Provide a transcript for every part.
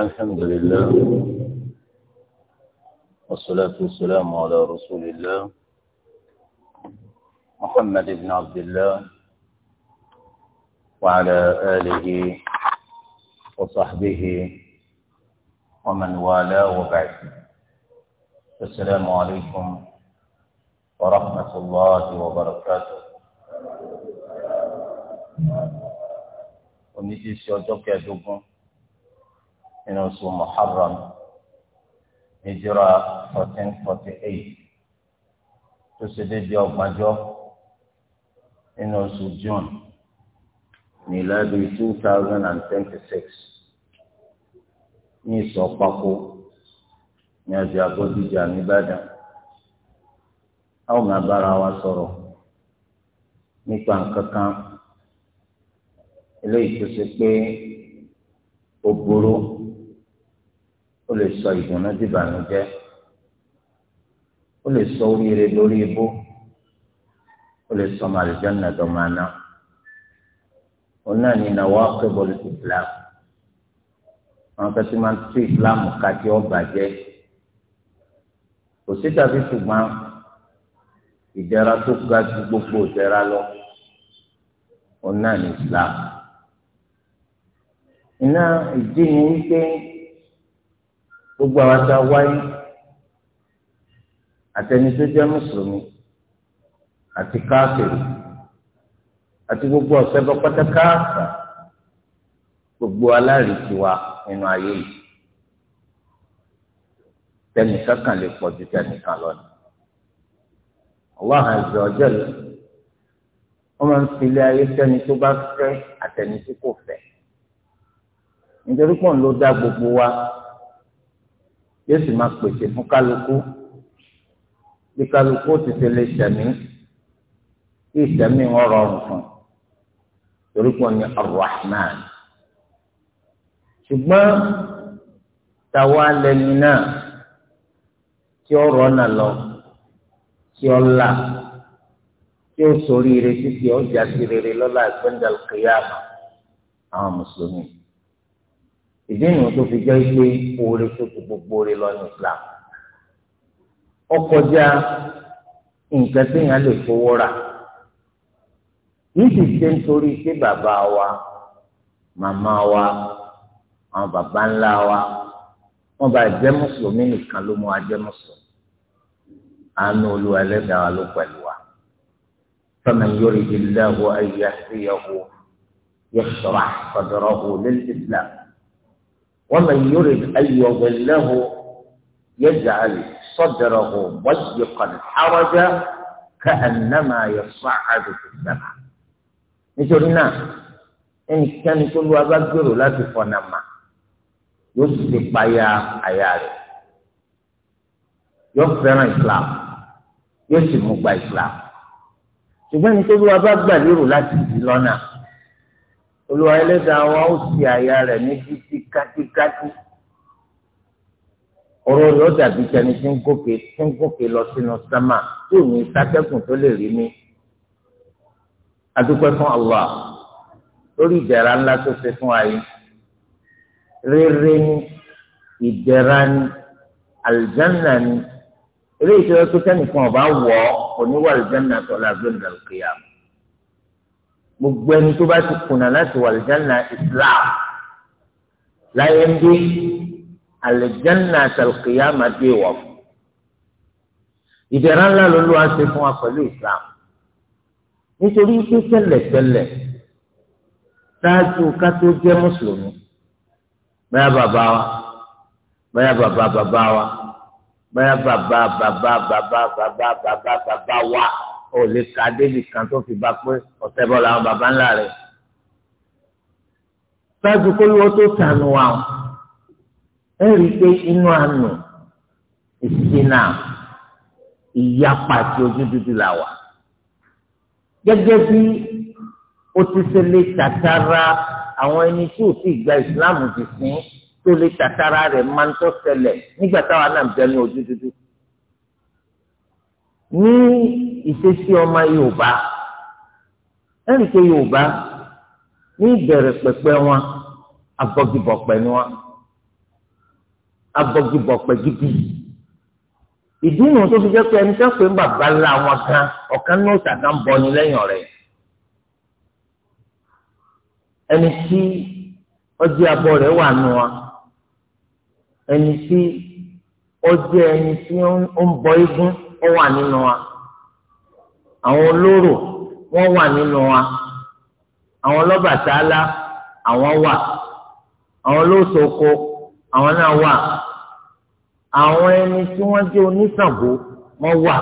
الحمد لله والصلاة والسلام على رسول الله محمد بن عبد الله وعلى آله وصحبه ومن والاه وبعد السلام عليكم ورحمة الله وبركاته oníṣẹ́ ọjọ́ kẹẹ̀ẹ́dógún nínú oṣù muharram ìjọra fourteen forty eight tó ṣe déédéé ọgbàjọ nínú oṣù june nílẹ́bí two thousand and twenty six ní ìsọpákó ní ọjà agbódìjà nìbàdàn a ó máa bára wa sọ̀rọ̀ nípa nǹkan kan eléyìí tó ṣe pé ó burú ó lè sọ ìdùnnú di ìbànújẹ́ ó lè sọ oríire lórí ibú ó lè sọ màlìjọ́nà dọ̀mánà ó náà ní ìnáwó akébọ̀lù islam àwọn kan tí máa ń tú islam ká tí ó bàjẹ́ kò sí tàbí ṣùgbọ́n ìdẹ̀ra tó ga ju gbogbo ìdẹ̀ra lọ ó náà ní islam iná ìdí ni wípé gbogbo àwọn aṣọ wáyé àtẹni tó jẹ́ mùsùlùmí àti káfíìrì àti gbogbo ọ̀sẹ̀ bọ́ pátákáàfà gbogbo alárìkí wa nínú ayé yìí tẹnìkan kan lè pọ̀ ju tẹnìkan lọ ni Allah azza wa jalla wọ́n máa ń filẹ̀ ayé sẹ́ni tó bá fẹ́ àtẹni tí kò fẹ́ nítorí pọ̀ ń ló dá gbogbo wa yóò sì máa pèsè fún kálukú bí kálukú ti ṣe lè ṣẹ̀mí kí ìṣẹ̀mí wọn rọrùn fún torí pé ní Ar-Rahman ṣùgbọ́n táwa lẹni náà tí ó rọ́nà lọ tí ó là tí ó sórí ire títí ọjà sí rere lọ́la ìpínlẹ̀ kìyàmà àwọn mùsùlùmí ìdí nìyẹn tó fi jẹ́ pé oore tó ti gbogbo oore lọ ní Islam ó kọjá nǹkan téèyàn lè fowó rà yìí sì ṣe nítorí pé bàbá wa màmá wa àwọn bàbá ńlá wa wọn bá jẹ́ mùsùlùmí nìkan ló mú wa jẹ́ mùsùlùmí àánú olúwa ẹlẹ́dàá wa ló pẹ̀lú wa faman yuridi Allahu an yahdiyahu yashrah sadrahu lil-Islam. ومن يرد أن يضله يجعل صدره ضيقا حرجا كأنما يصعد في السماء nítorí náà ẹnikẹ́ni tó lu agbágbèrò láti fọ̀nà mà yóò sì ti payá àyà rẹ̀ yóò fẹ́ràn Islam yóò sì mú gba Islam ṣùgbọ́n ẹni tó lu agbágbèrò láti di lọ́nà olùwà ẹlẹ́dàá wa ó sì àyà rẹ̀ ní títí kátíkátí ọ̀rọ̀ rẹ̀ ó dàbí tẹni tí ń gòkè tí ń gòkè lọ sínú sámà tí ò ní sákẹ́kùn tó lè rí mi adúpẹ́ fún Allah lórí ìdẹ̀ra ńlá tó ṣe fún ayé rere ni ìdẹ̀ra ni aljanna ni eléyìí tó yẹ kó sẹ́nìkan ọba wọ̀ ọ́ oníwà aljanna tó la gbé gbogbo ẹni tó bá ti kùnà láti wà àlùjáná islam láyé ń bí àlùjáná àtàlùkìyà máa dé wọ̀ fún ìdẹ̀ra ńlá ló ló wá ṣe fún wa pẹ̀lú islam nítorí pé tẹ́lẹ̀tẹ́lẹ̀ ṣáájú ká tó jẹ́ mùsùlùmí báyà bàbá wa báyà bàbá bàbá wa báyà bàbá bàbá bàbá bàbá bàbá bàbá wa ò lè ka débì kan tó fi bá pé ọ̀sẹ̀ bọ́ làwọn baba ńlá rẹ̀. sáájú kó lówó tó sànù wa o ẹ rí i pé inú àánú ìṣìnà ìyapa àti ojú dúdú là wà. gẹ́gẹ́ bí o ti ṣe lè tàtàrà àwọn ẹni tí ò sì gba ìsìláàmù ti sìn tó lè tàtàrà rẹ̀ máa ń tọ́ ṣẹlẹ̀ nígbà táwa náà bẹ ojú dúdú ní ìṣesí ọmọ yorùbá ẹnì pé yorùbá ní ìbẹ̀rẹ̀ pẹ̀pẹ̀ wọn abọ́gibọ̀pẹ̀ ni wọn abọ́gibọ̀pẹ̀ gidi ìdí nu tó fi jẹ́ pé ẹni sẹ́pẹ̀ ń bàbá ńlá wọn kan ọ̀kan náà ṣàdá ń bọ ni lẹ́yìn ọ̀rẹ́ ẹni tí ọjọ́ abọ́ rẹ̀ wà nù wọn ẹni tí ọjọ́ ẹni tí ó ń bọ igun. ó wà nínú wa àwọn olóró wọ́n wà nínú wa àwọn lọ́bàtálá àwọn wà àwọn lóṣoko àwọn náà wà àwọn ẹni tí wọ́n jẹ́ oníṣàngó wà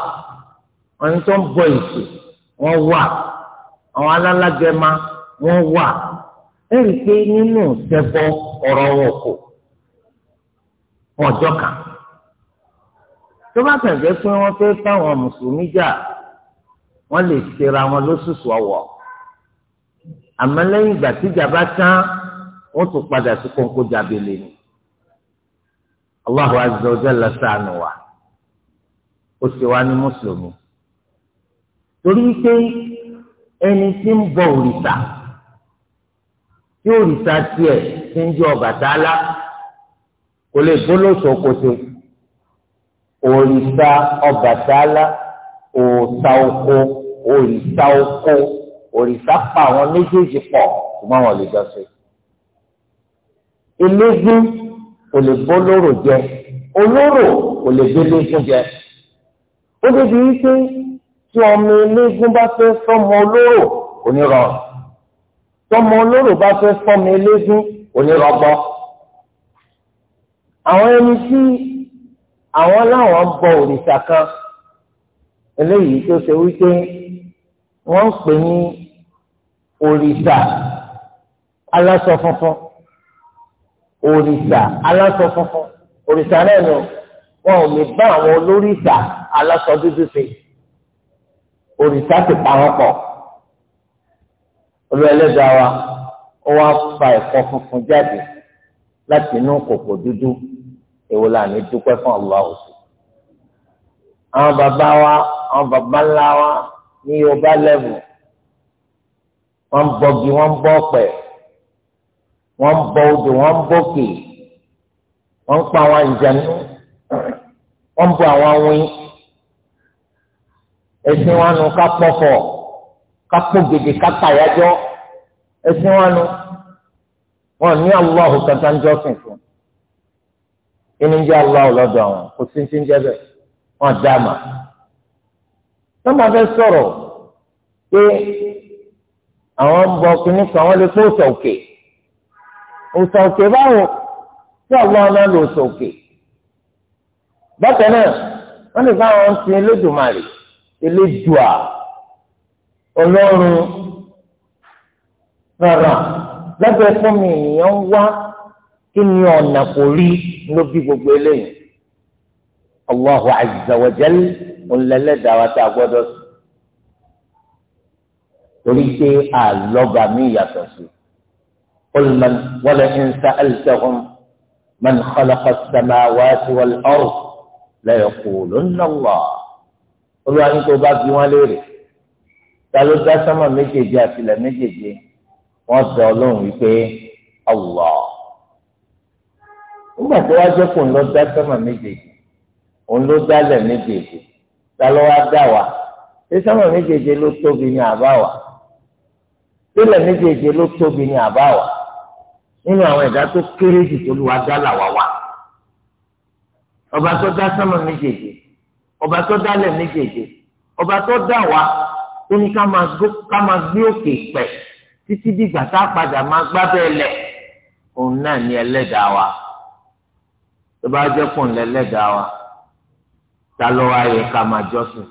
ẹni tó ń bọ ìṣù wọ́n wà àwọn alálàgẹmà wọ́n wà pé nínú ọ̀rọ̀ wọn kò tó bá kàn jẹ́ pé wọ́n fẹ́ káwọn mùsùlùmí jà wọ́n lè ṣera wọn lóṣooṣù ọ̀wọ̀ àmọ́ lẹ́yìn ìgbà tíjà bá tán wọ́n tún padà sí kónkó jábẹ́lẹ́ ni Allahu azza wa jalla ṣàánú wa ó ṣe wá ní mùsùlùmí torí pé ẹni tí ń bọ òrìṣà tí òrìṣà tiẹ̀ ti ń jẹ́ Ọbàtálá kò lè gbólóṣòkòtò òrìṣà ọbàtálá òòṣà oko òrìṣà oko òrìṣà pa àwọn méjèèjì pọ̀ ṣùgbọ́n wọn lè jọ ṣe. eléégún kò lè bọ́ lóró jẹ olóró kò lè gbé léégún jẹ ó débi wípé tí ọmọ eléégún bá fẹ́ sọmọ olóró kò ní rọrùn tọmọ olóró bá fẹ́ sọmọ eléégún kò ní rọgbọ àwọn ẹni tí àwọn láwọn ń bọ òrìṣà kan eléyìí tó ṣe wípé wọ́n ń pè ní òrìṣà aláṣọ funfun òrìṣà aláṣọ funfun òrìṣà náà ni wọn ò lè bá àwọn olórìṣà aláṣọ dúdú ṣe òrìṣà ti pa wọn pọ̀ olú ẹlẹ́dàá wa ó wá fa ẹ̀kọ́ funfun jáde láti inú kòkò dúdú èwo la ní dúpẹ́ fún Allah òsì. àwọn bàbá wa àwọn bàbá ńlá wa ní Yorùbá lẹ́bù wọ́n ń bọgi wọ́n ń bọ ọ̀pẹ wọ́n ń bọ odò wọ́n ń bọ́kì wọ́n ń pa àwọn ìjànú wọ́n ń bọ àwọn awin ẹ̀sìn wọn nu ká pọ̀fọ̀ ká pọ̀ gèdè ká tàyájọ́ ẹ̀sìn wọn nu wọn ní Allah òkàtà ń jọ́sìn fún un inú ń jẹ́ Allah lọ́dọ̀ àwọn kò sí ti ń jẹ́ bẹ́ẹ̀ wọ́n dá mà. wọ́n máa fẹ́ sọ̀rọ̀ pé àwọn ń bọ kínní kan wọ́n lè kó òsà òkè òsà òkè báwo tí Allah náà lò òsà òkè. bákan náà wọ́n lè fáwọn ti Elédùmarè Elédùà Ọlọ́run rárá lábẹ́ fún mi ènìyàn ń wá kí ni ọ̀nà kò rí ló bí gbogbo eléyìí Allahu azza wa jal ńlẹ́lẹ́dàá wa tá a gbọ́dọ̀ sí torí pé àlọ́ba mi yàtọ̀ sí olùmọ̀n wọlé ẹ̀ńsá ẹ̀lẹ́sẹ̀hún mọ̀n kọ́lọ́kọ́ sẹ́mà wáṣí wọlé ọ̀rọ̀ lẹ́yọ̀kù lónàlá olúwa ní kó bá bí wọn léèrè ta ló dá sánmà méjèèjì àtìlẹ̀ méjèèjì wọ́n sọ ọlọ́run wípé Allah nígbà tó wá jẹ́ kó ń lọ dá sọ́mà méjèèjì òun ló dálẹ̀ méjèèjì ta ló wá dá wa ṣé sọ́mà méjèèjì ló tóbi ní àbá wa sílẹ̀ méjèèjì ló tóbi ní àbá wa nínú àwọn ẹ̀dá tó kéré jù tó lù wá dá làwa wa ọba tó dá sọ́mà méjèèjì ọba tó dálẹ̀ méjèèjì ọba tó dá wa ó ní ká máa gbé òkè pẹ̀ títí dìgbà tá a padà máa gbábẹ́ lẹ̀ òun náà ní ẹlẹ́dàá wa tó bá jẹ́ pọ̀ ńlẹ́lẹ́dàá wa ta ló wá yẹ ká máa jọ́sìn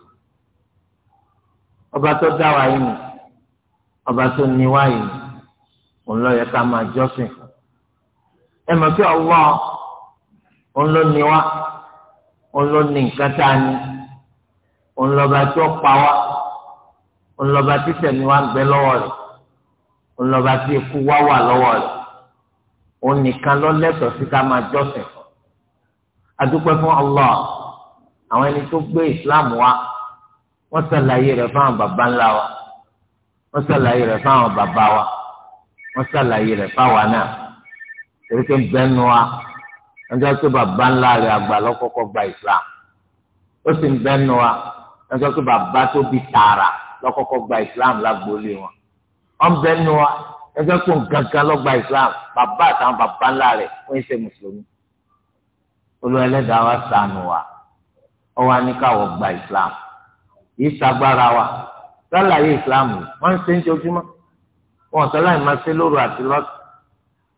ọba tó dá wa yìí nù ọba tó ní wa yìí òun ló yẹ ká máa jọ́sìn ẹ mọ̀ pé ọwọ́ òun ló ní wa òun ló ní nǹkan tá a ní òun lọ́ba tó pa wa òun lọ́ba tí sẹ̀mí wa ń bẹ lọ́wọ́ rẹ̀ òun lọ́ba tí ikú wa wà lọ́wọ́ rẹ̀ òun nìkan ló lẹ́tọ̀ọ́ sí ká máa jọ́sìn fún adúpẹ́ fún Allah àwọn ẹni tó gbé islam wa wọ́n ṣàlàyé rẹ̀ fáwọn baba ńlá wa wọ́n ṣàlàyé rẹ̀ fáwọn baba wa wọ́n ṣàlàyé rẹ̀ fáwa náà torí pé bẹ́ẹ̀nu wa wọ́n jẹ́ pé baba ńlá rẹ̀ àgbà lọ́kọ́kọ́ gba islam ó sì ń bẹ́ẹ̀nu wa wọ́n jẹ́ pé baba tó bi tààrà lọ́kọ́kọ́ gba islam lágbóolé wọn wọ́n bẹ́ẹ̀nu wa wọ́n jẹ́ pé nǹkan lọ́gba islam baba àtàwọn baba ńlá rẹ̀ wọ́n ń ṣe mùsùlùmí olú ẹlẹ́dàá wa ṣàánú wa ó wá ní káwọ́ gba islam yìí ṣàgbára wa sálàyé islam wọ́n ń ṣe ń jojúmọ́ wọn sálàyé máa ṣe lóru àti lọ́sùn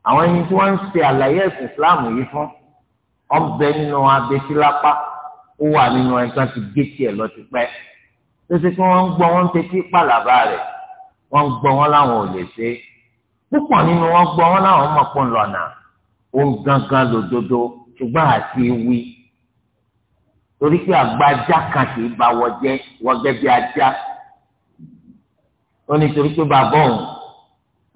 àwọn ẹni tí wọ́n ń ṣe àlàyé ẹ̀sìn islam yìí fún ọ̀bẹ nínú abẹ́sílápá ó wà nínú ẹ̀ka ti gé tiẹ̀ lọ ti pẹ́ títí tí wọ́n ń gbọ́ wọ́n ń tẹ́tí pàlàbà rẹ̀ wọ́n ń gbọ́ wọn láwọn ò lè ṣe púpọ̀ nínú wọn gbọ́ wọn láwọn ọmọkùnrin lọ́nà òun gangan lòdodo ṣùgbọ́n àti ewì torí pé àgbájá kan kì í ba wọjẹ wọgẹ bí ajá ó ní torí pé bàbá òun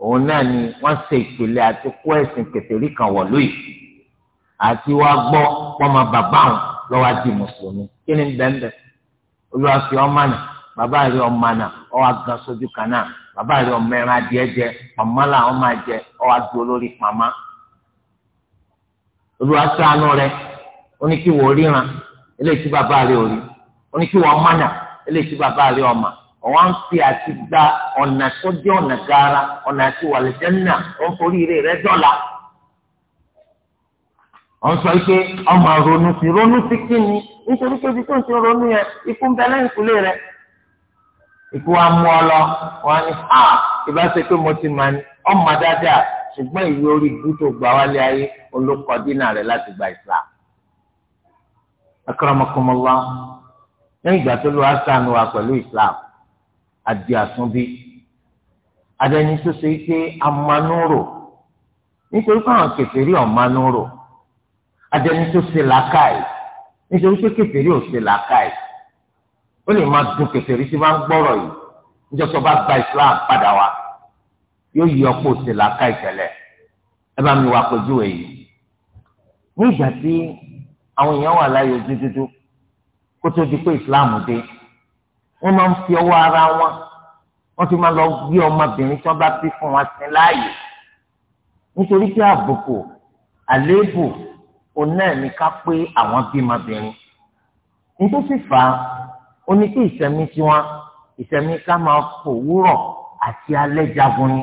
òun náà ni wọ́n ṣe ìpìlẹ̀ àti kó ẹ̀sìn kẹtẹrí kan wọ lóyè àti wá gbọ́ pọmọ bàbá òun lọ́wọ́ di mùsùlùmí kí ni bẹ́ẹ̀ olúwa fi ọmọ àná bàbá rẹ ọmọ àná ọwọ́ agan sójú kan náà bàbá rẹ ọmọ ẹran adìẹ jẹ pàmò làwọn máa jẹ ọwọ́ adúró lórí pàmò olúwa ṣàánú rẹ ó ní kí wọ́n ríran eléyìí tí bàbá rẹ ò rí ó ní kí wọ́n mánà eléyìí tí bàbá rẹ ọ̀mà ọ̀wọ́n ti àti gba ọ̀nà tó jẹ́ ọ̀nà gaara ọ̀nà àti wàlẹ̀jẹ́nà ó ń forí rẹ̀ rẹ́ dọ́là wọ́n sọ pé ọmọ ronú sí ronú sí kíni nítorí pé ibi tó ń ti ronú yẹn ikú ń bẹ lẹ́yìn ìkúlé rẹ̀ ikú wa mú ọ lọ wọn ni à ìbá ṣe pé mo ti mà ní ọmọ dáadáa ṣùgbọ́n ìwé orí ibú tó gbà wálé ayé olókọ dínà rẹ̀ láti gba Islam. akramakumullah lẹ́yìn ìgbà tó lọ àṣàánú wa pẹ̀lú Islam àdì àsúnbí adẹni tó ṣe pé amánúrò nítorí pé àwọn kèfèrí ọ̀mánúrò adẹni tó ṣe làákàyè nítorí pé kèfèrí ò ṣe làákàyè ó lè máa dùn kèfèrí tí wọ́n ń yìí níjọ́ tó bá gba Islam padà wá yóò yí ọ̀pọ̀ òsèlà ká ìtẹlẹ ẹ bá mi wà pẹ̀jú èyí ní ìgbà tí àwọn èèyàn wà láyé ojú dúdú kó tó di pé ìsìláàmù dé wọ́n máa ń fi ọwọ́ ara wọn wọ́n ti máa lọ gbé ọmọbìnrin tí wọ́n bá fi fún wọn sin láàyè nítorí pé àbùkù àléébù òun náà ní ká pé àwọn bímọbìnrin nítorí fà á ó kí ìsẹ̀mí tiwọn ìsẹ̀mí ká máa fò wúrọ̀ àti alẹ́ jagun ni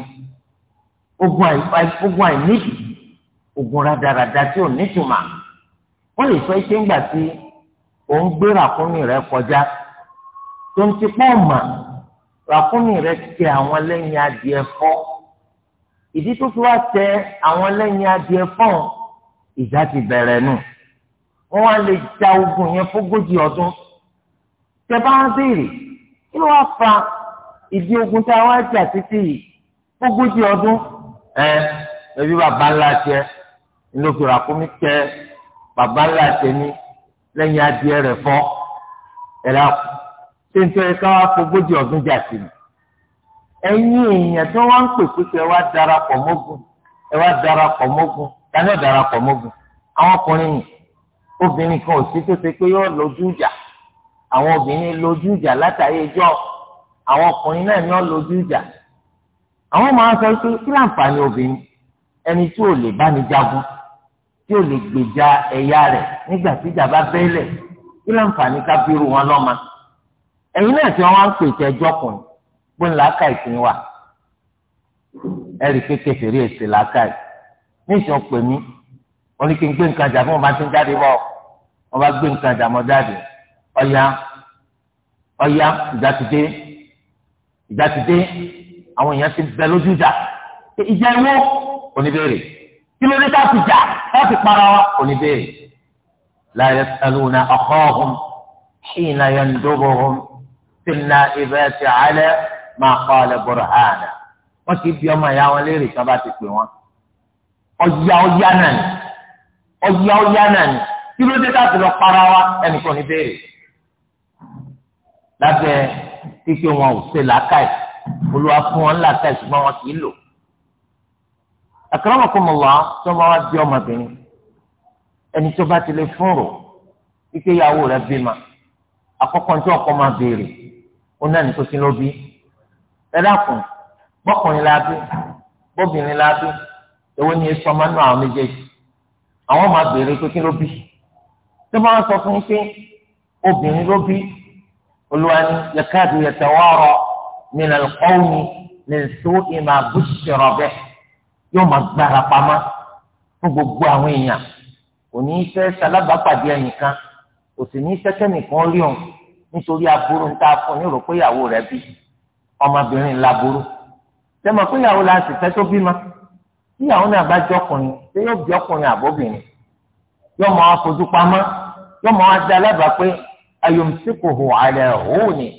ogun àìníbi ogun radarada tí ò nítumà wọ́n lè sọ ike ńgbà tí ò ń gbé ràkúnmí rẹ kọjá tó ń ti pọ́ mà ràkúnmí rẹ tẹ àwọn lẹ́yìn adìẹ fọ́ ìdí tó fi wá tẹ àwọn lẹ́yìn adìẹ fọ́ ìjà ti bẹ̀rẹ̀ nù wọ́n wá lè ja ogun yẹn fógójì ọdún tẹ bá ń béèrè kí ló wá fa ìdí ogun tá a wá jà títí yìí ogójì ọdún ẹ ẹbí bàbá ńlá tiẹ ńlọkùnrin àkómi tẹ bàbá ńlá tiẹ ní lẹ́yìn adìẹ rẹ fọ ẹlẹ àpò ṣé nítorí ká wá fogójì ọdún jà sí mi ẹ̀yin èèyàn tí wọn ń pè pé ẹ wá darapọ̀ mọ́gun ẹ wá darapọ̀ mọ́gun tani ẹ darapọ̀ mọ́gun àwọn ọkùnrin obìnrin kan ò sí tó ṣe pé yóò lójú ìjà àwọn obìnrin lójú ìjà látàrí ẹjọ́ àwọn ọkùnrin náà ní ọlójú ìjà àwọn máa sọ pé kí láǹfààní obìnrin ẹni tí ò lè bá ní jagun tí ò lè gbèjà ẹ̀yà rẹ̀ nígbà tí ìjà bá bẹ́lẹ̀ kí láǹfààní ká bírú wọn lọ́mọ ẹ̀yin náà tí wọ́n wá ń pèsè ẹjọ́ kùn bó ń làákà ìpín wà ẹ̀rì kékeré fèrè èsì làákà yìí níṣàn pè mí wọ́n ní kí n gbé nǹkan jà fún ọba tí ń jáde bọ́ ọba gbé nǹkan jà mọ́ jáde ọ̀ya ọ̀ya ìjà ti dé ìjà ti dé àwọn èèyàn ti bẹ lójú ìjà ìjà ìwọ oníbèrè kí ló dé ká fi jà ká fi para wa oníbèrè la yasaluna akhahum hina yandubuhum fi naibati ala ma qala burhana wọn kì í bí ọmọ ìyá wọn léèrè tí ti pè wọn ọ̀yà ọ̀yà náà ọ̀yà ọ̀yà náà kí ló dé ká fi lọ para wa ẹnìkan oníbèrè lábẹ́ kíkẹ́ wọn ò ṣe làákàyè olúwa fún wọn làákàyè ṣùgbọ́n wọn kì í lò. àkàràmọ̀kọ́mọ̀wá tó máa wá di ọmọbìnrin ẹni tó bá ti lè fún rò kíkẹ́ ìyàwó rẹ̀ bímọ àkọ́kọ́ ní tí ọkọ máa béèrè ó náà ní kó sí ló bí. ẹ bọ́kùnrin la bí bóbìnrin la ni èso ọmọ náà àwọn méjèèjì àwọn máa béèrè pé kí ló bí. tó bá sọ fún pé obìnrin ló bí olùwàní yakadu yatawara min alqawmi min su'i ma bushira bih yóò máa gbára pamọ́ fún gbogbo àwọn èèyàn kò ní í fẹ́ sálábàápàdé ẹnìkan kò sì ní í fẹ́ kẹ́nìkan rí òun nítorí aburú ń ta fún ní rò pé ìyàwó rẹ̀ bí ọmọbìnrin laburú tẹmọ pé ìyàwó la sì fẹ́ tó bímọ ìyàwó náà bá jẹ́ ọkùnrin tí yóò bí ọkùnrin àbóbìnrin yóò máa fojú pamọ́ yóò máa dá lábàá pé أيمسكه على هون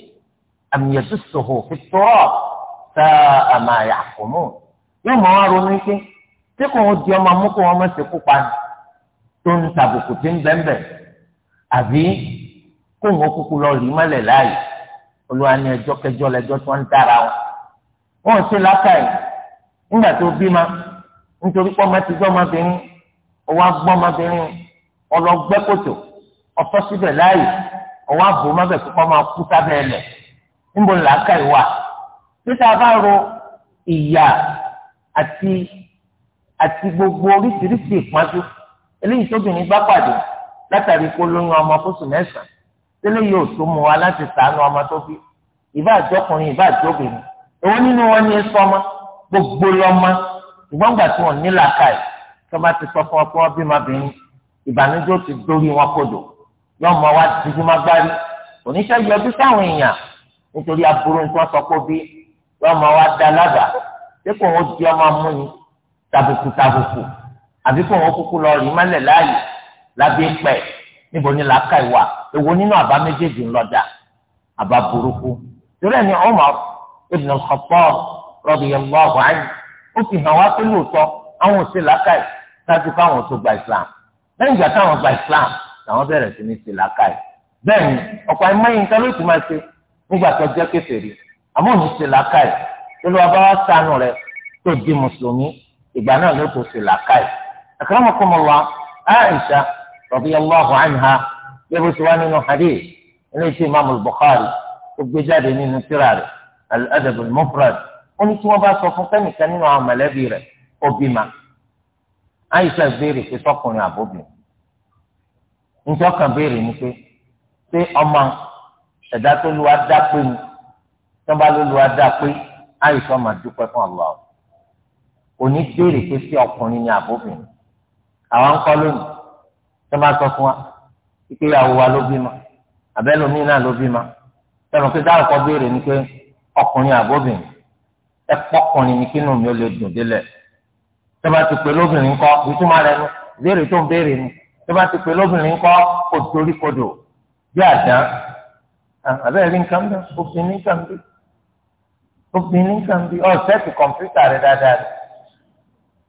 أم يسسه في التراب ساء ما يحكمون yóò mọ wá ronú pé tí kò ń di ọmọ mú kó wọn má ṣe kú pa tó ń tàbùkù tí ń bẹ́ńbẹ́ àbí kó wọn kúkú lọ rí mọ́lẹ̀ láàyè olúwa ní ẹjọ́ kẹjọ́ lẹjọ́ tí wọ́n ń dára wọn. wọn ò lákàyè nígbà tó bímọ nítorí pé ọmọ ti gbọ́ ọmọbìnrin ọwọ́ agbọ́ ọmọbìnrin ọlọ́gbẹ́kòtò ọ̀fọ́ síbẹ̀ láàyè ọwọ́ àbò mọ́bẹ̀ kópa máa kú sábẹ́ ẹ̀ lẹ̀ níbo làákà ìwà títa bá ro ìyà àti àti gbogbo oríṣiríṣi ìpọ́njú eléyìí tóbìnrin bá pàdé látàrí kó lóyún ọmọ fóṣù mẹ́sàn-án tẹ́lẹ̀ yóò tó mu wa láti sàánú ọmọ tó bí ìbá àjọkùnrin ìbá àjọbìnrin èwo nínú wọn ní ẹsọ ọmọ gbogbo lọmọ ṣùgbọ́n gbà tí wọ́n ní làákàyè tó bá ti sọ fún ọ pé wọ́n bímọ bìnrin ìbànújẹ́ ti dórí wọn kodò yóò mọ wá dúdú má gbárí oníṣẹ́ yọjú sáwọn èèyàn nítorí aburú ní wọ́n sọ pé bí yóò mọ wá da lábàá dépò wọn di ọmọ mú ni tàbùkù tàbùkù àbí kò wọn kúkú lọ rí mọ́lẹ̀ láàyè lábẹ́ pẹ̀ níbo ni làákà ìwà èwo nínú àbá méjèèjì ńlọ́dà àbá burúkú torí ẹni Umar ibn al-Khattab radiyallahu anhu ó fi hàn wá pé lóòótọ́ àwọn òsè làákà yìí ṣáájú káwọn gba Islam lẹ́yìn ìgbà táwọn gba Islam làwọn bẹ̀rẹ̀ sí ní ti làákàyè bẹ́ẹ̀ ni ọ̀pọ̀ ẹ̀mọ́ yìí nǹkan ló ti máa ṣe nígbà tó jẹ́ kèfèrí àmọ́ òun ti làákàyè lórí wa bá wá sànù rẹ tó di mùsùlùmí ìgbà náà ló tó ti làákàyè akramakumullah Aisha radiyallahu anha yẹ́bù tí wá nínú hadith iléeṣẹ́ imaamu Bukhari tó gbé jáde nínú tírà rẹ̀ al mufrad ó ní tí wọ́n bá sọ fún kẹ́nìkan nínú àwọn mọ̀lẹ́bí rẹ̀ ó bímọ Aisha béèrè pé àbóbìnrin nítorí ọkàn béèrè ni pé pé ọmọ ẹ̀dá tó lu adá pé ni tó bá ló lu adá pé àìsàn máa dúpẹ́ fún ọ̀la o kò ní béèrè pé sí ọkùnrin ni àbóbìnrin àwa ń kọ́ lónìí tó bá sọ fún wa pé ìyàwó wa ló bímọ àbẹ́lómìn náà ló bímọ tẹnu pé dáhùn kọ́ béèrè ni pé ọkùnrin àbóbìnrin ẹ pọkùnrin ni kínú mi ò lè dùn délẹ̀ tó bá ti pè lóbìnrin kọ́ ìtumọ̀ rẹ nu béèrè tó ń béèrè ni tó bá ti pè lóbìnrin kọ́ òtórí kodò bí àdá àbẹ́rẹ́ nǹkan bẹ́ẹ̀ obìnrin kan bí obìnrin kan bí ọ̀sẹ̀ ti kọ̀ǹpútà rẹ̀ dáadáa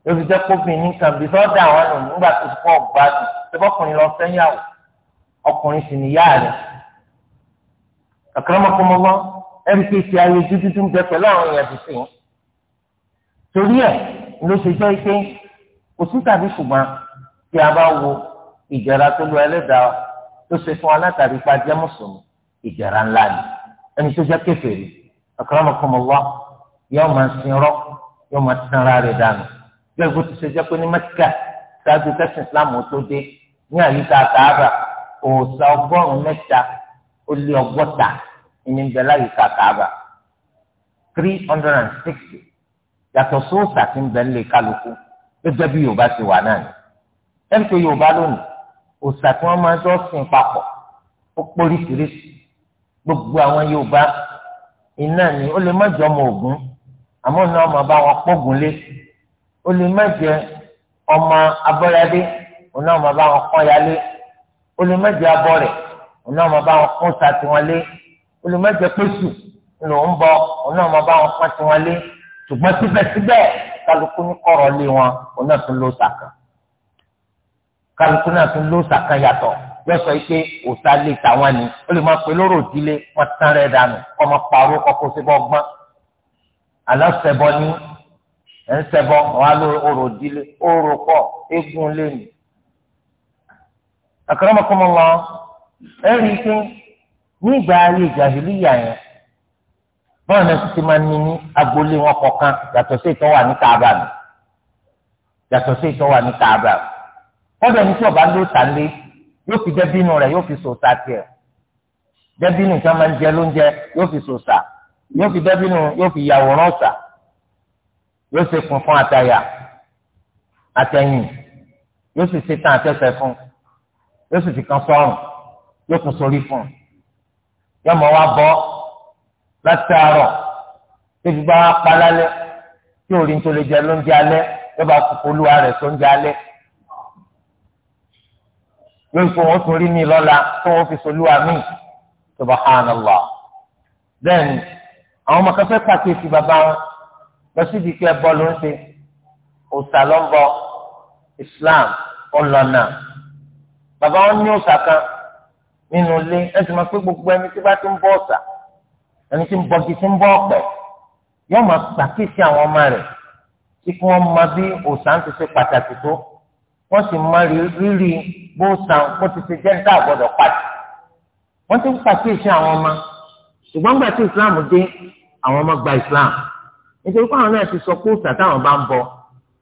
lórí jẹ́ kóbìnrin kan bí sọ́dọ̀ àwọn ọ̀nà nígbà tó ti pọ̀ gbádùn tó bọ́kùnrin lọ sẹ́yàwó ọkùnrin sì níyà rẹ̀ àkàràmọ́kọ́mọ́gbọ́ mkc ayé dúdúdú ń bẹ pẹ̀lú àwọn èèyàn ti sìn torí ẹ̀ ló ṣe jẹ́ pé kò sí tàbí ṣùgbọ́n tí a bá wo ìjẹra tó lu ẹlẹ́dàá tó ṣe fún alátàrí pa jẹ́ mùsùlùmí ìjẹra ńlá ni ẹni tó jẹ́ kèfèrí akramakumullah yóò máa sinrọ́ yóò máa sanra rẹ̀ dànù bẹ́ẹ̀ bó ti ṣe jẹ́ pé ní mẹ́tíkà ṣáájú kẹ́sìn islámù tó dé ní àyíká kàába òòṣà ọgọ́rùn-ún ó lé ọgọ́ta ìní bẹ́ẹ̀ láyìíká kàába three hundred and sixty yàtọ̀ sóòṣà ti ń bẹ́ẹ̀ lé kálukú gẹ́gẹ́ bí yorùbá ti wà náà ẹ̀ńtọ́ yorùbá lónìí òòṣà tí wọ́n máa ń jọ sìn papọ̀ ó póríṣiríṣi gbogbo àwọn Yorùbá iná ni ó lè má jẹ ọmọ Ògún àmọ́ ní ọmọ bá wọn pọ́gùn lé ó lè má jẹ ọmọ abọ́yadé òun náà máa bá wọn kọ́ ya lé ó lè má jẹ abọ́ rẹ̀ òun náà bá wọn kún sa tiwọn lé ó lè má jẹ pésù ló ń bọ òun náà bá wọn pọ́n tiwọn lé ṣùgbọ́n síbẹ̀síbẹ̀ kálukú ní kọ̀rọ̀ lé wọn òun náà ló sàkàn kálukú náà tún ló sàkán yàtọ̀ yóò sọ pé òòṣà lè tàwọn ni ó lè máa pe lóró òdílé wọn tán rẹ dànù kọ́ máa parọ́ kọ́kọ́ sí bọ́ gbọ́n àlọ́ sẹ́bọ ní ẹ̀ ń sẹ́bọ wọn á lo orò òdílé orò pọ̀ eégún lé nì. akramakumullah ẹ rí i pé nígbà ayé jàhìlíyà yẹn bọ́ọ̀nù ẹ̀ ti máa ní ní agboolé wọn kọ̀ọ̀kan yàtọ̀ sí ìtọ́wà ní káàbà mi yàtọ̀ sí ìtọ́wà ní káàbà mi kọ́dọ̀ ní tí ọba ló ta lé yóò fi dẹ́bínú rẹ̀ yóò fi sòsà tiẹ̀ dẹ́bínú tí wọ́n máa ń jẹ lóúnjẹ yóò fi sòsà yóò fi dẹ́bínú yóò fi yàwòrán sà yóò ṣe fún fún àtàyà àtẹ̀yìn yóò sì ṣe tán àtẹ̀sẹ̀ fún yóò sì fi kan sọ́rùn yóò tún sórí fún yóò mọ̀ wá bọ́ láti àárọ̀ tóbi bá wá pa lálẹ́ tí ò rí nítorí jẹ lóúnjẹ alẹ́ yóò bá kúkú olúwa rẹ̀ sóúnjẹ alẹ́ wípé wọn tún rí mi lọ́la tí wọn fi solúwa mí subahánàlá then àwọn ọmọ kan fẹ́ pàkíyèsí bàbá wọn lọ sí ibi kí ẹ bọ́ ló ń ṣe òòsà ló ń bọ Islam ọlọ́nà bàbá wọn ní òòsà kan nínú ilé ẹ sì máa pé gbogbo ẹni tí bá ti ń bọ òòsà ẹni tí ń bọgi tí ń bọ ọ̀pẹ yóò máa pàkíyèsí àwọn ọmọ rẹ̀ tí wọ́n máa bí òòsà ń ti ṣe pàtàkì tó wọ́n sì mọ rírì bó san kó ti ṣe jẹ́ńtà àgbọ̀dọ̀ pàtì wọ́n ti ń pàkíyèsí àwọn ọmọ ṣùgbọ́n gbà tí ìsìláàmù dé àwọn ọmọ gba ìsìláàmù nítorí pé àwọn náà ti sọ pé òòṣà táwọn bá ń bọ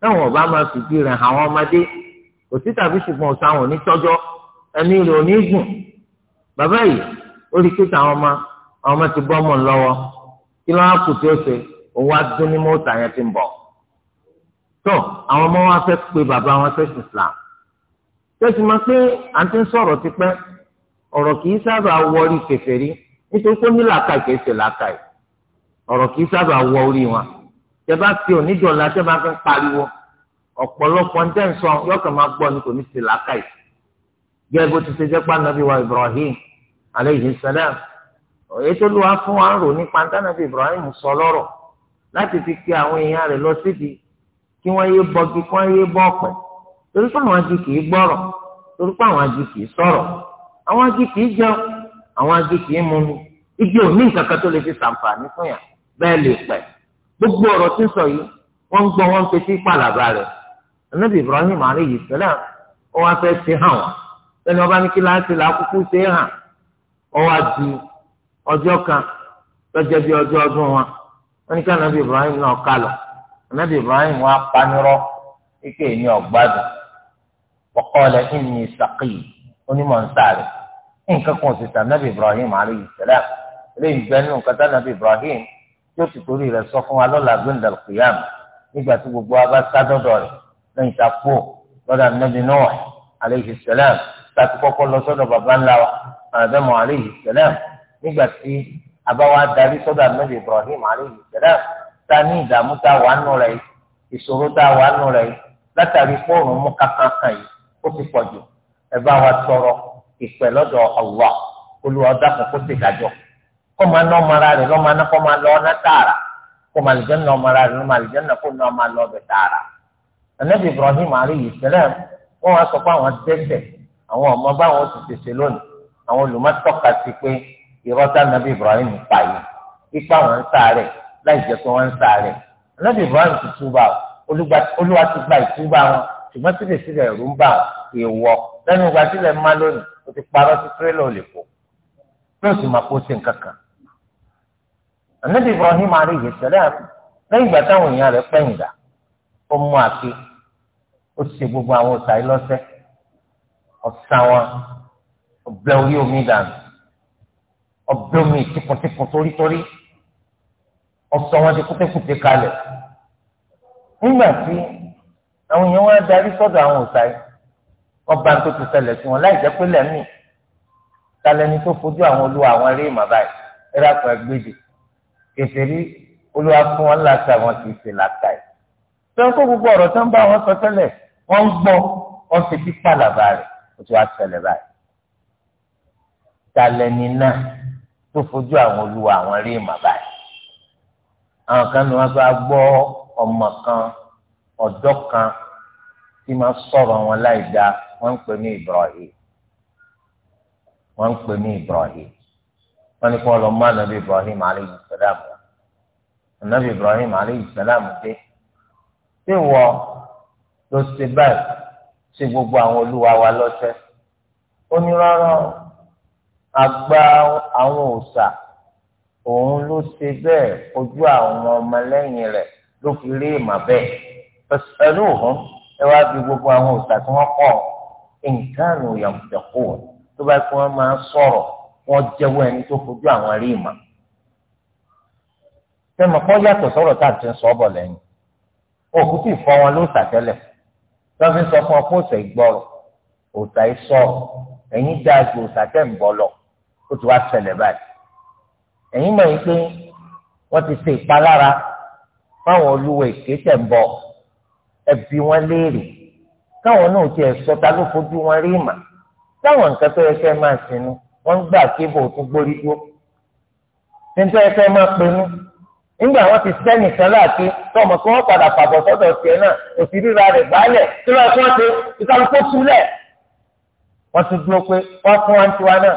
táwọn ọba máa fìdí rẹ̀ àwọn ọmọdé kò sí tàbí ṣùgbọ́n òòṣà wọn ò ní tọ́jọ́ ẹni rẹ̀ ò ní gùn bàbá yìí ó rí pé táwọn ọmọ àwọn ọmọ ti bọ́ mọ̀ lọ́wọ́ kí ló wá kù tí ó ṣe òun wá dún ní mọ́tà yẹn ti ń bọ̀ tó àwọn ọmọ wa fẹ́ pe bàbá wọn sẹ́sìn Islam tẹ́sí ma pé àǹtí ń sọ̀rọ̀ tipẹ́ ọ̀rọ̀ kì í sábà wọrí kèfèrí nítorí pé ní làákà kìí ṣe làákà yìí ọ̀rọ̀ kì í sábà wọ orí wọn tẹ bá fi onídọ̀la tẹ bá fi ń pariwo ọ̀pọ̀lọpọ̀ ntẹ́ ń sọ yọkàn máa gbọ́ ni kò ní ṣe làákà yìí gẹ́gẹ́ bó ti ṣe jẹ́ pé anabi wa Ibrahim aleyhi salam ètò olúwa fún wa ń rò nípa ntánàbí Ibrahim sọ lọ́rọ̀ láti fi pe àwọn èèyàn rẹ̀ lọ síbi kí wọ́n yé bọ́gi kí wọ́n yé bọ́ ọ̀pẹ torí pé àwọn adi kìí gbọ́rọ̀ torí pé àwọn adi kìí sọ̀rọ̀ àwọn adi kìí jẹun àwọn adi kìí mumi igi òní nǹkan kan tó lè fi sàǹfààní fún yà bẹ́ẹ̀ lè pẹ́ gbogbo ọ̀rọ̀ tí ń sọ yìí wọ́n ń gbọ́ wọ́n ń fetí pàlàbà rẹ̀ anabi ibrahim aleyhi salam ó wá fẹ́ ṣe hàn wá ẹni ọba ní kí láti là á kúkú ṣe é hàn ó wá di ọjọ́ kan lọ́jọ́ bí ọjọ́ ọdún wa wọ́n ní ká anabi ibrahim náà kálọ̀ anabi ibrahim wa panirọ́ ike ni ọgbádùn ọkọọlẹ ìní ìsàkìyì onímọ̀ nsáàrẹ̀ nǹkan kan sì tà nabi ibrahim alayhi salam lẹ́yìn bẹ́ẹ̀ nínú nǹkan tá nabi ibrahim yóò ti torí rẹ̀ sọ fún wa lọ́la gbẹ̀ndàlù kìyàm nígbà tí gbogbo wa bá sá dọ́dọ̀ rẹ̀ lẹ́yìn kú lọ́dọ̀ nabi nuh alayhi salam tá a ti baba ńlá wa àdàmọ̀ alayhi salam nígbà tí a bá wa darí ibrahim alayhi salam ta ní ìdààmú tá a wà nù rẹ̀ ìṣòro tá a wà nù rẹ̀ látàrí fóònù mú kankan kan yìí ó fi pọ̀ jù ẹ bá wa tọrọ ìpẹ́ lọ́dọ̀ Allah olùwà ọ̀dà kan kó ti dájọ́ kó máa ná ọmọ ara rẹ̀ lọ́mọ aná kó máa lọ ọ́nà tààrà kó máa lè jẹ́ ná ọmọ ara rẹ̀ lọ́mọ àlè jẹ́ ná kó ná ọmọ alọ́ ọbẹ̀ tààrà. Ànábì Ibrahim alayhi salam wọn wá sọ pé àwọn dẹ́ṣẹ̀ àwọn ọmọ báwọn ti tẹ̀sẹ̀ lónìí àwọn olùmọ̀tọ́ka ti pé ìrọ́tà Ànábì Ibrahim pa yìí ipa ń sáré láì jẹ́ pé wọ́n ń sáré anábì ibrahim ti túbà olúwa ti gba ìtúbà wọn ṣùgbọ́n síbẹ̀síbẹ̀ ẹ̀rù ń bà èèwọ̀ lẹ́nu ìgbà sílẹ̀ ń má lónìí o ti parọ́ sí tírélà olè kó bí o sì máa kó sí nǹkan kan anábì ibrahim alayhi salam lẹ́yìn ìgbà táwọn èèyàn rẹ̀ pẹ̀yìn dà ó mú àké ó ṣe gbogbo àwọn òòṣà yìí lọ́sẹ̀ ọ̀sà wọn ọ̀bẹ orí omi dànù ọ̀bẹ omi tìkùntìkùn torítorí ọsọ wọn di kútẹkùtẹ kalẹ̀ nígbà tí àwọn èèyàn wọn darí sọ́dọ̀ àwọn òòṣà yìí wọn bá tó ti ṣẹlẹ̀ sí wọn láì jẹ́ pé lẹmí talẹni tó fojú àwọn olúwa àwọn eré ìmọ̀ báyìí eré àpò ẹgbẹ́dẹ kẹsìrì olúwa fún wọn láti àwọn ti ṣe làkà yìí tó ń kó gbogbo ọ̀rọ̀ tó ń bá wọn sọ tẹ́lẹ̀ wọ́n ń gbọ́ wọ́n fi pàlàbà rẹ̀ ó ti wá ṣẹlẹ̀ báyìí talẹni náà tó fojú àwọn olúwa àwọn eré ìmọ̀ báyìí àwọn kan ní wọ́n bá gbọ́ ọmọ kan ọ̀dọ́ kan tí máa sọ̀rọ̀ wọn láì dá wọ́n ń pè ní Ibrahim wọ́n ń pè ní Ibrahim wọ́n ní kí wọ́n lọ mú ànábì Ibrahim alayhi salam ànábì Ibrahim alayhi salam dé tí wọ́ ló ṣe báyìí ṣe gbogbo àwọn olúwa wa lọ́sẹ̀ ó ní rárá àwọn òòṣà òun ló ṣe bẹ́ẹ̀ ojú àwọn ọmọlẹ́yìn rẹ̀ ló fi rí ìmọ̀ bẹ́ẹ̀ pẹ̀lú òun ẹ wá bí gbogbo àwọn òòṣà tí wọ́n kọ̀ nǹkan òyàn pẹ̀kọ́ tó bá kí wọ́n máa sọ̀rọ̀ wọ́n jẹ́wọ́ ẹni tó fojú àwọn rí ìmọ̀ tẹmọ̀ kọ́ yàtọ̀ sọ̀rọ̀ tá à ti ń sọ ọ́bọ̀ lẹ́yìn òkú sì fọ wọn ló sàtẹ́lẹ̀ tí fi sọ fún ọ pé òòṣà ìgbọ́rọ̀ òòṣà ìsọ̀rọ̀ ẹ̀yìn dáa ju òòṣà tẹ̀ ń bọ̀ lọ ó ti wá ṣẹlẹ̀ báyìí ẹ̀yin mọ̀ yín pé wọ́n ti ṣe ìpalára fáwọn olúwo èké tẹ̀ ń bọ̀ ẹbí wọn léèrè káwọn náà ti ẹ̀sọ́ ta ló fojú wọn rí mà táwọn nǹkan tó yẹ kẹ́ máa sinú wọ́n ń gbà kébò tó gbórí dúró nítorí ẹ fẹ́ máa pinnu nígbà wọn ti sẹ́ni kan láti tọmọ kí wọ́n padà pàbọ̀ sọ́dọ̀ tiẹ̀ náà òsì ríra rẹ̀ gbálẹ̀ tí wọ́n ti wọ́n ti wọ́n ti dúró pé wọ́n fún wa ń tiwa náà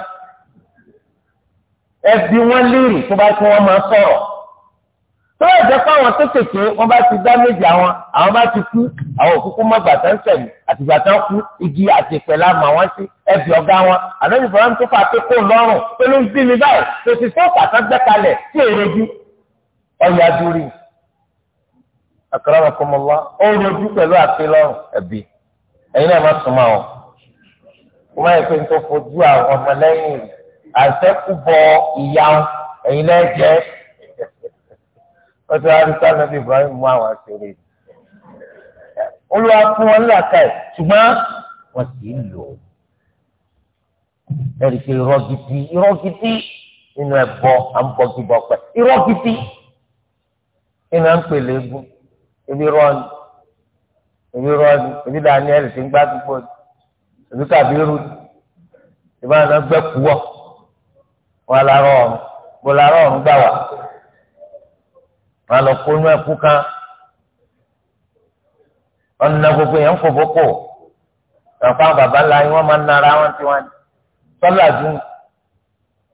ẹbí wọn léèrè tó bá tí wọn máa sọ̀rọ̀ tó yẹ jẹ fáwọn tó tètè wọn bá ti dá méjì àwọn àwọn bá ti kú àwọn òkúkú mọ gbàtà ń sẹmí àtìgbàtà ń kú igi àti ìpẹlẹ àmọ́ àwọn sí ẹbí ọgá wọn àdéhùn ìfọwọ́n tó fà tó kó lọ́rùn tó ló ń bí mi báyìí tó ti fún pàtó gbẹ́kalẹ̀ sí èrèjú ọ̀yà dúrí àkàràwọ̀ kọ́mọlá ó ń rojú pẹ̀lú àti lọ́rùn ẹ̀bí ẹ̀yin náà má sùn máa wọn kó má yẹ pé nítorí fojú àwọn ọmọlẹ́yìn àṣẹkùbọ ìyá ẹ̀yin náà jẹ wọ́n ti wá rí sọ́nà bíi Ibrahim mú àwọn àṣírí olúwa fún wọn làkà ẹ̀ ṣùgbọ́n wọ́n sì ń lò ó ẹ̀rí pé irọ́ gidi irọ́ gidi nínú ẹ̀bọ àǹbọ̀gìbọ̀ pẹ̀ irọ́ gidi nínú àǹpẹ̀lẹ̀ egun ebi rọ́ọ̀nì ebi rọ́ọ̀nì ebi Daniel ti ń gbádùn pọ̀ ebi kàbí rú ìbáraẹ̀nà gbẹ́kúwọ́ wọn larọ ọrùn bó larọ ọrùn gbà wá wọn lọ kónú ẹkú kan ọ̀nà gbogbo yẹn ń kó bókò ẹ̀kọ́ àwọn baba ńlá yín wọ́n máa ń nara wọn tí wọ́n tọ́lá dùn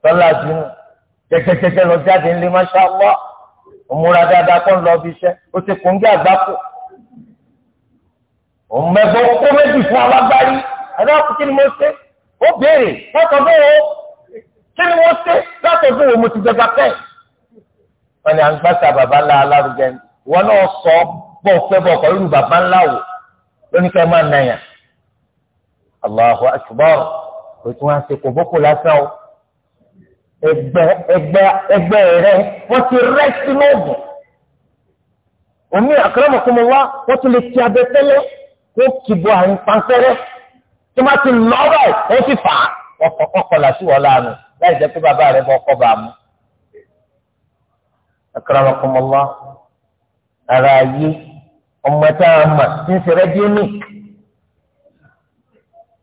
tọ́lá dùn kẹ́kẹ́kẹ́kẹ́ lọ jáde ńlẹ́ masha Allah òmùra dáadáa kọ́ ń lọ bí iṣẹ́ ó ti kún jẹ́ àgbákò òmùmẹ́gbọ́n kó méjì fún alágbárí adáàkú kí ni mo ṣe ó béèrè wọ́n sọ bẹ́ẹ̀ o kí ni wọ́n ṣe láti fún wo mo ti jẹba pẹ́. wọ́n ní àgbàṣà bàbá ńlá alárugẹ wọn náà sọ bọ́ fẹ́ bọ́ ọkọ̀ lórí bàbá ńlá wò lóníkẹ́ máa nà yàn. Allahu akbar kò tún wá ṣe kò bókò lásán o ẹgbẹ́ ẹgbẹ́ ẹgbẹ́ rẹ wọ́n ti rẹ́ sínú òògùn omi àkàràmọ̀kọ́mọ wa wọ́n tún lè ti abẹ́tẹ́lẹ́ kó kìbọ̀ àyìn pàǹsẹ́rẹ́ tó má ti lọ́ọ̀rọ̀ ó ti fà á ọkọ̀ kọ́kọ́ là sí wọ́n lánàá láì jẹ́ pé bàbá rẹ̀ bọ́ ọkọ̀ bá mu. akramakumullah ara ayé ọmọ tá a mà ń ṣe rẹ́díónìk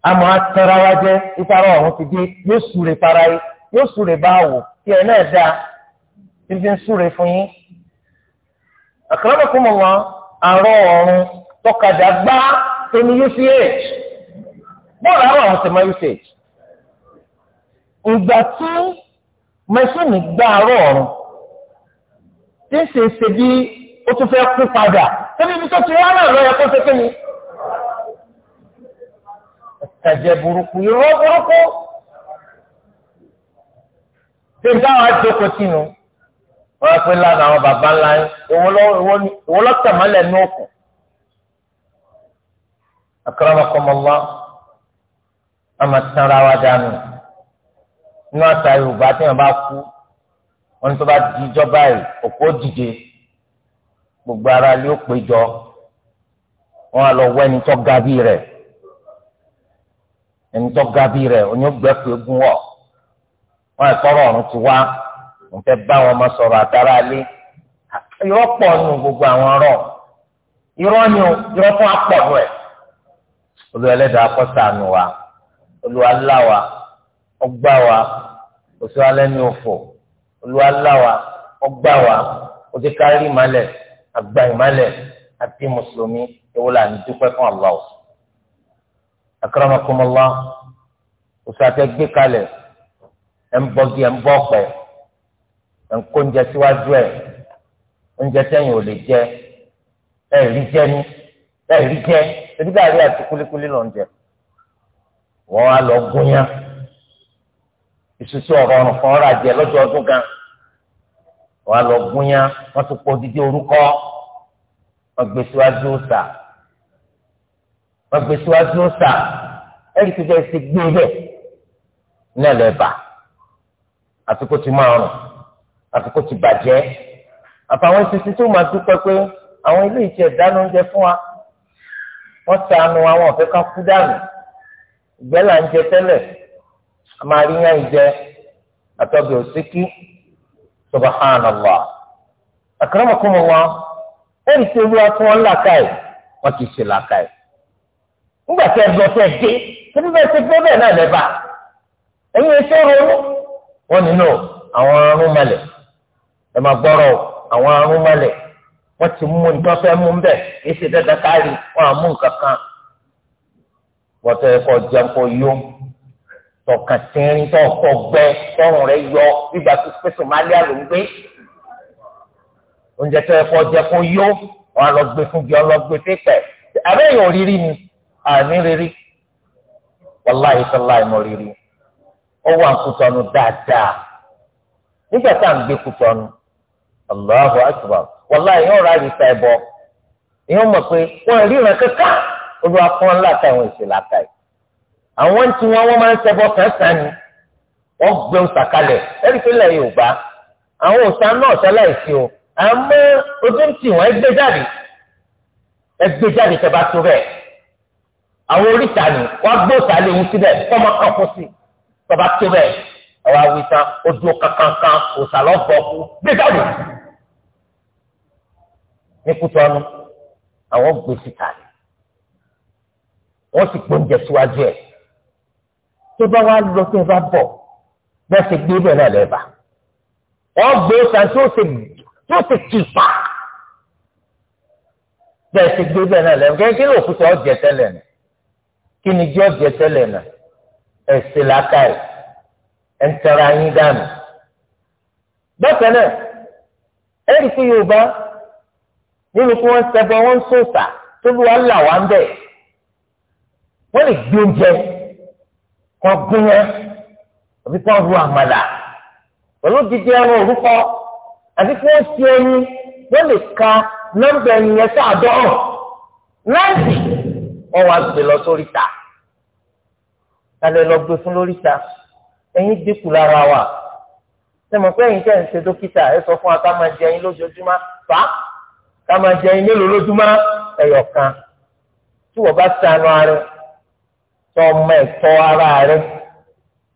a máa tẹ́ra wá jẹ́ ìtara ọ̀run ti dé yóò súre para yìí yóò súre báwò kí ẹ náà dáa tí fi ń súre fún yín. akramakumullah àárọ̀ ọ̀run tọkadà gbá tó usage bọ́ọ̀lù àárọ̀ ọ̀run ti mọ usage ìgbà tí mẹsìnì gbá àárọ̀ ọ̀run tí ń ṣe ṣe bí ó tún fẹ́ kú padà tẹ́lẹ̀ ibi tó ti wá náà lọ́yẹ kó ṣe kéde. ẹ̀jẹ̀ burúkú irọ́ burúkú ṣé n táwọn àjọkọ̀ tì nù wọ́n pẹ́ lánàá àwọn baba ńlá yín ìwọ lọ́tẹ̀mọ́lẹ̀ ní òkú. akramakumullah àmà tán ra wa dànù nínú àṣà yorùbá tí wọn bá kú wọn tó bá dijọ́ báyìí òkú òdìje gbogbo ara ló péjọ wọn á lọ wọ ẹni tó ga bí rẹ̀ ẹni tó ga bí rẹ̀ onígbẹ́pẹ́ gún wọ̀ wọn àtọ́rọ̀ ọ̀run ti wá wọn fẹ́ bá wọn máa sọ̀rọ̀ àtàrà alẹ́ irọ́ pọ̀ nù gbogbo àwọn ọ̀rọ̀ irọ́ ni irọ́ fún apọ̀ nù ẹ̀ olùwẹ̀lẹ́dàá kọ́ sànù wa olùwàláwa ọgbà wa òsì alẹ́ ní òfò olúwaláwa ọgbà wa òsì kárí ìmálẹ̀ àgbà ìmálẹ̀ àti mùsùlùmí ewu là ní dúpẹ́ fún Allah akramakumullah òsì àtẹgbé kalẹ̀ ẹ̀ ń bọ́gi ẹ̀ ń bọ́ ọ̀pẹ ẹ̀ ń kó oúnjẹ síwájú ẹ̀ oúnjẹ tẹ̀yìn ò lè jẹ ẹ̀ rí jẹ ní ẹ̀ rí jẹ ebi dàrí àti kulikuli lọ́njẹ wọ́n á lọ gúnyán ìṣúṣú ọ̀rọ̀ ọ̀rùn kan rà jẹ lọ́jọ́ ọdún kan wàá lọ gúnyán wọ́n tún pọ̀ dídí orúkọ wọ́n gbé síwájú ọ̀sà wọ́n gbé síwájú ọ̀sà ẹ̀rí tó fẹ́ẹ́ ṣe gbé bẹ́ẹ̀ náà lẹ́bàá àtúkò ti máa rùn àtúkò ti bàjẹ́ àtàwọn ìṣiṣẹ́ tó máa dúpẹ́ pé àwọn ilé ìṣẹ̀ dáná oúnjẹ fún wa wọ́n ṣàánú àwọn ọ̀fẹ́ ká kú dànù ìgbẹ́ là ń jẹ tẹ́lẹ̀ a máa rí yẹn jẹ àtọ́bí òsíkí subhanallah akramakumullah ẹ̀rí tí olúwa tí wọ́n ń làkàyè wọ́n ti ṣe làkàyè nígbà tí ẹ lọ sí ẹ dé síbi bẹ́ẹ̀ ṣe bẹ́ẹ̀ bẹ́ẹ̀ náà lẹ́bà ẹ̀yin ẹ̀ṣẹ́ ronú wọn nínú àwọn arún malẹ̀ ẹ máa gbọ́rọ̀ àwọn arún malẹ̀ wọ́n ti mú nǹkan mú bẹ́ẹ̀ kì í ṣe dandan káàrí wọn à mú nǹkan kan ẹ kọ́ jẹun kó yó tọkàn tẹrin tọkọ gbẹ tọrùn rẹ yọ gbígbà tó pé somalia ló ń gbé oúnjẹ tó yẹ kó jẹ kó yó wọn lọ gbé fún bí ọlọgbẹ pípẹ àbẹ́yẹ òrírí ni àmì rírí wàláyé sọláì mọ rírí ó wà ń kutọnu dáadáa nígbà tá à ń gbé kutọnu Allahu akbar wàláyé yóò rà rí sáì bọ èèyàn mọ̀ pé wọn ríran kankan olùwàkùn ńlá táwọn èsì látàyè àwọn tí wọn wọn máa ń ṣẹbọ kàńtà ni wọn gbé òòṣà kalẹ̀ ẹni pé lẹ́yìn ò bá àwọn òòṣà náà sọlá ìsìn o àmọ́ ojú ń tì wọn ẹgbẹ́ jáde ẹgbẹ́ jáde tẹ́ bá tó bẹ́ẹ̀ àwọn oríta ni wọn gbé òòṣà lẹ́yìn síbẹ̀ kọmọ kan kó sí tẹ́ bá tó bẹ́ẹ̀ ọwọ awita ojú kankankan òòṣà lọgbọkú gbé jáde ní kútọọnù àwọn gbèsè tà ní wọn sì pọ́njẹ síwájú ẹ̀ tó bá wá lọ tó bá bọ̀ bẹ́ẹ̀ ṣe gbé bẹ́ẹ̀ náà lẹ́ẹ̀bà wọ́n gbé ta tó ṣe tó ṣe kìpa bẹ́ẹ̀ ṣe gbé bẹ́ẹ̀ náà lẹ́ẹ̀bà kí ló kú sọ ọ̀jẹ̀ tẹ́lẹ̀ nà kí ni jẹ́ ọ̀jẹ̀ tẹ́lẹ̀ nà ẹ̀sìn làákàyè ẹ̀ ń tẹ̀ra yín dànù bákan náà ẹ̀rí sí yorùbá nínú kí wọ́n ṣẹbọ wọ́n ń sòsà tó lù wá là wá ń bẹ̀ wọ́n lè gbé oúnjẹ kọ́ gúnyán àbí kọ́ ru àmàlà pẹ̀lú dídí ẹran orúkọ àti kí wọ́n ṣe ẹni wọ́n lè ka nọ́mbà ẹni yẹn sáàdọ́rùn láìsí wọ́n wá gbé lọ sórí ta alẹ́ lọ gbé fún lórí ta ẹ̀yin dínkù lára wa ṣe mọ̀ pé ẹ̀yin tẹ̀ ń ṣe dókítà ẹ sọ fún wa ká máa jẹ ẹyin lójoojúmọ́ fà á ká máa jẹ ẹyin mélòó lójúmọ́ ẹ̀yọ̀kan tí wọ́n bá sànù ara rẹ̀ tọ́ ọmọ ẹ̀tọ́ ara rẹ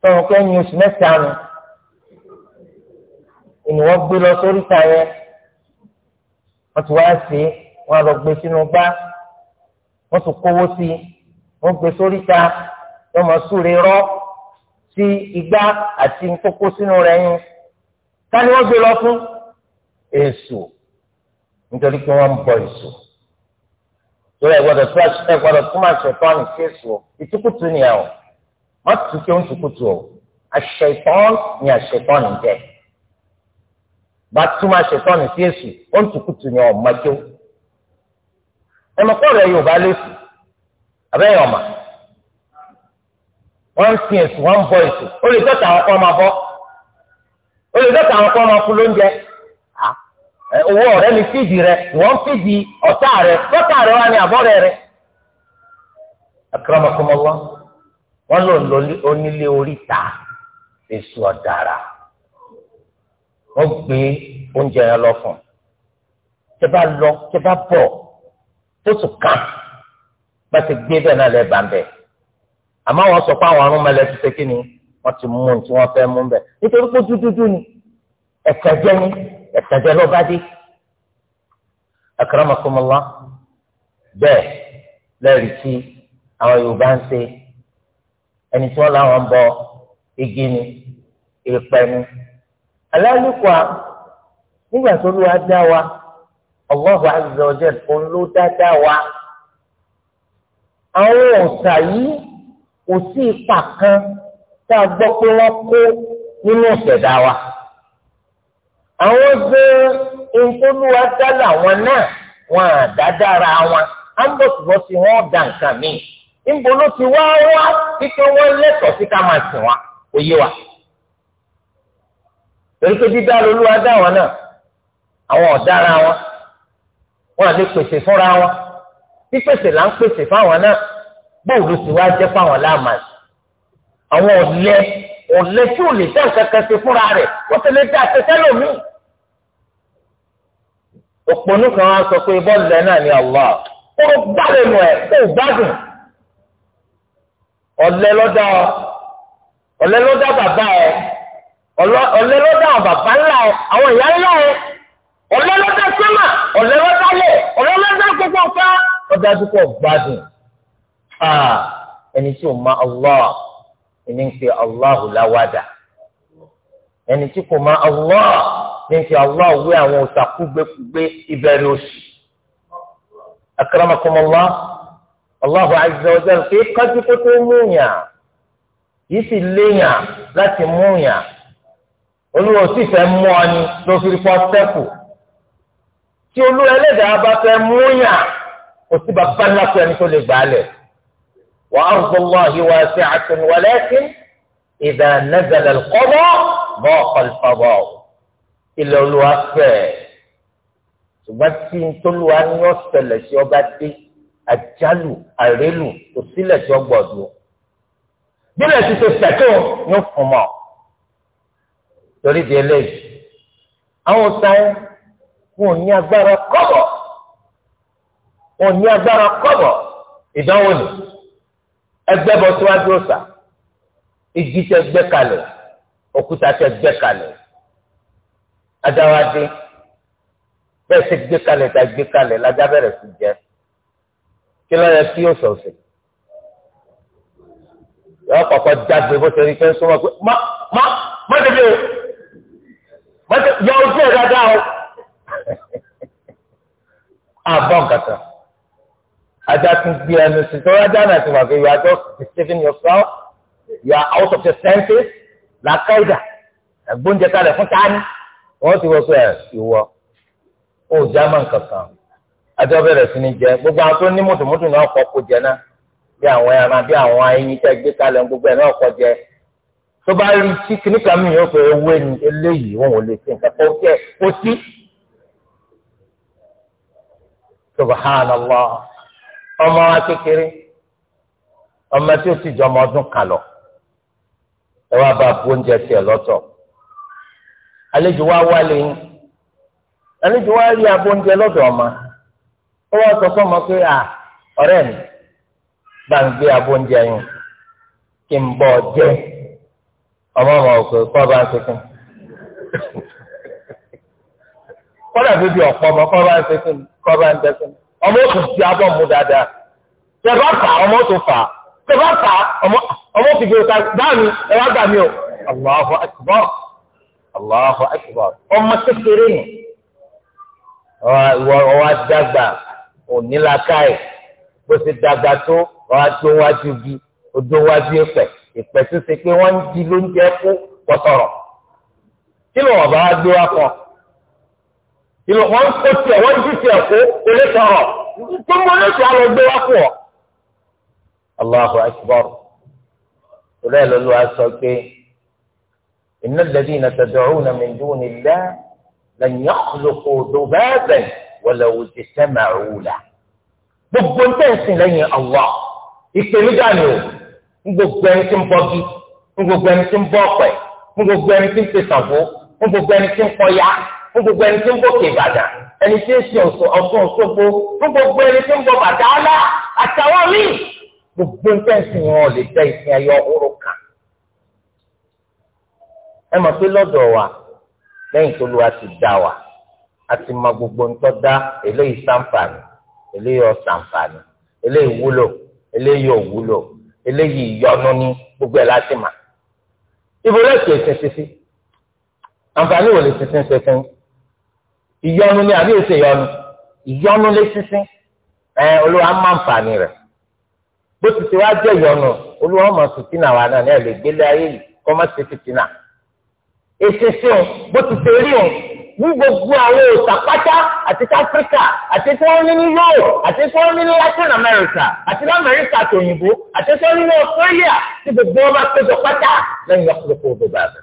tọ́wọ́n pé ní oṣù mẹ́ta nù ènìwọ́n gbé lọ sórí ta yẹn wọ́n ti wá sí wọ́n lọ gbé sínú gbá wọ́n tún kówó sí wọ́n gbé sórí ta wọ́n mọ̀ súre rọ́ sí igbá àti nkókó sínú rẹ̀ yín ká ni wọ́n gbé lọ fún èso nítorí pé wọ́n ń bọ èso torí ẹgbọdọ tó ẹgbọdọ tó máa ṣètò àmì kéésù ọ ìtukùtù ni ẹ o má tù kí ó ń tukùtù o àṣetán ni àṣetán ni jẹ bá tó máa ṣètò àmì kéésù ó ń tukùtù ni ọ mọjọ ẹmọkọ rẹ yóò bá lẹsù abẹ́yẹn ọ̀mà wọ́n ń sin èsù wọ́n ń bọ èsù ó lè dọ́ta àwọn kan máa bọ́ ó lè dọ́ta àwọn kan máa kú lóúnjẹ owó ọ̀rẹ́ mi fìdí rẹ wọ́n fìdí ọ̀tá rẹ lọ́tà rẹ wá ní àbọ̀rẹ́ rẹ. akramakumullah wọn lò lò onílé oríta èso ọ̀dàrà wọ́n gbé oúnjẹ yẹn lọ fún un tẹ bá lọ tẹ bá bọ̀ tó tún kàn bá ti gbé bẹ́ẹ̀ náà lẹ́ẹ̀ bá ń bẹ̀ àmọ́ wọ́n sọ pé àwọn arúgbó mẹ́lẹ́ ti ṣe kí ni wọ́n ti mú un tí wọ́n fẹ́ mú un bẹ̀ nítorí pé dúdúdú ni ẹ̀kẹ́ jẹ́ ni ẹ̀tàjẹ́ lọ́ba dé akramakumullah bẹ́ẹ̀ lẹ́rìí tí àwọn Yorùbá ń ṣe ẹni tí wọ́n láwọn ń bọ igi ni èèpẹ̀ ni aláàlùkọ nígbà tó lù wá dá wa Allahu azza wa òun ló dá wa àwọn ọ̀sà yìí kò sí ipa kan tá a gbọ́ pé wọ́n kó nínú ìṣẹ̀dá wa. àwọn gan ìfowópamọ́ dá làwọn náà wọn àdádára wọn á ń bọ̀sibọ̀sì wọn dà nǹkan mi níbo ló ti wá wá kíkẹ́ wọn lẹ́tọ̀ọ́ sí ká máa sìn wọn kò yé wa. torí pé dídá lolúwa dá wọn náà àwọn ọ̀daràn wọn wọn àlè pèsè fúnra wọn pípèsè là ń pèsè fáwọn náà bóòlù ló ti wá jẹ́ fáwọn láàmà àwọn ọ̀lẹ ọ̀lẹ tí ò lè dá nǹkan kan ṣe fúnra rẹ̀ wọ́n ti lè dá àtẹ̀tẹ̀ lómìn. òpònú kan wá sọ pé bọ́ọ̀lù náà ni Allah ó gbálẹ̀ nù ẹ̀ ó gbádùn ọ̀lẹ́ lọ́dọ̀ ọ̀lẹ́ lọ́dọ̀ bàbá ẹ̀ ọ̀lẹ́ lọ́dọ̀ àwọn bàbá ńlá ẹ̀ àwọn ìyá ńlá ẹ̀ ọ̀lẹ́ lọ́dọ̀ sẹ́mà ọ̀lẹ́ lọ́dọ̀ lẹ̀ ọ̀lẹ́ lọ́dọ̀ gbogbo ọ̀fá ọ̀dà dúpọ̀ gbádùn ah, ẹni tí ò ma Allah ẹni ń pe Allah làwàdà ẹni tí kò mọ Allah ní fi Allah wé àwọn òsàkúgbèkúgbè ìbẹ̀rù òsì. akramakumullah Allahu azza wa jalla kí kájú kó tó mú yàn yìí sì léyàn láti mú yàn olúwa sì fẹ́ mú ọ ni ló fi pọ́ sẹ́kù tí olúwa ẹlẹ́dàá bá fẹ́ mú yàn òsì bàbá ńlá fún ẹni tó lè gbà á lẹ̀. وأرض الله واسعة ولكن إذا نزل القضاء bọ́ọ̀kọ ìfọ̀bọ̀ ilẹ̀ olúwa fẹ̀ ṣùgbọ́n tí ntọ́lúwa ní ọ̀sẹ̀lẹ̀ sí ọba dé àjálù àrélù kò sílẹ̀ sí ọgbọ̀dún bílẹ̀ ti ṣe pẹ̀tọ́ ní fún mọ́ torí di eléyìí àwọn sáré wọn ò ní agbára kọ́bọ̀ wọn ò ní agbára kọ́bọ̀ ìdánwò ni ẹgbẹ́ bọ́ síwájú ọ̀sà igi tẹ kalẹ̀ òkúta tẹ gbẹ́ kalẹ̀ adáwádé bẹ́ẹ̀ sì gbé kalẹ̀ tá gbé kalẹ̀ ládá bẹ̀rẹ̀ sí jẹ kí ló yẹ kí oṣù ọ̀sẹ̀ yọ kọ́kọ́ jáde bó ṣe rí pé sọmọ pé má má má débi o má dé yọ ojú ẹ dáadáa o àbọ̀ nǹkan ajá tún gbé ẹnu sí tó rájà náà ti wà pé you are just deceiving yourself you are out of your senses làkàìdà ẹgbóúnjẹ kalẹ̀ fún tání wọ́n ti wọ́n sọ ẹ̀ ìwọ ó jámán kankan àti ọbẹ̀ rẹ̀ sí ni jẹ gbogbo àwọn tó ní mùtùmùtù náà kọ́ kó jẹ náà bí àwọn ẹran bí àwọn ẹyin tẹ́ gbé kalẹ̀ gbogbo ẹ̀ náà kọ́ jẹ tó bá rí tí kìnnìkan mi yóò fẹ́ ewé ni eléyìí òun ò lè fi nǹkan kó jẹ kó sí. subhanallah ọmọ wa kékeré ọmọ tí ó ti jọ ọmọ ọdún kan lọ ẹ wá bá bu oúnjẹ tiẹ̀ lọ́tọ̀ àlejò wa wálé yín àlejò wa rí abo oúnjẹ lọ́dọ̀ ọmọ ó wá sọ fún ọmọ pé à ọ̀rẹ́ mi bá ń gbé abo oúnjẹ yín kí n bọ̀ jẹ ọmọ ọmọ òkè kọ́ bá ń sekún kọ́dà bíbí ọ̀pọ̀ ọmọ kọ́ bá ń sekún kọ́ bá ń dẹ́kun ọmọ òkè ti abọ́ mu dáadáa tẹ bá fà ọmọ tó fà tẹ bá fà ọmọ ọmọ fìgbè òkà dáàmì ẹwà gbàmí o Allahu akbar Allahu akbar ọmọ kékeré nù ọwọ́ dàgbà onílàkàì bó ti dàgbà tó ọwọ́ tó wájú bí odó wájú ẹ̀pẹ̀ ẹ̀pẹ̀ tó ṣe pé wọ́n ń di lóúnjẹ kú pọ̀tọ̀rọ̀ kí ló wọ́n bá wá gbé wá kọ́ kí ló kó tiẹ̀ wọ́n jí tiẹ̀ kó olè tó ń bọ́ lóṣù àlọ́ gbé wá kú ọ. Allahu akbar rẹ lọlọ a sọ pé innal ladhina tad'una min dunillahi lan yakhluqu dhubaban walaw ijtama'u lahu gbogbo ń tẹ̀sìn lẹ́yìn Allah ìpèníjà ni o ń gbogbo ẹni tí ń bọ́ bí ń gbogbo ẹni tí ń bọ́ ọ̀pẹ̀ ń gbogbo ẹni tí ń pèsànfó ń gbogbo ẹni tí ń kọyà ń gbogbo ẹni tí ń bòkè Ìbàdàn ẹni tí ń ṣe ọ̀sán Òṣogbo ń gbogbo ẹni tí ń bọ Bàdàlá àtàwọn míì gbogbo ntẹ́sìn wọn lè tẹ ìsìn ayọ̀ ọ̀húnrò kan ẹ mọ̀ pé lọ́dọ̀ wa lẹ́yìn tó lu a ti dá wa a ti mọ gbogbo ntọ́ dá eléyìí sàǹfààní eléyìí ọ̀sàǹfààní eléyìí wúlò eléyìí òwúlò eléyìí ìyọnu ní gbogbo ẹ̀ láti mà ibo lẹ́sìn ẹ̀sìn títí àǹfààní wò lè títí ń ṣe fún ìyọnu ní àbí èsì ìyọnu ìyọnu lè títí ẹ olúwa máa ń fààní rẹ̀ bó ti ti wá jẹ́ ìyọnu olúwa ọmọ sùtìnà wa náà ní ẹ̀lẹ́ gbélé ayé yìí kọ́ má ṣe fìtìnà. èsì sùn bó ti ṣe rí òun ní gbogbo àwọn òòtà pátá àti áfíríkà àti tí wọ́n ní ní yóò àti tí wọ́n ní ní Latin America àti ní Amẹ́ríkà àti òyìnbó àti tí wọ́n ní ní Australia tí gbogbo wọn bá péjọ pátá lẹ́yìn ọ̀pọ̀lọpọ̀ odò bàbá.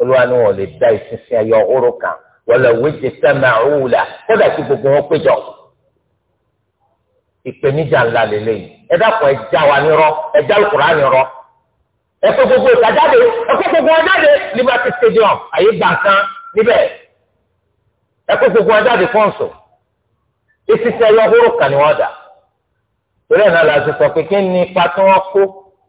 olúwa ni wọn lè da ìsinsin ẹyọ oró kan wọlé wíjì sẹ́mi àwòlà kódà tí gbogbo wọn péjọ ìpèníjà ńlá lélẹ́yìí ẹ dákun ẹ já wa nírọ́ ẹ já lùkùrá nírọ́ ẹ kó gbogbo ìta jáde ẹ kó gbogbo wọn jáde Liberty Stadium àyè gbàǹkan níbẹ̀ ẹ kó gbogbo wọn jáde kọ́ńsù ìsísẹ́ ẹyọ hóró kan ni wọ́n dà torí ẹ̀ náà la ti sọ pé kí ni ipa tí wọ́n kó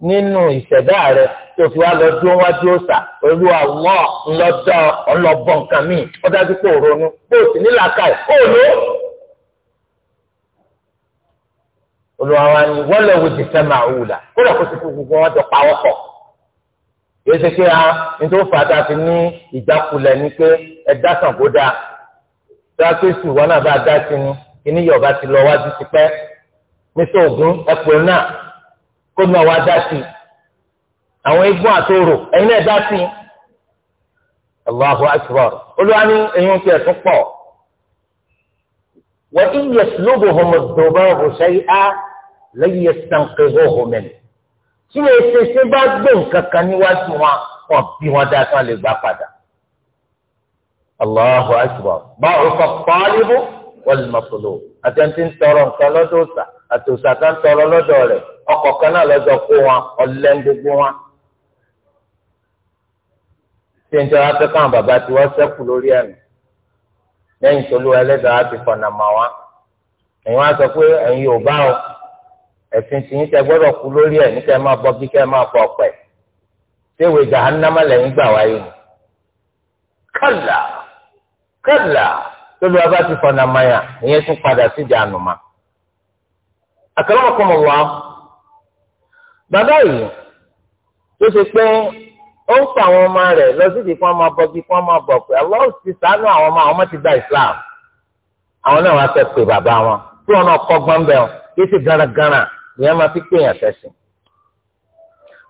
nínú ìṣẹ̀dá rẹ tó fi wá lọ dúró wá dúró sà olúwa wọ́n ńlọ́dọ̀ ọlọ́bọ̀ nǹkan míì ó dájú pé òronú bó o sì olùwà wa ni wọ́n lọ́wọ́ ti fẹ́ máa wù là kó lọ́kọ́ sí gbogbo wọn jọ pawọ́ pọ̀ yóò ṣe pé a nítorí fàtà fi ní ìjákulẹ̀ ni pé ẹ̀dá sàn kó dáa dákẹ́sì wọn náà bá dá sí ni kíní yọ̀ọ̀bá ti lọ wájú ti pẹ́ nítorí ògún ẹ̀pọ̀ náà kó náà wá dá sí àwọn eégún àtòrò ẹ̀yin náà dá sí Allahu akbar olùwà ẹ̀yin ti ẹ̀sùn pọ̀ wọ́n ti yẹ lẹ́yìn ẹ̀sánpẹ̀ hóhómẹ́lì tí èsèsè bá gbé nǹkan kan níwájú wọn wọn bí wọn dá sán lè gbà padà. Allahu akbar báwo kọ pàálíbù wọlé mọ̀kòló àtẹ̀ntì ń tọrọ nǹkan lọ́dọ̀ ọ̀sà àtòsà ká ń tọrọ lọ́dọ̀ rẹ̀ ọkọ̀ kan náà lọ́dọ̀ kó wọn ọ̀lẹ́ ń gbogbo wọn. ṣé ń jọra pé káwọn bàbá tí wọ́n sẹ́kù lórí ẹ̀mí lẹ́yìn tó lúwa ẹlẹ́dàá ti fọ̀nà mà ẹ̀yin wá sọ pé ẹ̀yin ò bá ọ ẹ̀sìn tìyín tẹ gbọ́dọ̀ kú lórí ẹ̀ ní kẹ́ máa bọ́ bí kẹ́ máa fọ ọ̀pẹ téwé jahannama lẹ́yìn gbà wáyé ni kálá kálá tóbi wá bá ti fọ̀nà mayà ìyẹn tún padà sí jahannama. àkàràmọ̀kọ́ mọ̀ wá bàbá yìí tó ṣe pé ó ń pa àwọn ọmọ rẹ̀ lọ síbi kí wọ́n máa bọ́ bí kí wọ́n máa bọ̀ pé Allah ti ṣàánú àwọn ọmọ àwọn ọmọ ti gba Islam àwọn náà wá fẹ́ pè bàbá wọn tí wọn náà kọ́ gbọ́n bẹ́ẹ̀ kí ó garagara ni wọn máa fi pè yàn fẹsẹ̀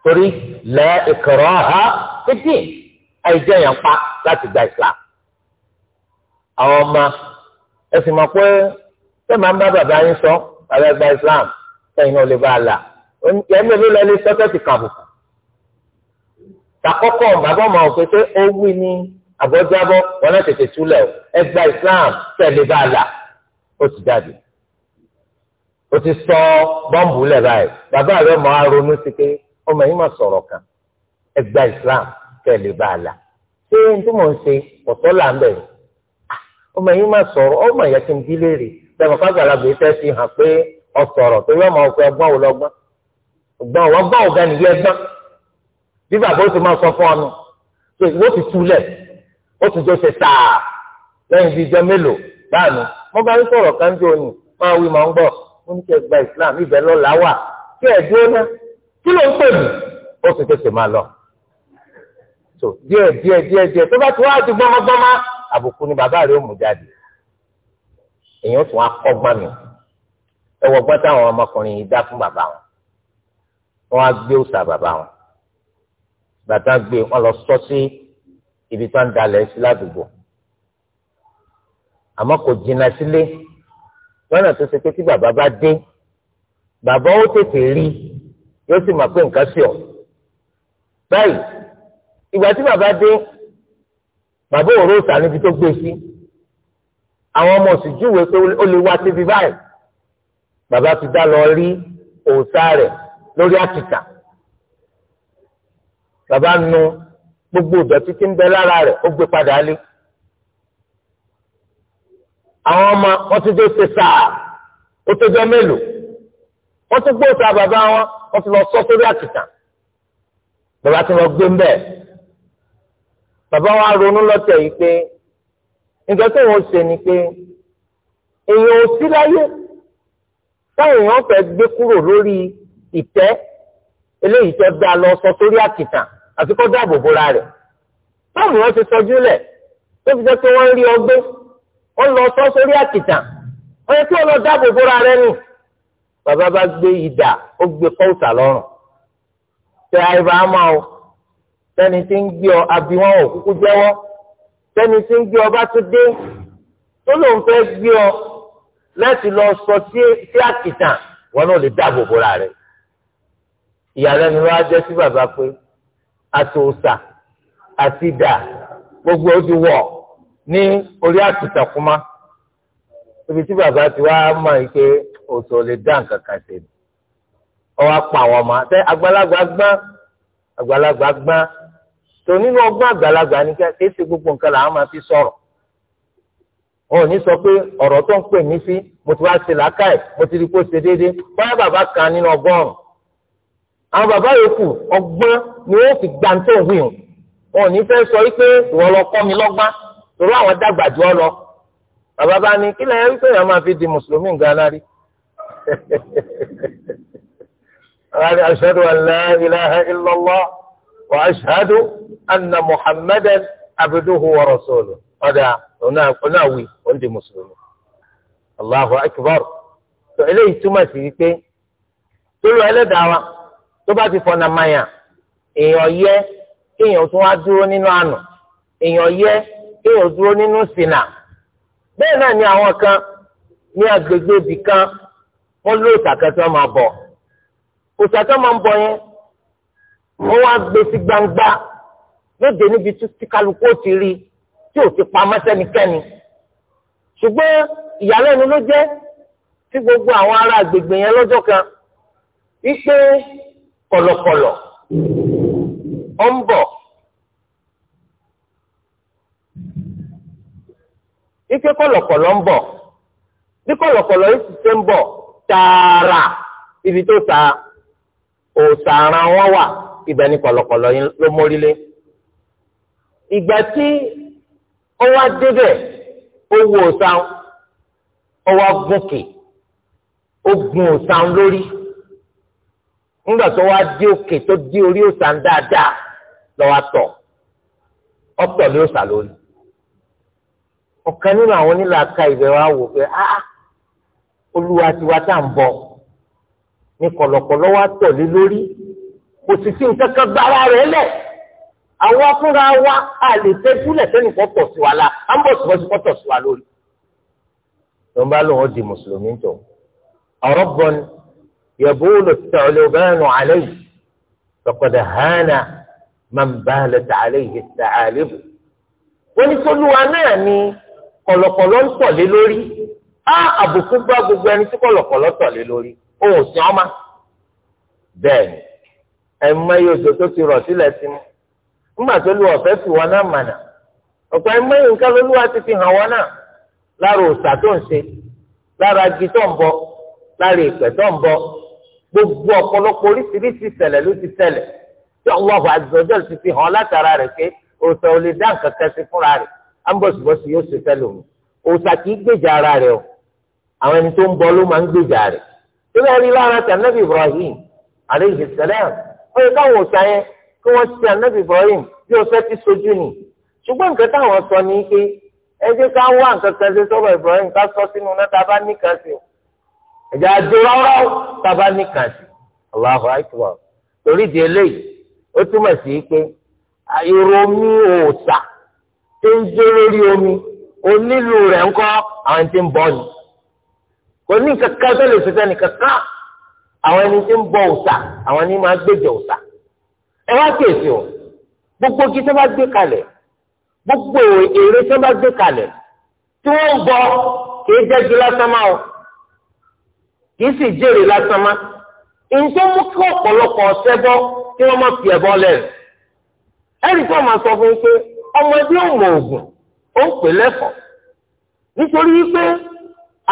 torí la ikraha fid-din àìjẹ́ yàn pa láti gba Islam àwọn ọmọ ẹsìn mọ̀ pé ṣé màá bá bàbá yín sọ bàbá gba Islam sẹ́yìn náà lè bá a là ẹ̀mí ló lọ ilé sọ́kẹ́tì kàbùkù takọ́kọ́ bàbá ọmọ òfin pé ó wí ní àbọ̀jábọ̀ wọn náà tètè túlẹ̀ ẹ gba Islam tẹ̀lé bá a là ó ti jáde. o ti sọ bọ́ǹbù lẹ̀ báyìí bàbá rẹ̀ mọ̀ á ronú sí pé ọmọ yìí mà sọ̀rọ̀ kan ẹgbà Islam tẹ̀lé bá a la ṣé n tí mò ń ṣe ọ̀tọ̀ là ń bẹ̀rẹ̀ ah, ọmọ yìí mà sọ̀rọ̀ ọmọ yẹn ti ń bí léèrè dàbọ̀ pé ọ̀sọ̀rọ̀ ọmọ ẹgbọ́n ọgbọ́n ọ̀gá wọn kì gba islam ibẹ̀ lọ là wà kí ẹ dúró ná kí ló ń pè mí ó sì tètè máa lọ. tó díẹ̀ díẹ̀ díẹ̀ díẹ̀ tó bá ti wá ti gbọmọgbọmọ àbùkù ni bàbá rẹ̀ ó mú jáde èèyàn tún á kọ́gbọ́n mi ẹ wọ gbọ́n táwọn ọmọkùnrin yìí dá fún bàbá wọn wọn á gbé òòsà bàbá wọn bàtà gbé wọn lọ sọ sí ibi tó ń dalẹ̀ sí ládùúgbò àmọ́ kò jìnnà sílé. Si lọ́nà tó ṣe pé tí bàbá bá dé bàbá ó tètè rí yóò sì mọ̀ pé nǹkan sí ọ. báyìí ìgbà tí bàbá dé bàbá òró ìta níbi tó gbé sí àwọn ọmọ sì júwe pé ó lè wá síbi báyìí bàbá ti dá lọ rí òòṣà rẹ̀ lórí àkìtà bàbá nu gbogbo ìdọ̀tí tí ń bẹ lára rẹ̀ ó gbé padà lé àwọn ọmọ wọn ti dé ṣe sáà ó tó jọ mélòó wọn tún gbé òòtà bàbá wọn wọn ti lọ sọ sórí àkìtàn bàbá tí wọn gbé ń bẹ bàbá wa ronú lọ́tẹ̀ yìí pé nǹkan tó wọn ṣe ni pé èèyàn ò sí láyé táwọn èèyàn fẹ́ gbé kúrò lórí ìtẹ́ eléyìí tó dá lọ sọ sórí àkìtàn àti kó dáàbò bóra rẹ̀ báwo ni wọ́n ti sọjú lẹ̀ tó fi jẹ́ pé wọ́n rí ọgbẹ́ ó lọ sọ sórí àkìtàn ó yẹ kí ó lọ dáàbò bóra rẹ nù bàbá bá gbé ìdà ó gbé kọ́ọ̀tà lọ́rùn tẹ àìbáàmà o tẹni tí ń gbé ọ àbí wọn ò kúkú jẹ́wọ́ tẹni tí ń gbé ọ bá tún dé tó lóun fẹ́ gbé ọ láti lọ sọ sí àkìtàn wọn náà lè dáàbò bóra rẹ ìyàlẹ́nu wa jẹ́ sí bàbá pé àtòòsà àti ìdà gbogbo ó ti ní orí àtìtàkùmá ibi tí bàbá ti wá mọ̀ ike òtò lè dá nǹkan kan ṣe ni ọwọ́ pa àwọn ọmọ àtẹ àgbàlagbà gbọ́n àgbàlagbà gbọ́n tó nínú ọgbọ́n àgbàlagbà ni kéésì gbogbo nǹkan làwọn máa fi sọ̀rọ̀ wọn ò ní sọ pé ọ̀rọ̀ tó ń pè mí sí mo ti wá ṣe làákàyè mo ti rí kó ṣe déédéé báyà bàbá kan nínú ọgọ́rùn àwọn bàbá yòókù ọgbọ́n ni wọ́n fi gbàǹtẹ̀ hùwìn wọn ò ní fẹ́ sọ wípé ìwọ lọ kọ́ mi lọ́gbọ́n torí àwọn dàgbà jù ọ lọ bàbá bá ní kí lẹ́yìn pé èèyàn máa fi di mùsùlùmí nǹkan alárí. ashhadu an la ilaha illallah wa ashhadu anna muhammadan abduhu wa rasuluhu ọ̀dà onáwí òun di mùsùlùmí. allahu akbar tó eléyìí túmọ̀ sí pé tó ẹlẹ́dàá wa tó bá ti fọ̀nà mayà èèyàn yẹ kéèyàn tún wá dúró nínú àná èèyàn yẹ kéèyàn dúró nínú ṣìnà bẹ́ẹ̀ náà ni àwọn kan ní agbègbè ibì kan wọ́n ló ìtàkẹ́sọ́ máa bọ̀ òṣàkẹ́ máa ń bọ̀ yẹn wọ́n wá gbé sí gbangba lóde níbi tí kálukú ó ti rí tí ò ti pamọ́ sẹ́nikẹ́ni ṣùgbọ́n ìyàlẹ́nu ló jẹ́ tí gbogbo àwọn ará agbègbè yẹn lọ́jọ́ kan wípé kọ̀lọ̀kọ̀lọ̀ ó ń bọ̀ ike kọ̀lọ̀kọ̀lọ̀ ń bọ̀ bí kọ̀lọ̀kọ̀lọ̀ yìí ti ṣe ń bọ̀ tààrà ibi tó ta òòsàrà wọn wà ibẹ̀ ni kọ̀lọ̀kọ̀lọ̀ yìí ló mórílé ìgbà tí ó wá débẹ̀ ó wo òòsàn ó wá gòkè ó gun òòsàn lórí ńgbà tó wá dé òkè tó dé orí òòsàn dáadáa lọ́wọ́ àtọ̀ ọ̀tọ̀ ló sà lórí ọ̀kan nínú àwọn onílà ka ibẹ̀ wa wò pé ah, ah olúwa tiwa tá ń bọ̀ ní kọ̀lọ̀kọ̀lọ̀ wa tọ̀lé lórí kò sì sí nǹkan kan gbára rẹ̀ lẹ̀ àwa fúnra wa a lè tẹ́ sílẹ̀ sẹ́nìkan tọ̀ sí wa la à ń bọ̀ sí wọ́n tọ̀ sí wa lórí. ló ń bá lòun di mùsùlùmí tó ọ̀rọ̀ bọ́n yẹ̀bù olùtọ̀lẹ̀ bẹ́ẹ̀nù alẹ́ yìí lọ́kọ̀dẹ̀ hánà máa ń bá lẹ́tà alẹ́ yìí tà àlébù. wọ́n ní kọlọkọlọ ń tọ̀lé lórí á àbùkù bá gbogbo ẹni tí kọ̀lọ̀kọ̀lọ̀ tọ̀lé lórí òun sì ọmọ bẹ́ẹ̀ni ẹmọ yóò tó tó ti mụ sílẹ̀ sí mu nígbà tó lu ọ̀fẹ́ fi wọn náà mànà ọ̀pọ̀ ẹmọ nǹkan lóluwà ti fi hàn wọn náà lára òòṣà tó ń ṣe gbogbo oríṣiríṣi ló ti tí ti fi hàn látara pé ò lè dá ambọ̀sibọ́sì yóò ṣe fẹ́ lòun òòsà kì í gbèjà ara rẹ o àwọn ẹni tó ń bọ ló máa ń gbèjà rẹ nínú ẹni lára ti anabi ibrahim aleyhi salam ó yẹ káwọn òòsà yẹn kí wọ́n ti anabi ibrahim bí ọ̀sẹ̀ ti sojú ni ṣùgbọ́n nǹkan táwọn sọ ni pé ẹ jẹ́ ká wá nǹkan kan ṣe sọ́rọ̀ ibrahim ká sọ sínú náà tá a bá ní kan sí o ẹ̀jẹ̀ àjò rárá o tá a bá ní kan sí Allahu akbar torí di eléyìí ó túmọ̀ sí pé ìròmí òòsà tó ń jó lórí omi onílù rẹ̀ ń kọ́ àwọn tí ń bọ̀ ni kò ní kankan tó lè ṣe sẹ́ni kankan àwọn ẹni tí ń bọ òòṣà àwọn ẹni máa gbèjọ òòṣà ẹ wá kèsì o gbogbo kí tó bá gbé kalẹ̀ gbogbo èrè tó bá gbé kalẹ̀ tí wọ́n ń bọ kì í jẹ́jú lásán máa o kì í sì jèrè lásán máa nǹkan mú kí ọ̀pọ̀lọpọ̀ ọ̀sẹ́ bọ́ kí wọ́n má fi ẹ̀bọ lẹ́nu ẹ̀rí kí wọ́n máa sọ fún yín pé ọmọdé ọmọ ògùn ó ń pè lẹ́kọ̀ọ́ nítorí wípé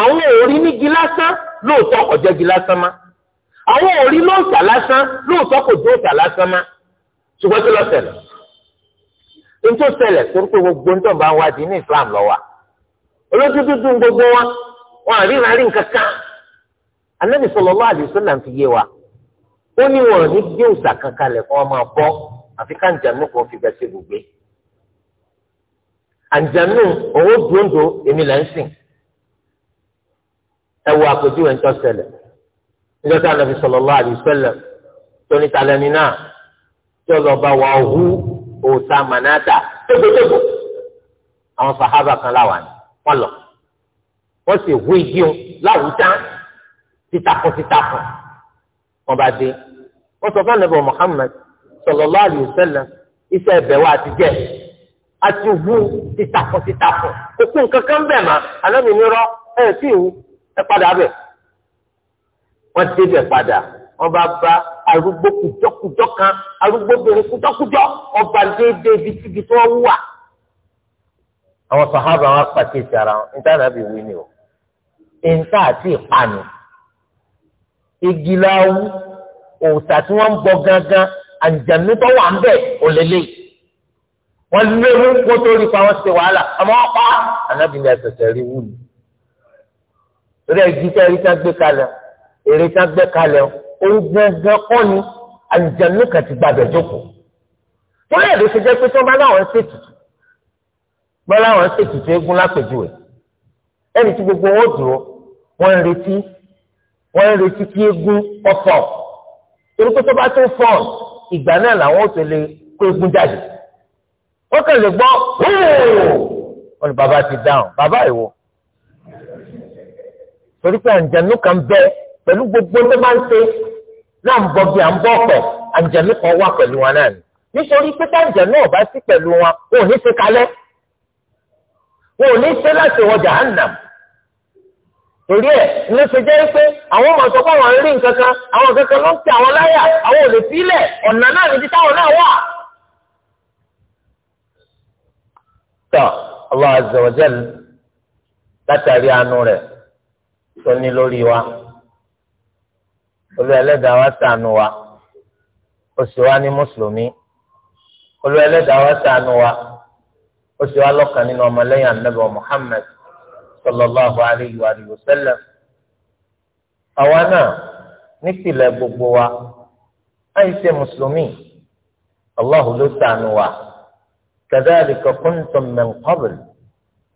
àwọn òrí nígi lásán lóòótọ́ kò jẹ́gi lásán má àwọn òrí lóòótọ́ lásán lóòótọ́ kò jẹ́ òótọ́ lásán má ṣùgbọ́n tí ló ṣẹlẹ̀ ntó ṣẹlẹ̀ torí pé gbogbo ntọ́ bá wá di ní Islam lọ́wọ́ olójú dúdú gbogbo wa wọn àríran rí nǹkan kan Ànábì sallallahu alaihi wasallam fi yé wa ó ní wọn ò ní gbé òòṣà kankan lẹ̀ kó wọn máa bọ́ àfi káńjà mú kó fi bẹ́sẹ̀ àǹjẹ̀nù owó dòńdò èmi là ń sìn ẹ wo àpèjúwe ńtọ́ ṣẹlẹ̀ níjọ́ tí Ànábì sallallahu alaihi wasallam tóní talẹ́ni náà tí ọlọ́ba wà hu òòtá mànáta tókòtókò àwọn sàhábà kan láwà ní wọn lọ wọn sì hu igi ń láwùjá títakùn títakùn wọn bá dé wọn sọ fún Ànábì Muhammad sallallahu alaihi wasallam iṣẹ́ ẹ̀bẹ̀ wa ti jẹ́ àti òwú tìtàkọ̀ tìtàkọ̀ òkú nǹkan kan bẹ̀ mà anábì ní rọ ẹ sì wú ẹ padà bẹ̀. wọ́n débẹ̀ padà wọ́n bá bá arúgbó kùjọ́kùjọ́ kan arúgbó bèrè kùjọ́kùjọ́ ọba déédéé bíi tíbi tí wọ́n wà. àwọn sàhábà wọn pàkíyèsí ara wọn níta nàbì wí ni o níta àti ìpanu igi láwù òòtà tí wọ́n ń bọ gángan àǹjànú tó wà ń bẹ̀ òlélẹ́yìí wọ́n lé mú kó tó rí pa wọ́n ṣe wàhálà àmọ́ wọ́n pa ànábì ní ẹsẹ̀sẹ̀ rí wù ní. torí ẹ̀jí tẹ́ ẹ̀rí tán gbé kalẹ̀ èrè tán gbé kalẹ̀ òun gbọ̀ngàn kọ́ ni àlùjànnú kan ti gbàgbẹ́ jókòó. torí ẹ̀rí ṣe jẹ́ pé tí wọ́n bá láwọn ṣe tutù bá láwọn ṣe tutù eégún lápèjúwe ẹni tí gbogbo wọn dúró wọ́n ń retí wọ́n ń retí kí eégún ọ̀fọ̀ torí pé tó bá tó fọ̀ ìgbà náà làwọn ò tó lè kó eégún jáde ó kẹlẹ gbọ́ ó ní bàbá ti dáhùn bàbá ìwọ torí pé àǹjẹ̀nú kan bẹ pẹ̀lú gbogbo tó máa ń ṣe náà ń bọ bí à ń bọ̀ pẹ̀ àǹjẹ̀nú kan wà pẹ̀lú wọn náà ni nítorí pé àǹjẹ̀nú ọ̀bá sí pẹ̀lú wọn wọn ò ní ṣe kalẹ̀ wọn ò ní ṣe láti wọ jahannam torí ẹ ló ṣe jẹ́ pé àwọn ọmọ sọ́kọ́ wọn rí nǹkan kan àwọn nǹkan ló ń tẹ àwọn láyà àwọn ò lè sílẹ̀ ọ̀nà náà níbi táwọn náà wà. tọ́ Allah azza wa jal látàrí àánú rẹ̀ tó ní lórí wa olú ẹlẹ́dàá wa ṣàánú wa ó sì wá ní mùsùlùmí olú ẹlẹ́dàá wa ṣàánú wa ó sì wá lọ́kàn nínú ọmọlẹ́yìn anábọ̀ Muhammad sallallahu alayhi wa sallam àwa náà nípìnlẹ̀ gbogbo wa àìsè mùsùlùmí Allahu ló ṣàánú wa. كذلك كنتم من قبل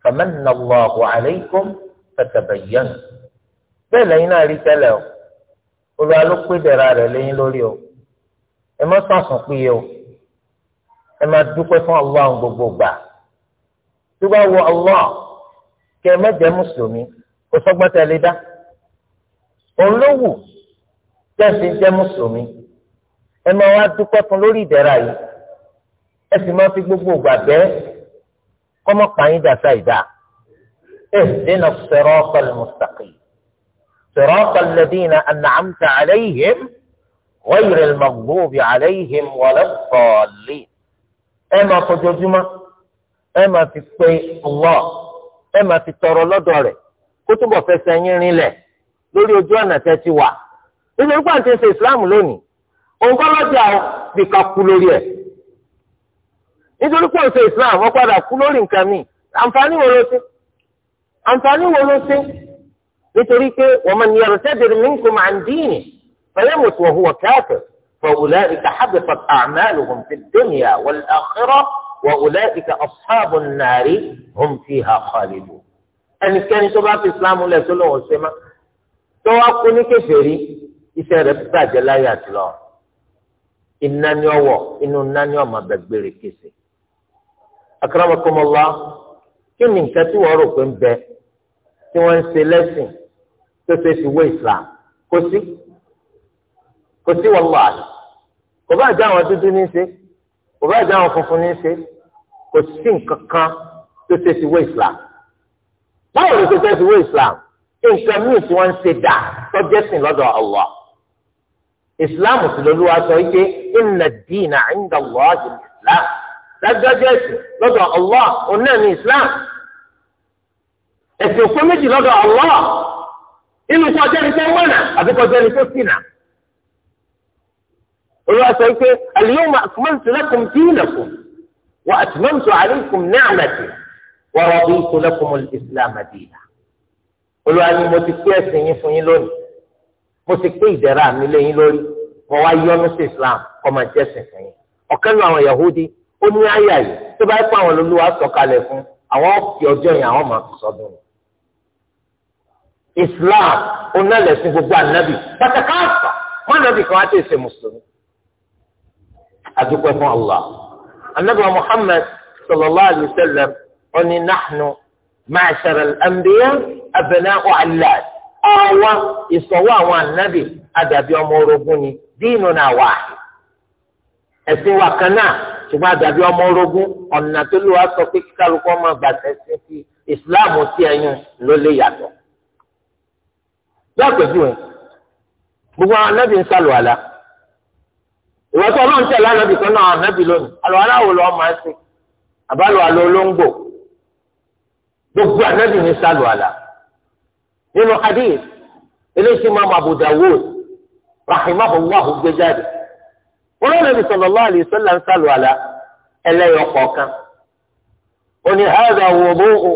فمن الله عليكم فتبينوا bẹ́ẹ̀ lẹ́yìn náà rí tẹ́lẹ̀ o olúwa ló pé dẹ̀ra rẹ̀ lẹ́yìn lórí o ẹ má sàsùn péye o ẹ má dúpẹ́ fún allah gbogbo gbà tó bá wọ allah kẹ ẹ má jẹ́ mùsùlùmí kó sọ́gbọ́n tẹ lé dá òun ló wù tẹ̀sí jẹ́ mùsùlùmí ẹ má wá dúpẹ́ fún lórí ìdẹ̀ra yìí ẹ sì máa fi gbogbo ògbà bẹ́ẹ̀ kọ́mọ́ pààyàn dàsa ìdá ẹ dènà sirata al-mustaqim sirata alladhina an'amta alayhim ghayra al-maghdubi alayhim wala ad-dallin ẹ máa fojoojúmọ́ ẹ máa fi pé Allah ẹ máa fi tọrọ lọ́dọ̀ rẹ̀ kó túbọ̀ fẹsẹ̀ yín rinlẹ̀ lórí ojú ọ̀nà tẹ́ ti wà nítorí pàǹtí ṣe ìsìláàmù lónìí òǹkọ́ lọ́jà bìkan kú lórí ẹ̀ nítorí pé òṣè islam wọ́n padà kú lórí nǹkan mi àǹfààní wo ló ṣe àǹfààní wo ló ṣe nítorí pé wọ́n mọ̀ ní ọ̀rọ̀ sẹ́dẹ̀rẹ̀ mi ń máa ń dín فيمت وهو كافر فأولئك حبطت أعمالهم في الدنيا والآخرة وأولئك أصحاب النار هم فيها خالدون ẹnikẹ́ni tó bá fi islam lẹ̀ tó lọ́wọ́ ṣe má tó wá kú ní kèfèrí iṣẹ́ rẹ̀ bàjẹ́ láyé àtìlọ́ iná ní ọwọ́ inú iná ọmọ bẹ̀gbẹ̀rẹ̀ kèsì akramakumullah kí ni nǹkan tí wọ́n rò pé ń bẹ tí wọ́n ń ṣe lẹ́sìn tó ṣe fi wé islam kò sí kò sí wallahi kò bá jẹ́ àwọn dúdú ní í ṣe kò bá jẹ́ àwọn funfun ní í ṣe kò sí nǹkan kan tó ṣe fi wé islam báwo ló ṣe fẹ́ fi wé islam nǹkan míì tí wọ́n ń ṣe dà tọ́jẹ́sìn lọ́dọ̀ Allah islam sì lọ́lúwa sọ yìí pé inna ad-dina 'inda Allahi al lágbájá ẹ̀sìn lọ́dọ̀ Allah òun náà ní Islam ẹ̀sìn òpó méjì lọ́dọ̀ Allah inú kọ́ jẹ́ni tó wọ̀nà àbí kọ́ jẹ́ni tó ṣìnà. Olúwa sọ pé al-yawma akmaltu lakum dinakum wa atmamtu alaykum ni'mati wa raditu lakum al-islam dinan. Olúwa ni mo ti pé ẹ̀sìn yín fún yín lónìí mo ti pé ìdẹ̀ra mi lé yín lórí mo wá yọ́nú sí Islam kọ́ máa jẹ́sìn fún yín. Ọ̀kan nínú àwọn Yahudi ó ní àyà yìí tó bá pa àwọn olólùwà sọ̀kalẹ̀ fún àwọn ọ̀kì ọjọ́ yẹn àwọn máa fi sọdún rẹ̀. Islam onálẹ̀sìn gbogbo ànábì pátákáàfà mọ́nàbì kan á ti ṣe mùsùlùmí. Adúpẹ́ fún Allah. Ànábì wa Muhammad sallallahu alayhi wa sallam ó ní nahnu ma'ashara al-anbiya abna'u 'allad. Àwa ìsọ̀wọ́ àwọn ànábì àdàbí ọmọ orogún ni dínú náà wà. Ẹ̀sìn wa kan náà ṣùgbọ́n àdàbí ọmọ orogún ọ̀nà tó lù wá sọ pé kíkálukú ọmọ gbàtẹ́ sí ti ìsìláàmù tí ẹ̀yìn ló lè yàtọ̀. bí àpèjúwe gbogbo àwọn anábì ń sàlù àlá ìwọ tó ọlọ́run tẹ̀lé anábì kan náà anábì lónìí àlọ́ aláwo lọ́ọ́ máa ń ṣe àbálò àlọ́ olóńgbò gbogbo anábì ń sàlù àlá nínú hadith eléyìí máa Abu Dawud rahimahullahu gbé jáde olóòlù sallallahu alaihi wasallam ń sàlù àlá ẹlẹ́yọ kọ̀ọ̀kan ó ní hadha wudu'u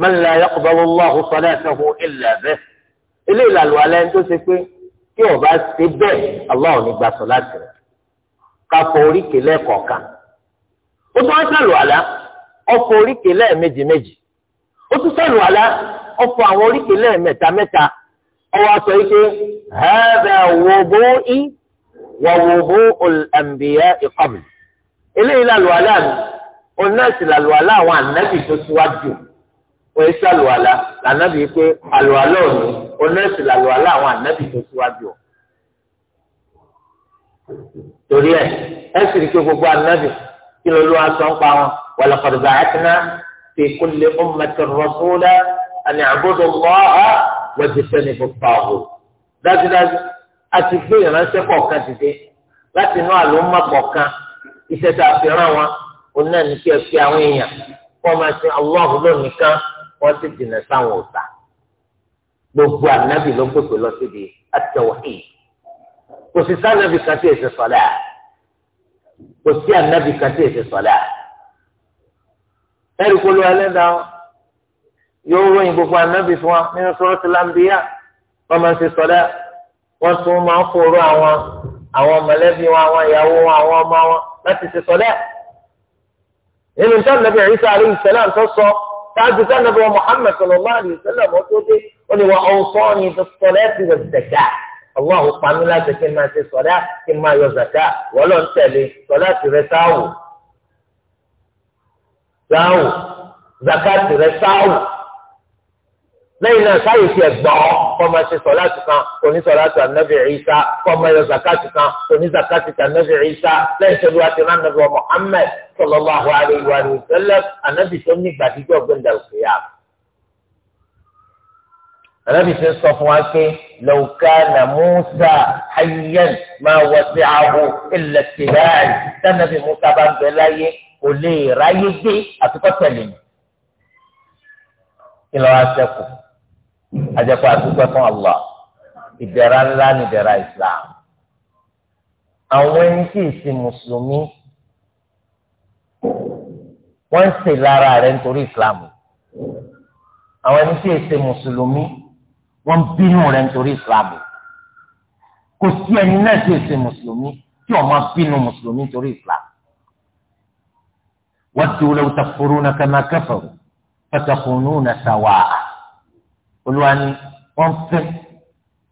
man la yaqbalu Allahu salatahu illa bihi ilé ìlàlù àlá ẹni tó ṣe pé tí ó bá ṣe bẹ́ẹ̀ Allah ní gba sọ̀láàtì rẹ̀ káfọ oríkè lẹ́ẹ̀kọ̀ọ̀kan ó tún wá sàlù àlá ọkọ̀ oríkè lẹ́ẹ̀mejì méjì ó tún sàlù àlá ọkọ̀ àwọn oríkè lẹ́ẹ̀mẹ́ta mẹ́ta ọwọ́ aṣọ yìí pé hadha wudu'i wa wudu'ul anbiya'i qabl eléyìí làlùwàlá mi òun náà sì làlùwàlá àwọn ànábì tó síwájú wọ́n ṣe àlùwàlá lànàbì pé àlùwàlá òní òun náà sì làlùwàlá àwọn ànábì tó síwájú ọ̀ torí ẹ ẹ sì rí i pé gbogbo ànábì kí ló ló wá ń pa wọn wa laqad ba'athna fi kulli ummatin rasula an i'budu Allaha wajtanibu at-taghut dájúdájú a ti gbé ìránṣẹ́ kọ̀ọ̀kan dìde láti inú àlùmọ́ kọ̀ọ̀kan iṣẹ́ tá a fi rán wọn òun náà ní kí ẹ fi àwọn èèyàn kó máa sin Allahu lónìí kan wọ́n ti dìnnà sáwọn ọ̀tá gbogbo ànábì ló gbogbo lọ síbi àtẹwàhì kò sí sànábì kan tí èsì sọlá kò sí ànábì kan tí èsì sọlá ẹ̀rí kolo ẹlẹ́dàá yóò ròyìn gbogbo ànábì fún wa nínú suratul anbiya wọ́n máa ń ṣe sọlá wọ́n tún máa ń kóró àwọn àwọn mọ̀lẹ́bí wọn àwọn ìyàwó wọn àwọn ọmọ wọn láti ṣe sọ́lẹ̀. nínú tí ànábì Ìsá alayhi salam tó sọ táàbí tí ànábì Muhammad sallallahu alayhi wasallam wọn tó dé ó ní wa awsani bis-salati waz-zakati ọwọ́ àwọn pàmí láti kí máa ṣe sọ́lá kí n máa yọ zàká wọ́n lọ ń tẹ̀lé sọ́lá tìrẹ sáwù sáwù zàká tìrẹ sáwù. lẹ́yìn náà sáyé fi ẹ̀gbọ́n kọ́mọ ṣe sọ̀láàtì kan onísọ̀láàtì ànábì Ìsá kọ́mọ yọ zakati kan onízakati ànábì Ìsá lẹ́yìn tó lùwà ti ránàbì wa Muhammad sallallahu alaihi wa sallam ànábì tó ní gbàdíjọ́ gbẹ̀ndà òkèèyà. ànábì tó sọ fún wa pé law kana Musa hayyan ma wasi'ahu illa ittiba'i tánàbì Musa bá ń bẹ láyé kò lè ráyé gbé àtikọ́ tẹ̀lé ajẹ́pọ̀ àtúgbẹ́ fún Allah ìdẹ̀ra ńlá ni ìdẹ̀ra Islam àwọn ẹni tí ìsì mùsùlùmí wọ́n ń ṣe lára rẹ̀ nítorí Islam àwọn ẹni tí ìsì mùsùlùmí wọ́n ń bínú rẹ̀ nítorí Islam kò sí ẹni náà tí ìsì mùsùlùmí tí ó máa bínú mùsùlùmí nítorí Islam waddu law takfuruna kama kafaru fatakununa sawa. olùwani wọ́n fẹ́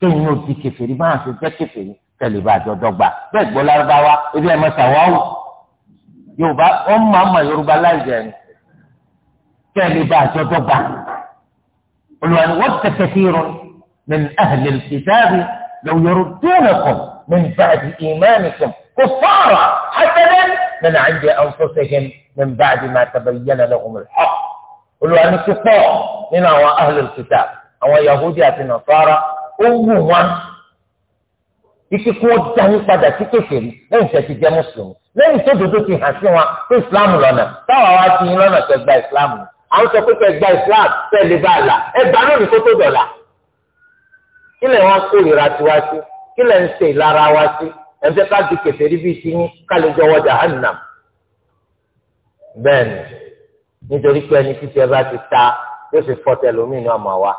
kéyìn náà di kẹfẹ́rí báwọn ṣe jẹ́ kẹfẹ́rí tẹ̀lé bá jọ dọ́gba bẹ́ẹ̀ gbọ́ lárúbáwá ebi ẹ̀ mọ́ta wá wò yorùbá wọ́n máa ma yorùbá láìjẹ́ ẹni tẹ̀lé bá jọ dọ́gba olúwa ni wọ́n tẹ̀tẹ̀ sí irun min ahli al-kitab law yurdunakum kọ ba'di imanikum kuffara hasadan min 'indi anfusihim min ba'di ma tabayyana lahum al-haqq lọkùnrin olùwani ti pọ̀ nínú àwọn ahli al-kitab àwọn yahudi àti nàfàrà ó wù wọn ike kí wọn dání padà sí kékeré lẹ́yìn tí a ti jẹ mùsùlùmí lẹ́yìn tó dodo ti hàn sí wọn pé islam lọ́nà táwọn wa ti yín lọ́nà tó gba islam àwọn sọ pé kẹ́ gba islam tẹlẹ bá a la ẹgbàá náà ní kó tó dọ̀la kí lè wọn kórìíra tiwa sí kí lè ń ṣe ìlara wa sí ẹnjẹ ká di kèfèrí bíi ti yín ká lè jọwọ jahannam bẹ́ẹ̀ni nítorí pé ẹni títí ẹ bá ti ta yóò ṣe fọtẹ lómìnira mà wá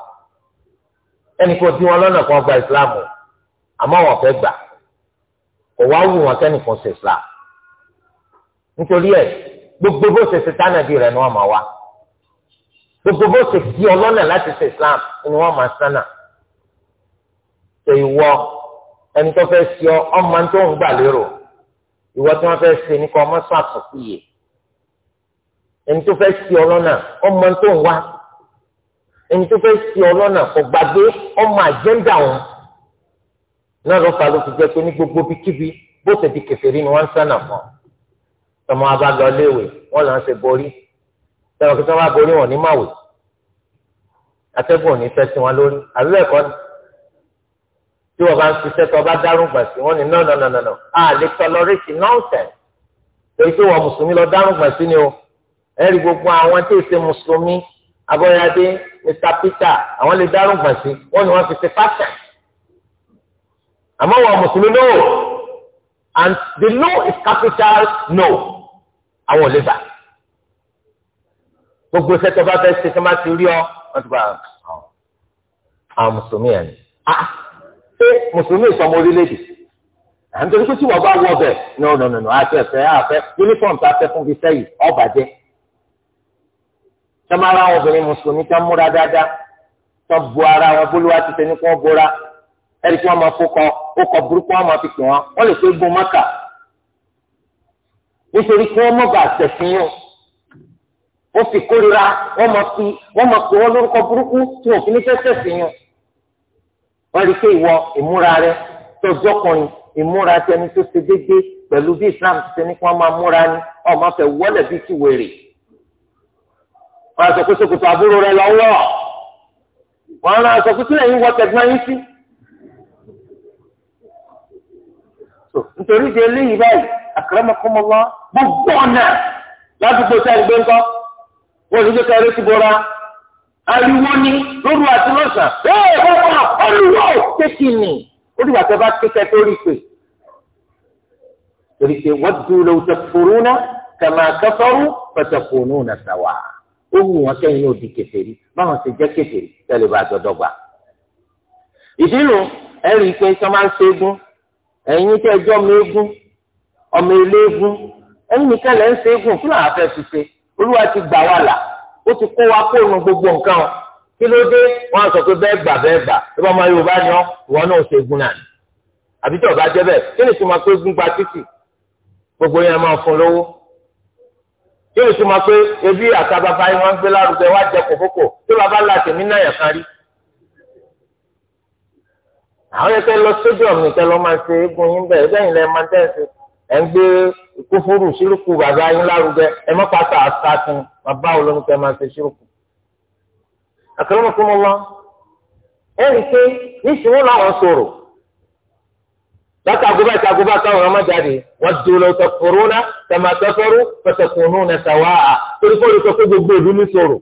ẹnì kan tí wọn lọ́nà kan gba ìsìláàmù àmọ́ wọn fẹ́ gbà kò wá wù wọn kẹ́nìkan ṣe ìsìláàmù nítorí ẹ gbogbo bó ṣe ṣe tánàbí rẹ ni wọn máa wá gbogbo bó ṣe di ọlọ́nà láti ṣe ìsìláàmù ni wọn máa sánà ṣe ìwọ ẹni tó fẹ́ ṣe ọ ọmọ tó ń gbà lérò ìwọ tí wọn fẹ́ ṣe ní kọ́ ọmọ sọ àtúnkù yìí ẹni tó fẹ́ ṣe ọlọ́nà ọmọ tó ń wá ẹni tó fẹ́ ṣe ọlọ́nà kò gbàgbé ọmọ àjẹ́ńdà wọn náà ló fa ló fi jẹ́ pé ní gbogbo bíkíbi bó ṣe di kèfèrí ni wọ́n ń sànà fún ọ tọmọ abájọ léèwé wọn là ń ṣe borí tọmọ kí tọmọ aborí wọn ní màwé atẹ́gùn ò ní fẹ́ sí wọn lórí àbí ẹ̀kọ́ ni tí wọn bá ń ṣiṣẹ́ tó bá dárún gbà sí wọn ni no no no no no a lè tọlọrẹ́tì nọ́ọ̀sẹ̀nsì torí pé wọn mùsùlùmí lọ dárún gbà sí ni o ẹ̀rí gbogbo àwọn tí ì Mr Peter àwọn lè dárò gbà sí wọn ni wọn fi ṣe pásítà àmọ́ wọn mùsùlùmí no and the no is capital no àwọn ò lè bà gbogbo sẹtọ bá fẹ́ ṣe kí wọn bá ti rí ọ wọn ti gba àwọn mùsùlùmí ẹ ní ah ṣé mùsùlùmí ìsọmọ orílẹ̀-èdè à ń torí pé tí wọn bá wọ ọbẹ no no no no àti ẹsẹ àfẹ uniform tá a fẹ́ fún fi sẹ́yìn ọbàjẹ́ tẹ́mọ́ ara wọn obìnrin mùsùlùmí tẹ́ múra dáadáa tọ́ bu ara wọn bólúwa ti tẹ́ ní kí wọ́n bóra ẹ̀rí tí wọ́n máa fọkọ ọkọ̀ burúkú wọn máa fi pè wọ́n wọ́n lè pé gun mọ́kà nítorí kí wọ́n mọ̀ bá tẹ̀sín yàn ó fi kórira wọ́n máa fi wọ́n máa pè wọ́n lórúkọ burúkú tí wọ́n fi ní fẹ́ tẹ̀sín yàn wọ́n rí pé ìwọ ìmúra rẹ tọ́jọ́kùnrin ìmúra tẹni tó ṣe déédéé pẹ̀lú bí Islam ti ṣe kí wọ́n máa múra ni ọ̀ máa fẹ́ wọ́lẹ̀ bí ti wèrè wọn aṣọ kó ṣòkòtò àbúrò rẹ lọ wọ wọn aṣọ kó sílẹ̀ yín wọ tẹ̀gbọ́n yín sí. nítorí di eléyìí báyìí akramakumullah gbogbo ọ̀nà ládùúgbò sẹ́yìn gbé ńkọ́ wọn ò ní jẹ́ ká eré ti bọ́ra ariwo ni lóru àti lọ́sàn-án ẹ̀ ẹ̀ bọ́ ni ó dìgbà bá kéèkì tó rí pé torí wọ́n dúró lọ́wọ́ tẹ̀fọ́rọ́ náà kàmá kẹfọ́rọ́ pẹ̀tẹ̀kọ́nù náà sàwà ó wù wọn kẹ́yìn yóò di kèfèrí báwọn ti jẹ́ kèfèrí tẹ́lẹ̀ bá dọ́dọ́ gbà. ìdílù ẹ̀rí pé sọ máa ń ṣẹ́gun ẹ̀yin tẹ́ ẹjọ́ mẹ́gun ọmọ eléégún ẹ̀yin nìkan lẹ́ ń ṣẹ́gun kí làwọn afẹ́ ti ṣe olúwa ti gbà wà là ó ti kó wa kóònù gbogbo nǹkan o kí ló dé wọn sọ pé bẹ́ẹ̀ gbà bẹ́ẹ̀ gbà ẹ bá máa yorùbá ni ọ ìwọ náà ṣẹ́gun náà àbí tí ọba jẹ́ bẹ́ẹ̀ kí ni tí mo máa títì gbogbo yẹn máa fún lówó yóò sì máa pé ebi àtàbàbà yìí wọ́n ń gbé lárugẹ wá jẹ kòkókò tí bàbá ńlá tèmi náà yàn kárí. àwọn yẹn kẹ́ lọ stadium nìkẹ́ lọ́ máa ṣe eégún yín bẹ́ẹ̀ lẹ́yìn lẹ́ẹ̀ máa tẹ̀sí ẹ̀ ń gbé kúfúrú sírùkù bàbá yín lárugẹ ẹ má pàṣẹ àṣàkùn bàbá olóńgbẹ máa ṣe sírùkù. àkàrà ọmọkùnrin wọn ẹ rí i pé níṣìí wọn làwọn sọ̀rọ̀ látago bá ìtago bá káwọn ọmọ jáde wọn dúró tọkùrú náà tẹmàtọfẹrú pẹtẹkùnú náà sàwà á torí kó lè sọ pé gbogbo ìlú ní sọ̀rọ̀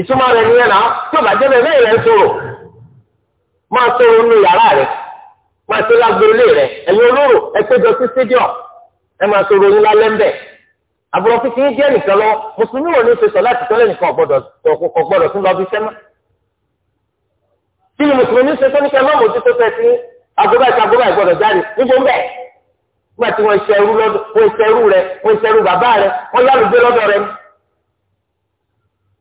ìtumọ̀ rẹ̀ nìyẹn náà tó bàjẹ́ bẹ́ẹ̀ bẹ́ẹ̀ rẹ̀ ń sọ̀rọ̀ máa sọ̀rọ̀ nínú yàrá rẹ̀ máa sọ lágbèrè rẹ̀ ẹ̀yin olóró ẹ péjọ sí stadium ẹ máa sọ̀rọ̀ yín lálẹ́ ńbẹ̀ àbúrò kíkín jẹ́ agogo àti agogo àìgbọ́dọ̀ jáde níbo ń bẹ̀ nígbà tí wọ́n ṣe ẹrú lọ́dọ̀ wọ́n ṣe ẹrú rẹ wọ́n ṣe ẹrú bàbá rẹ wọ́n yá lùgbé lọ́dọ̀ rẹ.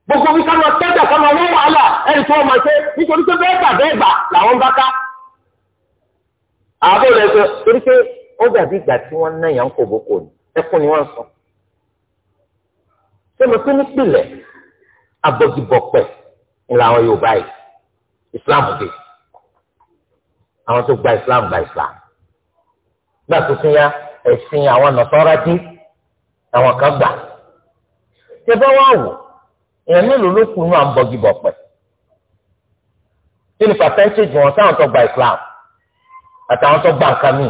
gbogbo mi káwọn tẹ́jà káwọn wọ́n wàhálà ẹni tí wọ́n máa ṣe nítorí pé bẹ́ẹ̀ gbà bẹ́ẹ̀ gbà làwọn ń bá ká. àbọ̀ rẹ̀ sọ torí pé ó dàbí ìgbà tí wọ́n ná yàn kò bókò ní ẹkún ni wọ́n sọ. ṣé mo tún nípìnlẹ̀ abọ́gibọ̀pẹ̀ ni làwọn Yorùbá yìí àwọn tó gba islam gba islam gbà tó tún yá ẹ̀sìn àwọn nọ̀tọ́rá dé àwọn kan gbà ṣé bá wà wò èèyàn mélòó ló kù ní à ń bọgi bọ̀ pẹ̀ kí ni pàtẹ́ńtéèjì wọn táwọn tó gba islam àtàwọn tó gba nǹkan míì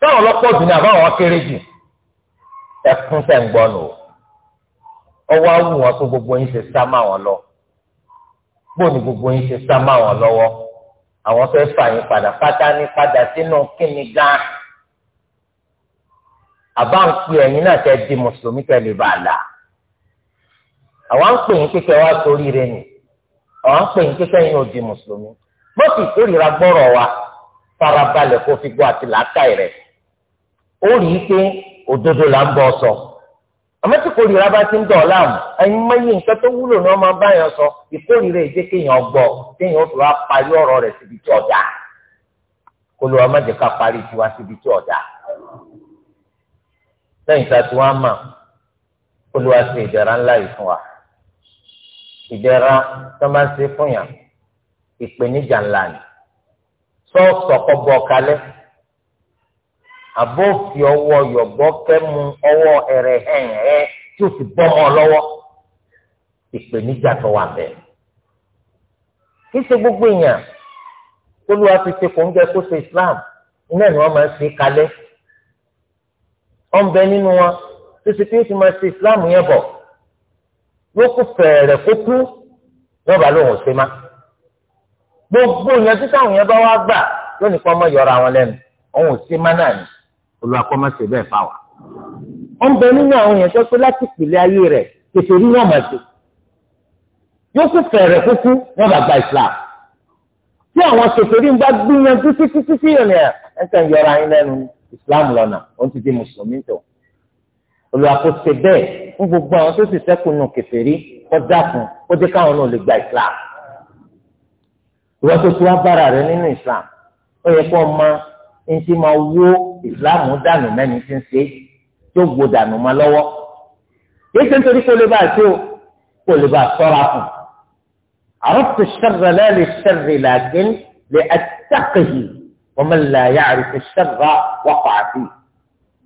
táwọn lọ́pọ̀ jù ní àbáwọn kéré jù ẹkún tẹ̀ ń gbọ́ nù ọwọ́ awù wọn tó gbogbo yín ṣe sá máwọn lọ gbóòní gbogbo yín ṣe sá máwọn lọ́wọ́ àwọn fẹ́ fà yín padà pátá ní padà sínú kíni gan àbá ń pè ẹ̀yin náà tẹ́ di mùsùlùmí tẹ́ lè bá a là àwọn ń pè yín kíkẹ́ wá sórí rẹ nì àwọn ń pè yín kíkẹ́ yín ò di mùsùlùmí bọ́sì ìkórìíra gbọ́rọ̀ wa farabalẹ̀ kó fi gbọ́ àti làákàyè rẹ̀ ó rí i pé òdodo là ń bọ́ sọ. So àmọ́ tí kòrìíra bá ti ń dọ̀ láàmú ẹ̀yin mẹ́yìn nǹkan tó wúlò náà máa bá yẹn sọ ìkórìíra ìjẹ́ kéèyàn gbọ́ kéèyàn tó wá parí ọ̀rọ̀ rẹ̀ síbi tí ọ̀dà kó ló wá má jẹ́ ká parí tiwa síbi tí ọ̀dà lẹ́yìn tá a ti wá mà kó ló wá ṣe ìdẹ̀ra ńlá yìí fún wa ìdẹ̀ra tó máa ń ṣe fún yàn ìpèníjà ńlá ni sọ́ọ̀sọ̀ kọ́ bọ́ kalẹ́ àbófin ọwọ́ yọ̀gbọ́ kẹ́mu ọwọ́ ẹ̀rẹ̀ hẹ̀hẹ̀ tí o sì bọ́mọ lọ́wọ́ ìpèníjà tó wà bẹ́ẹ̀. kí ṣe gbogbo èèyàn tó lù wá fi ṣe kò ń jẹ kó ṣe Islam iná ni wọ́n máa ń ṣe kalẹ̀ ọ̀nbẹ nínú wọn tó ṣe pé ó ti máa ṣe Islam yẹn bọ̀ ló kú fẹ̀rẹ̀ kó kú lọ́ba lòun ò ṣe má gbogbo ìyẹn tí táwọn yẹn bá wá gbà lónìí kan mọ́ yọra wọn lẹ́nu òun ò ṣe má náà ni olúwa kọ́ máa ṣe bẹ́ẹ̀ fà wá. ó ń bẹ nínú àwọn èèyàn tó pé láti ìpìlẹ̀ ayé rẹ̀ tètè rí wọn màá ṣe yóò sì fẹ̀rẹ̀ kúkú wọn bá gba Islam tí àwọn kèfèrí ń bá gbìyànjú títí títí ìrìn ẹ̀ ẹ̀ ń ń yọra yín lẹ́nu Islam lọ́nà ó ti di mùsùlùmí tó olùwàkóso bẹ́ẹ̀ ń gbogbo àwọn tó sì sẹ́kù nù kèfèrí kọ́ dákun ó dé káwọn náà lè gba Islam ìwọ́n tó ti wá bára rẹ nínú Islam ó yẹ kó o máa ń ti máa wó ìsìláàmù dànù mẹ́ni tí ń ṣe tó gbó dànù mọ́ lọ́wọ́ yìí ṣe nítorí kó lè bá ṣe o kó lè bá sọ́ra fún un àrùtù ṣẹ́rẹ̀ lẹ́lẹ̀ ṣẹ́rẹ̀ làákín lè ẹ̀tẹ́kẹ̀yì ọmọ ìlàyà àrùtù ṣẹ́rẹ̀ wọ́pọ̀ àbí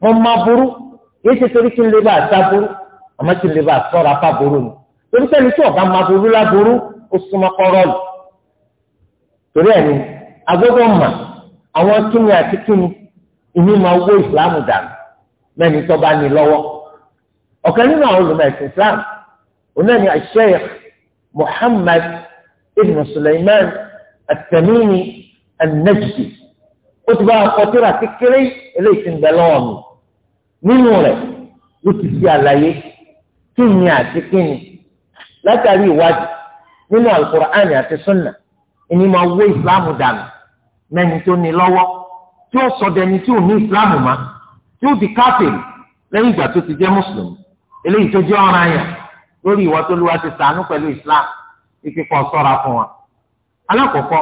mo máa burú yìí ṣe torí kí n lè bá ṣá burú àmọ́ kí n lè bá sọ́ra fá burú ni torí sẹ́ni tí ọ̀gá máa burú láburú ó súnmọ́ kọ́rọ́ọ̀lù torí ẹ̀ ni agbọ́dọ̀ àwọn kíni àti kíni ìní máa wó ìsìláàmù dànù mẹ́ni tó bá ní lọ́wọ́ ọ̀kan nínú àwọn olùmọ̀ẹ̀sìn islam onáni sheikh muhammad ibn suleiman at-tamimi an-najdi ó ti bá akọtìrà kékeré eléyìí ti ń bẹ lọ́wọ́ mi nínú rẹ̀ ló ti fi àlàyé kíni àti kíni látàrí ìwádìí nínú alukur'ani àti sunna ìní máa wó ìsìláàmù dànù mẹ́ni tó ní lọ́wọ́ tí ó sọ dẹni tí ò ní ìsìláàmù má tí ó di káfíìn lẹ́yìn ìgbà tó ti jẹ́ mùsùlùmí eléyìí tó jẹ́ ọ̀ràn yẹn lórí ìwà tó lùwà ti sànú pẹ̀lú ìsìláàmù ìkíkọ̀ sọ́ra fún wa. alákọ̀ọ́kọ́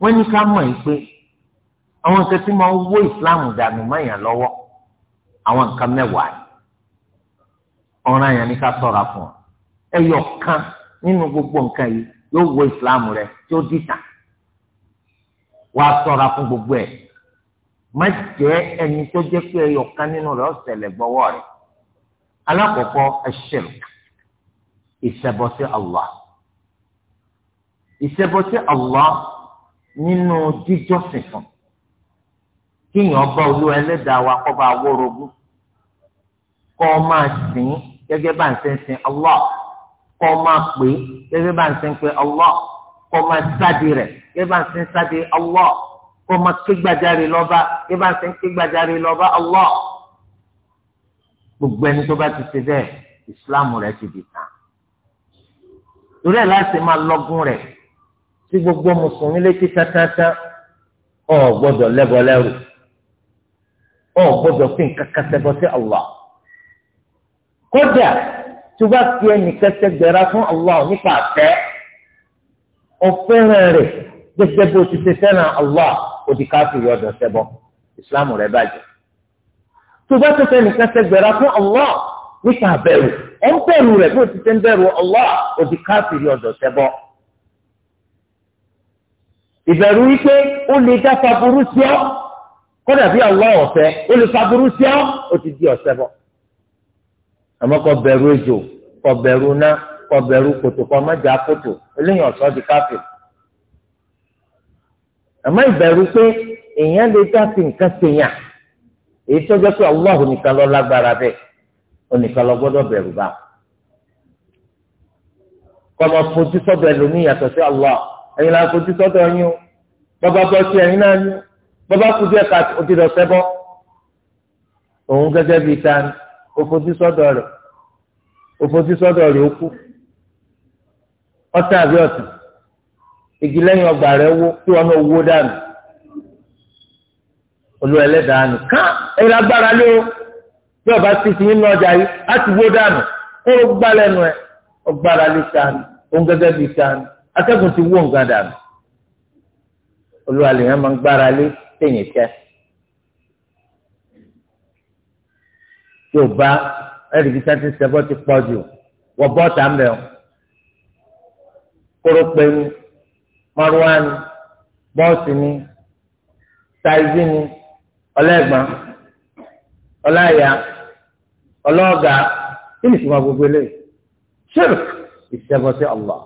wọ́n ní ká mọ̀ pé àwọn nǹkan tí máa ń wó ìsìláàmù dànù mọ́yàn lọ́wọ́ àwọn nǹkan mẹ́wàá ọ̀ràn yẹn ní ká sọ́ra fún wa ẹyọ kan nínú gbogbo nǹkan yìí yóò wó ìsìláàmù rẹ tí ó dìtàn wàá ṣọ́ra fún gbogbo ẹ̀ má jẹ́ ẹni tó jẹ́ pé ẹyọkan nínú rẹ̀ ọ̀sẹ̀lẹ̀ gbọ́wọ́ rẹ̀ alákọ̀ọ́kọ́ ẹ̀ṣẹ̀lẹ̀ ìṣẹ̀bọ̀sí Allah ìṣẹ̀bọ̀sí Allah nínú jíjọ́sìn fún kíyàn ọba olú ẹlẹ́dàá wa kọ́ bá wórogún kọ́ máa sìn gẹ́gẹ́ bá ń sẹ́ ń sìn Allah kọ́ máa pè gẹ́gẹ́ bá ń sẹ́ ń pè Allah kó máa sáde rẹ̀ bí bá ń sin sáde Allah kó máa ké gbàjarè lọ́ba bí bá ń sin ké gbàjarè lọ́ba Allah gbogbo ẹni tó bá ti ṣe bẹ́ẹ̀ ìsìláàmù rẹ̀ ti di tán torí ẹ̀ láti máa lọ́gùn rẹ̀ tí gbogbo mùsùlùmí létí tátátá ọ̀ gbọ́dọ̀ lẹ́bọ lẹ́rù ọ̀ gbọ́dọ̀ fi nǹkan kan sí Allah kódà tí o bá fi ẹnìkan ṣẹgbẹ̀rẹ̀ fún Allah nípa àtẹ́ ọ̀fẹ́ràn rẹ̀ gẹ́gẹ́ bó ti ṣe fẹ́ràn Allah òdì káfíìrì ọ̀dọ̀ ṣẹbọ ìsìláàmù rẹ̀ bàjẹ́. tó bá tẹ̀sẹ̀ nìkan ṣẹgbẹ̀rẹ̀ fún Allah níta bẹ̀rù ẹ̀ ń bẹ̀rù rẹ̀ bó ti ṣe ń bẹ̀rù Allah òdì káfíìrì ọ̀dọ̀ ṣẹbọ. ìbẹ̀rù wípé ó lè dá faburú sí ọ kódà bí Allah ọ̀fẹ́ ó lè faburú sí ọ ó ti di ọ̀ṣẹbọ. àmọ́ kó bẹ̀rù ejò kó bẹ̀rù náà kọ bẹ̀rù kòtò kọ mọ́jà kòtò eléyìí ọ̀sọ́ di káfíìn. àmọ́ ìbẹ̀rù pé èèyàn lè dáfi nǹkan ṣèyàn èyí tó jẹ́ pé Allah nìkan lọ lágbára bẹ́ẹ̀ onìkan lọ gbọ́dọ̀ bẹ̀rù bá. kọ́mọ fojú sọ́dọ̀ ẹlòmíì yàtọ̀ sí Allah ẹ̀yin la fojú sọ́dọ̀ ẹ̀yin o bàbá bọ́ sí ẹ̀yin náà ni bàbá kú díẹ̀ ká o ti lọ sẹ́bọ́ òun gẹ́gẹ́ bíi ta o fojú sọ́dọ̀ rẹ̀ o fojú sọ́dọ̀ rẹ̀ o kú ọ̀tàn àbí ọ̀tàn igi lẹ́yìn ọgbà rẹ̀ wó kí wọn náà wó dànù olú ẹlẹ́dàá nù ká ẹ̀yin agbára lé o bí ọba ti ti nínú ọjà yìí á ti wó dànù ó gbá lẹ́nu ẹ̀ ọgbára lé sànù òun gẹ́gẹ́ bíi sànù atẹ́gùn ti wó nǹkan dànù olú àlèyàn máa ń gbára lé téèyàn tẹ́ yóò bá ẹ̀rì kí ti pọ̀ jù wọ́n bọ́ọ̀tà ń bẹ̀ wọ́n kórópè ni mọ́rúwá ni bọ́ọ̀sì ni táìsì ni ọlẹ́gbọ̀n ọláyà ọlọ́ọ̀gá kí ni ìṣúná gbogbo eléyìí ṣírk ìṣẹ́bọ sí Allah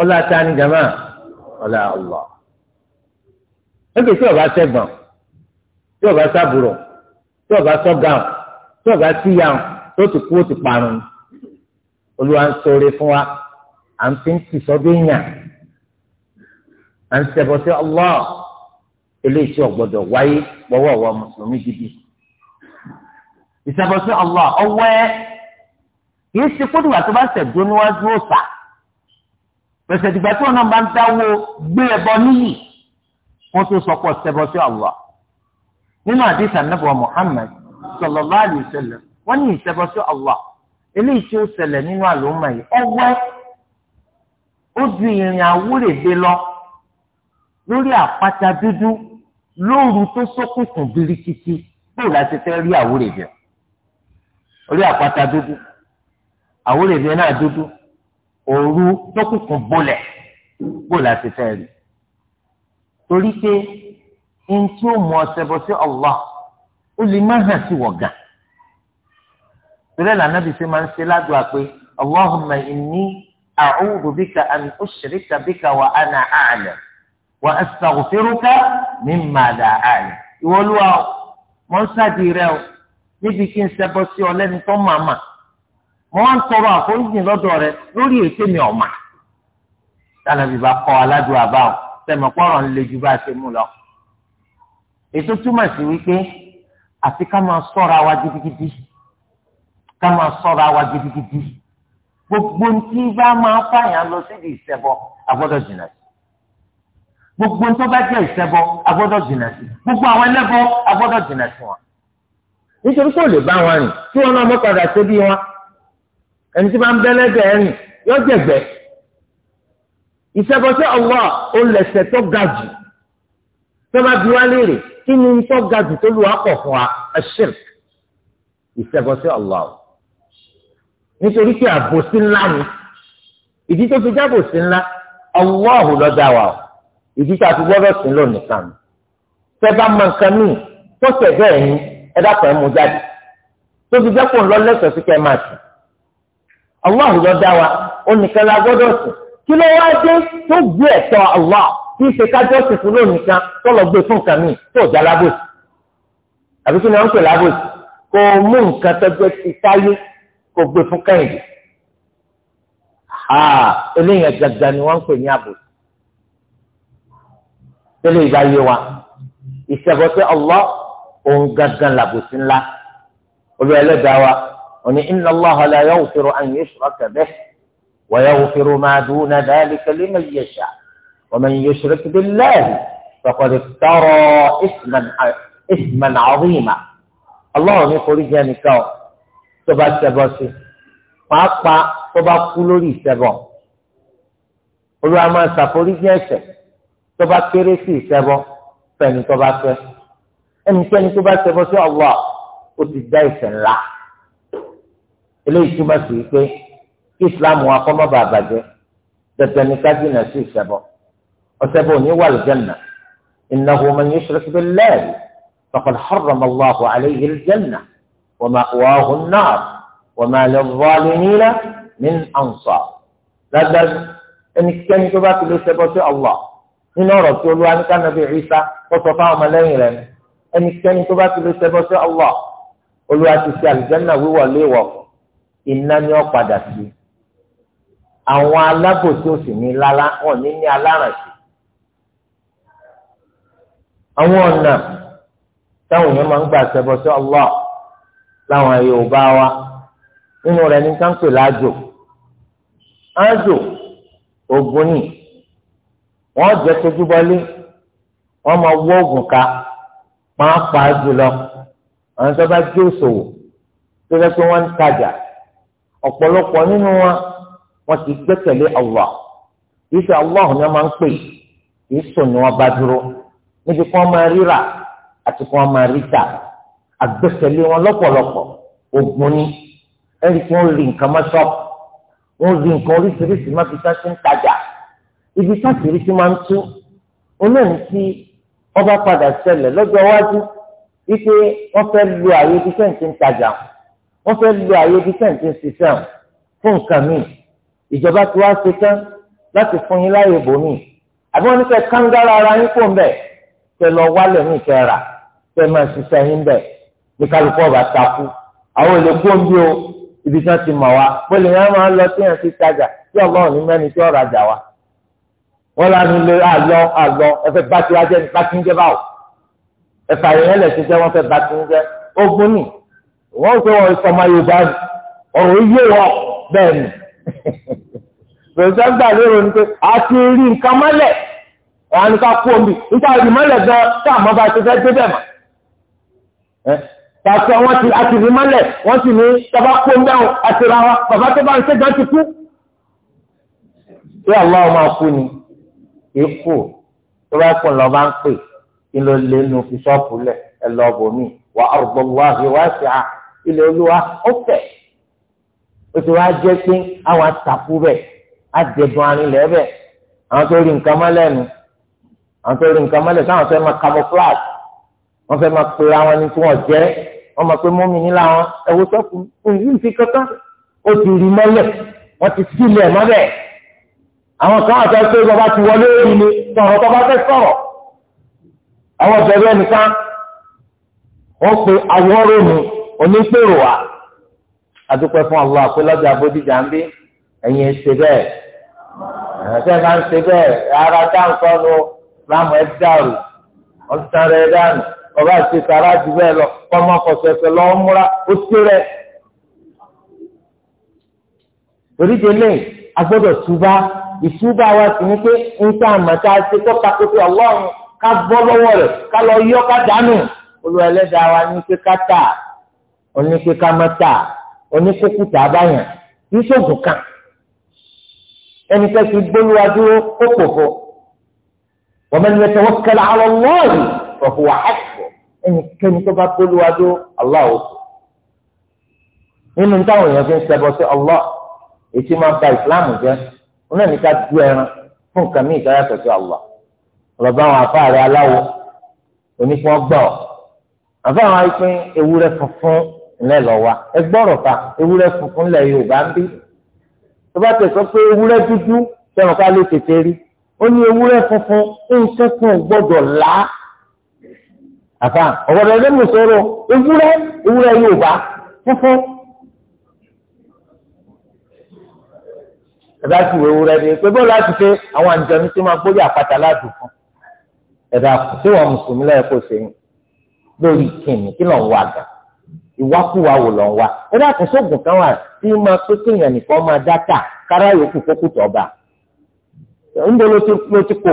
ọlá tani jama ọlá Allah níbi tí ọba sẹ́gbọ̀n tí ọba sábùrọ̀ tí ọba sọ́gàn tí ọba síyàn tó ti kú ó ti parun olúwa ń ṣoore fún wa à ń fi ń tì sọ́dọ̀ èèyàn à ń ṣẹbọ sí Allah eléyìí tí ò gbọdọ̀ wáyé gbọ́wọ́ wa mùsùlùmí gidi ìṣẹbọ sí Allah ọwọ́ ẹ kìí ṣe kó dìgbà tó bá ṣẹ̀dúró níwájú òòṣà pèsè dìgbà tí wọn náà bá ń dáwọ́ gbé ẹbọ níyì wọn tó sọ pé ṣẹbọ Allah nínú àdìsá nàbọ Muhammad sallallahu alaihi wasallam wọn ní ìṣẹbọ Allah eléyìí tí ó ṣẹlẹ̀ nínú àlùmọ yìí ọwọ́ ó ju ìrìn àwúrèdè lọ lórí àpáta dúdú lóru tó ṣókùnkùn birikiti bó láti fẹ́ rí àwúrèdè orí àpáta dúdú àwúrèdè náà dúdú òru ṣókùnkùn bolẹ̀ bó láti fẹ́ rí torí pé n tí ó mú ọsẹ bọ sí Allah ó lè má hàn sí wọ̀gà torí ẹ̀ lànà bí ṣe máa ń ṣe ládùúgbà pé Allahumma inni. أعوذ بك أن أشرك بك وأنا أعلم وأستغفرك مما لا أعلم ìwọlúwa ọ mọ ń sáàdì rẹ o níbi kí n ṣẹbọ sí ọ lẹ́nu tó máa mà mọ ń tọrọ àforíjì lọ́dọ̀ rẹ lórí ètè mi ọmà tànàbí bá kọ aládùn àbá o tẹmọ pọrọ ń le ju bá a ṣe mú lọ ètò túmọ̀ sí wípé àti ká máa ṣọ́ra wa gidigidi ká máa ṣọ́ra wa gidigidi gbogbo ntí bá máa fàyàn lọ síbi ìṣẹbọ agbọ́dọ̀ jìnnà sí gbogbo ntọ́ bá jẹ́ ìṣẹbọ agbọ́dọ̀ jìnnà sí gbogbo àwọn ẹlẹ́bọ agbọ́dọ̀ jìnnà sí wọn. nítorí kò lè bá wọn rìn tí wọn náà mọ́kàdà tó bí wọn ẹni tí wọn bẹ́lẹ́ bẹ́ẹ̀ rìn yóò jẹ̀gbẹ́. ìṣẹbọ sí Allah ó lẹ̀sẹ̀ tó ga jù tó bá bí wá léèrè kí ni ntọ́ ga jù tó lù wá pọ̀ fún wa ashirk ìṣẹbọ sí Allah nítorí pé àbòsí ńlá ni ìdí tó fi jábòsí ńlá ọlọ́ọ̀hún ló dá wa o ìdí tó a ti gbọ́dọ̀ sí lò nìkan ni tẹ́ bá mọ nǹkan míì tó tẹ̀ bẹ́ẹ̀ ni ẹ dákun ẹ mú jáde tó fi jẹ́ kó sí kẹ́ máa sùn ọlọ́ọ̀hún ló dá wa ó nìkan la gbọ́dọ̀ sùn kí ló wá dé tó gbé ẹ̀tọ́ ọlọ́ọ̀ kí ṣe kájọ́ sì fún lò nìkan tó lọ gbé fún já lábòsí àbí kí ni wọ́n ń pè lábòsí kó gbé fún kẹ́hìndé eléyìí gàgà ni wọ́n ń pè ní àbò tẹ́lẹ̀ ìgbà yé wa ìṣẹ̀bọ̀tẹ́ Allah òun gàgà làbòsí ńlá olú ẹlẹ́dàá wa òní inna Allaha la yaghfiru an yushraka bihi wa yaghfiru ma duna dhalika liman yasha wa man yushrik billahi faqad iftara ithman 'azima Allah ní forí jẹ́ nìkan tó bá ṣẹbọ sí wàá pa tó bá kú lórí ìṣẹbọ olúwa máa ṣàforíjì ẹ̀ṣẹ̀ tó bá kéré sí ìṣẹbọ fẹ́ni tó bá fẹ́ ẹnikẹ́ni tó bá ṣẹbọ sí Allah ó ti dá ẹ̀ṣẹ̀ ńlá eléyìí túmọ̀ sí pé kí islam wa kọ́ mọ́ bàa bàjẹ́ dandan ní kájínà sí ìṣẹbọ ọ̀ṣẹbọ ní wà lùjẹ́nà innahu man yushrik billahi faqad harrama Allahu alayhi al-jannah wa ma'wahu an-nar wa ma lil-zalimina min ansar lágbàdo ẹnikẹ́ni tó bá ti lè ṣẹbọ sí Allah nínú ọ̀rọ̀ tí olúwa ní kánábì Ìsá tó sọ fáwọn ọmọlẹ́yìn rẹ̀ ẹnikẹ́ni tó bá ti lè ṣẹbọ sí Allah olúwa ti ṣe àlùjánnà wíwọ̀ léèwọ̀ iná ni ó padà sí àwọn alábòsí ò sì ní lálá wọn ní ní alárànṣe àwọn ọ̀nà táwọn èèyàn máa ń gbà ṣẹbọ sí Allah láwọn Yorùbá wa nínú rẹ̀ ní sáńpẹ̀ láàjò ájò ògùn ni wọ́n jẹ́ tójúbọ́lé wọ́n máa wọ́ ògùn ká pàápàá jùlọ àwọn tó bá jẹ́ òṣòwò tó fẹ́ pé wọ́n ń tajà ọ̀pọ̀lọpọ̀ nínú wọn wọ́n ti gbẹ́kẹ̀lé Allah ìṣe Allah ni wọ́n máa ń pè ìṣò ni wọ́n bá dúró níbi kí wọ́n máa ríra àti kí wọ́n máa rí tà àgbẹ̀tẹ̀lé wọn lọ́pọ̀lọpọ̀ ogun ni ẹ̀rí kí wọ́n rí nǹkan mọ́ ṣọ́ọ̀pù wọ́n rí nǹkan oríṣiríṣi má fi sáṣí ń tajà ibi sáṣírí tí máa ń tú olóòní tí ọba padà ṣẹlẹ̀ lọ́jọ́ iwájú wípé wọ́n fẹ́ lu àyè ibi sẹ́ǹtì ń tajà wọ́n fẹ́ lu àyè ibi sẹ́ǹtì ń ṣiṣẹ́ fún nǹkan míì ìjọba tí wàá ṣe tán láti fún yín láyè bòmíì àbí wọ́n ní kẹ́ kángára ara yín pò ń bẹ̀ kẹ́ lọ wálẹ̀ ní ìkẹ́ra kẹ́ máa ṣiṣẹ́ yín bẹ̀ ní kálukú ọba takú àwọn èlò kó o ibi tí wọ́n ti mọ̀ wá pẹ̀lú yẹn máa ń lọ sí yẹn ti tajà tí ọlọ́run ní mẹ́ni tí ọ̀rọ̀ àjà wa wọ́n lanu lé àlọ́ àlọ́ ẹ̀fẹ̀ bá ti wájẹ́ ní bákíńjẹ́ báwò ẹ̀fà yẹn lẹ̀ ti jẹ́ wọ́n fẹ́ bákíńjẹ́ ogun nì wọ́n sọ wọn sọ ọmọ yorùbá ọ̀rọ̀ yé wọ bẹ́ẹ̀ ni pẹ̀lú gbà lérò ni pé a ti rí nǹkan mọ́lẹ̀ wọn á ní kú omi níta ìmọ̀lẹ̀ gan pàṣẹ wọn ti àti ní mọ́lẹ̀ wọ́n sì ní tọ́ba kó ń dáhùn àti ra wa bàbá tó bá ń ṣẹ́jọ́ ti kú. ṣé àwọn ọmọ akú ni èkó tó bá kún lọ́ọ́ bá ń pè kí ló lé nu fi ṣọ́ọ̀pù lẹ̀ ẹ lọ bò mí wà ọ̀gbọ̀n wá fi wá sí a ilẹ̀ olúwa ó fẹ̀. ó ti wá jẹ́ pé àwọn àtàkù bẹ̀ á dẹ̀dùn arinlẹ̀ bẹ̀ àwọn tó rí nǹkan mọ́lẹ̀ nu àwọn tó rí nǹkan mọ́lẹ̀ sáwọn fẹ́ máa camouflage wọ́n fẹ́ máa pe wọ́n mọ̀ pé mọ́mìnì làwọn ẹ̀wọ́ sọ́kù òyìnbí ń fi kankan ó ti rí mọ́lẹ̀ wọ́n ti sílẹ̀ mọ́lẹ̀ àwọn kan àti ẹgbẹ́ bàbá ti wọlé orí ni sọ̀rọ̀ tó bá fẹ́ sọ̀rọ̀ àwọn bẹ̀rẹ̀ ẹnìkan wọ́n pe awọ́rò mi onípèrò wa adúpẹ́ fún àwọn àpélọ́jà abódìjà ń bí ẹ̀yin ṣe bẹ́ẹ̀ ẹ̀ṣẹ̀ máa ń ṣe bẹ́ẹ̀ ara dáńkọ́ ló láàmú ẹ̀ dàrú ọ̀sán rẹ̀ dànù ọba àti sàrà jù bẹ́ẹ̀ lọ ọmọ kọ̀sẹ̀sẹ̀ lọ́wọ́ múra ó ti rẹ̀. oríṣi eléyìí a gbọ́dọ̀ túbá ìtúbá wa sì ní pé ń tá àmàtà ṣe tọ́ka pé ọlọ́run ká bọ́ lọ́wọ́ rẹ̀ ká lọ yọ ká dànù olúwa ẹlẹ́dàá wa ní pé ká tà oní pé ká má tà oní kókù tà báyàn kì í ṣògùn ẹni pẹ́ fi gbólúwa dúró kó wọ́n mẹ́rin lẹ́tọ̀ọ́ kẹlẹ́ àwọn wọ́ọ̀rì ọ̀hùwà ẹ̀sìn ẹnikẹ́ni tó bá gbólúwájú Allah ò sùn nínú táwọn èèyàn fi ń ṣẹbọ sí Allah ètí máa ba Islam jẹ́ wọn náà ní ká du ẹran fún nǹkan míì káyàtọ̀ sí Allah ọlọ́ba àwọn afáàrẹ aláwo onífọ́n gbọ́ àfáàwọn arípin ewúrẹ́ funfun ńlẹ̀ lọ́wọ́ ẹgbọ́rọ̀ ta ewúrẹ́ funfun ńlẹ̀ Yorùbá ń bí tó bá tẹ̀sọ́ pé ewúrẹ́ dúdú tẹ̀wọ̀n ká ló tètè rí ó ní ewúrẹ́ funfun nǹkan kan gbọ́dọ̀ láá àfa ọ̀gọ̀dọ̀ ló mú sọ̀rọ̀ ewúrẹ́ ewúrẹ́ yóò bá fúnfún. ẹ̀dá sì wọ ewúrẹ́ de pé bọ́ọ̀lù láti ṣe àwọn àǹjọ̀nù tí máa gbórí àpáta ládùúgbò ẹ̀dá kò sí wọn mùsùlùmí lẹ́yìn kò sẹ́yìn lórí kìnnì kí lọ́n wà gà ìwákùwà wò lọ́n wà ẹ̀dá kò sóògùn kan wà tí máa pé kéèyàn nìkan máa dáta kárá yòókù kókùtọ̀ ọba ńbẹ ló ti kó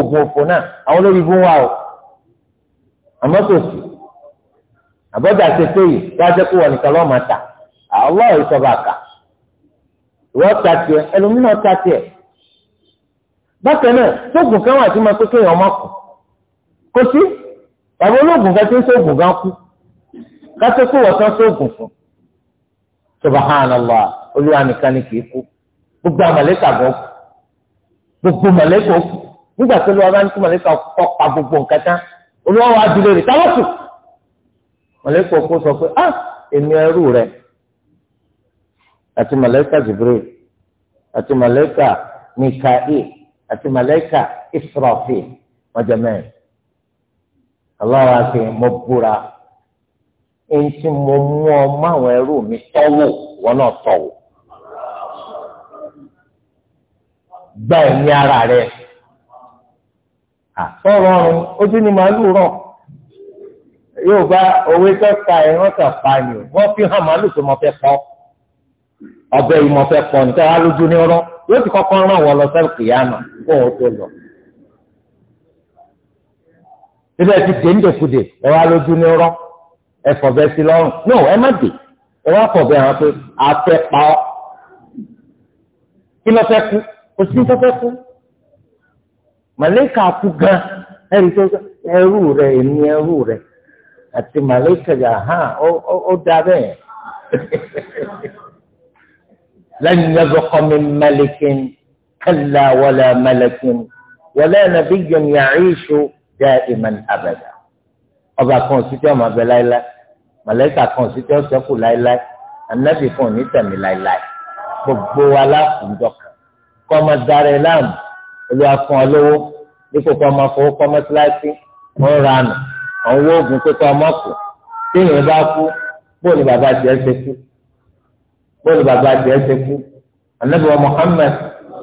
àmọ́ kò sí àbọ̀dà tètè yìí láti kó wọn nìkan lọ́ọ́ máa tà àwọn ìsọba àkà ìwọ́n ta tiẹ̀ ẹlòmínà ta tiẹ̀ bákan náà sóògùn kan wà tí máa kékeré ọmọ kù kò sí bàbá olóògùn kan tí ń sóògùn gan kú kátó kó wọ́n tán sóògùn fún subahánàlá olúwa nìkan ni kì kú gbogbo àmàlẹ́kà gan kú gbogbo màlẹ́kà kú nígbà tó lọ́wọ́ bá ń kú màlẹ́kà kọ́ pa gbogbo nǹkan tán olúwa wa dúró rè táwọn sùn mọlẹkọ kó sọ pé ah èmi ẹrú rẹ àti mọlẹkà Jibril àti mọlẹkà Mikael àti mọlẹkà Israfil ọjọ mẹ́rin aláwa sì mọ búra èyí mo mú ọ máwọn ẹrú mi tọwọ wọn náà tọwọ gbà ẹ̀mí ara rẹ sọ̀rọ̀ ọ̀run ojú ni màálù rọ̀ yóò bá owó tọ́ka ẹ̀rán tàpá ni o wọ́n fi hàn màálù tó mọ fẹ́ pọ́ ọbẹ̀ yìí mọ fẹ́ pọ́ níta alójú ní ọ̀rọ̀ yóò ti kọ́kọ́ ràn wọ́n lọ sẹ́lẹ̀ kìyàmà kó wọ́n tó lọ. síbẹ̀ ti dé ńdòkudè ẹ̀rọ alójú ní ọ̀rọ̀ ẹ̀fọ̀ bẹ́ẹ̀ sí lọ́rùn no ẹ má dé ẹ̀rọ afọ̀ bẹ́ẹ̀ hàn pé afẹ́ pa ọ́ kí lọ́ fẹ́ kú kò sí fẹ́ fẹ́ kú màlẹ́kà kú gan ẹ̀rí tó ẹrú rẹ̀ èmi ẹrú rẹ̀ àti màlẹ́kà yà hàn ó dá bẹ́ẹ̀. لن يبق من ملك كلا ولا ملك ولا نبي يعيش دائما أبدا ọba kan sí tí ọmọ abẹ láéláé màlẹ́kà kan sí tí ó ṣẹ́kù láéláé anábì kan ò ní tẹ̀mí láéláé gbogbo wa láàfin dọ́kà kọ́ ọmọ dára ẹ̀ láàmú ebi afọ ọ lówó dípò kọ́ ọmọ fowó kọ́ mọ́síláṣí wọ́n ra nù àwọn oògùn pé ọmọ kù téèyàn bá kú bó ni bàbá tiẹ̀ ṣe kú bó ni bàbá kú anabi wa Muhammad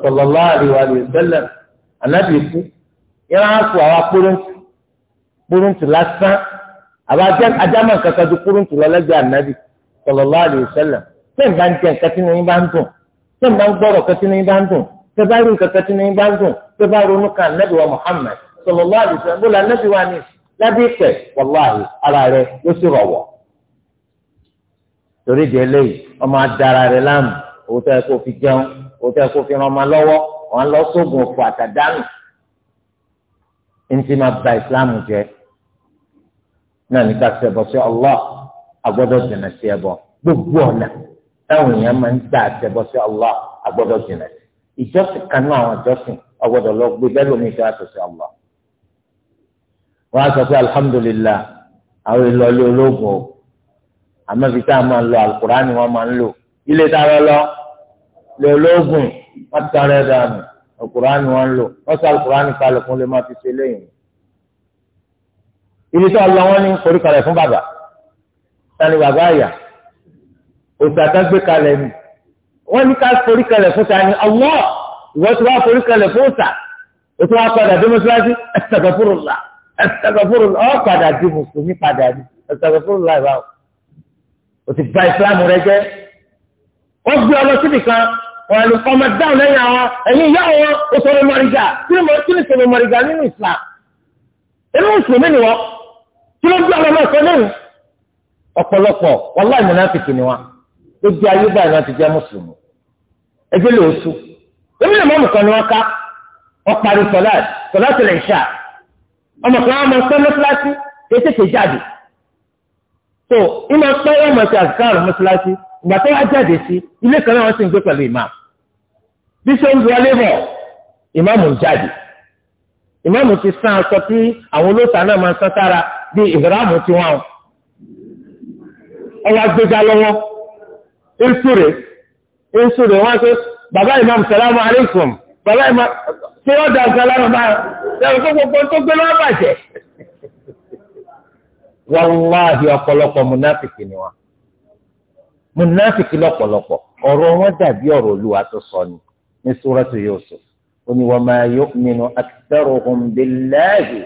sallallahu alaihi wa sallam anabi kú yẹn á kú lásán anabi sallallahu alaihi ń tí bá tẹ́bá rí nǹkan kẹ́tí ní bá ń dùn tẹ́bá ronú kan nẹ́bí wa Muhammad sallallahu alaihi wasallam bó la nẹ́bí wa ní lábẹ́ ìpẹ́ wàláhì ara rẹ̀ ló sì rọ̀wọ̀. torí di eléyìí ọmọ adara rẹ̀ láàmú owó tẹ́ kó fi jẹun owó tẹ́ kó fi ran ọmọ lọ́wọ́ wọn lọ sóògùn òfò àtàdánù ntí máa ba Islam jẹ náà ní ká ṣẹbọ sí Allah agbọ́dọ̀ jìnnà sí ẹbọ gbogbo ọ̀nà táwọn èèyàn máa ń gbà ṣẹbọ sí Allah agbọ́dọ̀ jìnnà ìjọsìn kan náà àwọn ìjọsìn ọgbọ́dọ̀ lọ gbé lẹ́lòmíì tó yàtọ̀ sí Allah wọn á sọ pé alhamdulillah àwọn ìlọlé ológun o àmọ́ ibi tá a máa ń lo alukurani wọn máa ń lò ilé tá a lọ lọ lè ológun wọn ti tán rẹ dànù alukurani wọn ń lò wọn sọ alukurani kalẹ̀ fún lè má fi ṣe lẹ́yìn ibi tó lọ wọn ní orí kalẹ̀ fún bàbá tani bàbá àyà òṣìṣẹ́ àtàgbé kalẹ̀ ni wọ́n ní ká forí kalẹ̀ fún ta ni Allah ìwọ́n ti wá forí kalẹ̀ fún ta o ti wá padà dé mọ́sálásí astaghfirullah astaghfirullah ọ̀ padà di mùsùlùmí padà di astaghfirullah ìbáwò o ti ba ìsìlámù rẹ jẹ́ wọ́n gbé ọmọ síbi kan wọ́n ní ọmọ dáhùn lẹ́yìn àwọn ẹ̀yìn ìyá wọn o sọ̀rọ̀ mọ̀rìgà kí ni sọ̀rọ̀ kí ló gbé ọmọ náà ó di ayé báyìí láti jẹ́ mùsùlùmí ẹgbẹ́ lè oṣù èmi lè mọ́mù kan ni wọ́n ká wọ́n parí sọ̀láàtì sọ̀láàtì lè ṣá ọmọ kan wọn máa sọ mọ́sálásí kí tètè jáde tó ìmọ̀ pé wọ́n máa ṣe àzùkárù mọ́sálásí ìgbà tó wá jáde sí ilé kan náà wọ́n sì ń gbé pẹ̀lú ìmáà bí ṣe ń wọlé bọ̀ ìmáàmù jáde ìmáàmù ti sàn aṣọ tí àwọn olóòtú náà máa ń sára bí ìhìrámù tiwọn ọwọ́ agbéga nsú rẹ̀ nsú rẹ̀ wọ́n ṣe bàbá imam salamu aleykum bàbá imam ṣé wọ́n da salamu bá ṣàlùkò tó gbogbo tó gbé lọ́wọ́ bàjẹ́. wàláhi ọ̀pọ̀lọpọ̀ munafiki ni wọn munafiki lọ́pọ̀lọpọ̀ ọ̀rọ̀ wọn dàbí ọ̀rọ̀ olúwa tó sọ ni ní suratu Yusuf ó ní wa ma yu'minu aktharuhum billahi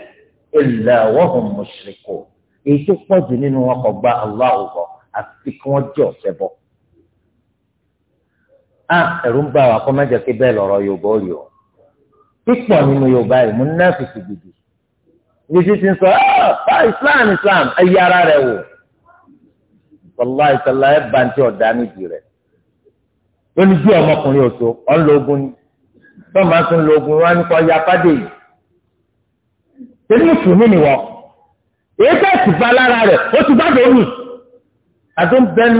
illa wa hum mushrikun èyí tó pọ̀ jù nínú wọn kò gba Allah àti kí wọ́n jẹ́ ọ̀sẹ̀ bọ́. a ẹ̀rù ń bà wá kọ́ mẹ́jọ pé bẹ́ẹ̀ lọ́rọ̀ yorùbá rí pípọ̀ nínú yorùbá yìí mo gidi ní títí sọ islam islam ẹ̀yẹ ara rẹ wò sọlá ìsọlá ẹ̀ bá ń tí ọ̀dá rẹ̀ ọmọkùnrin ọ̀ ogun ni tó máa ogun wọn fádé yìí èyí ti lára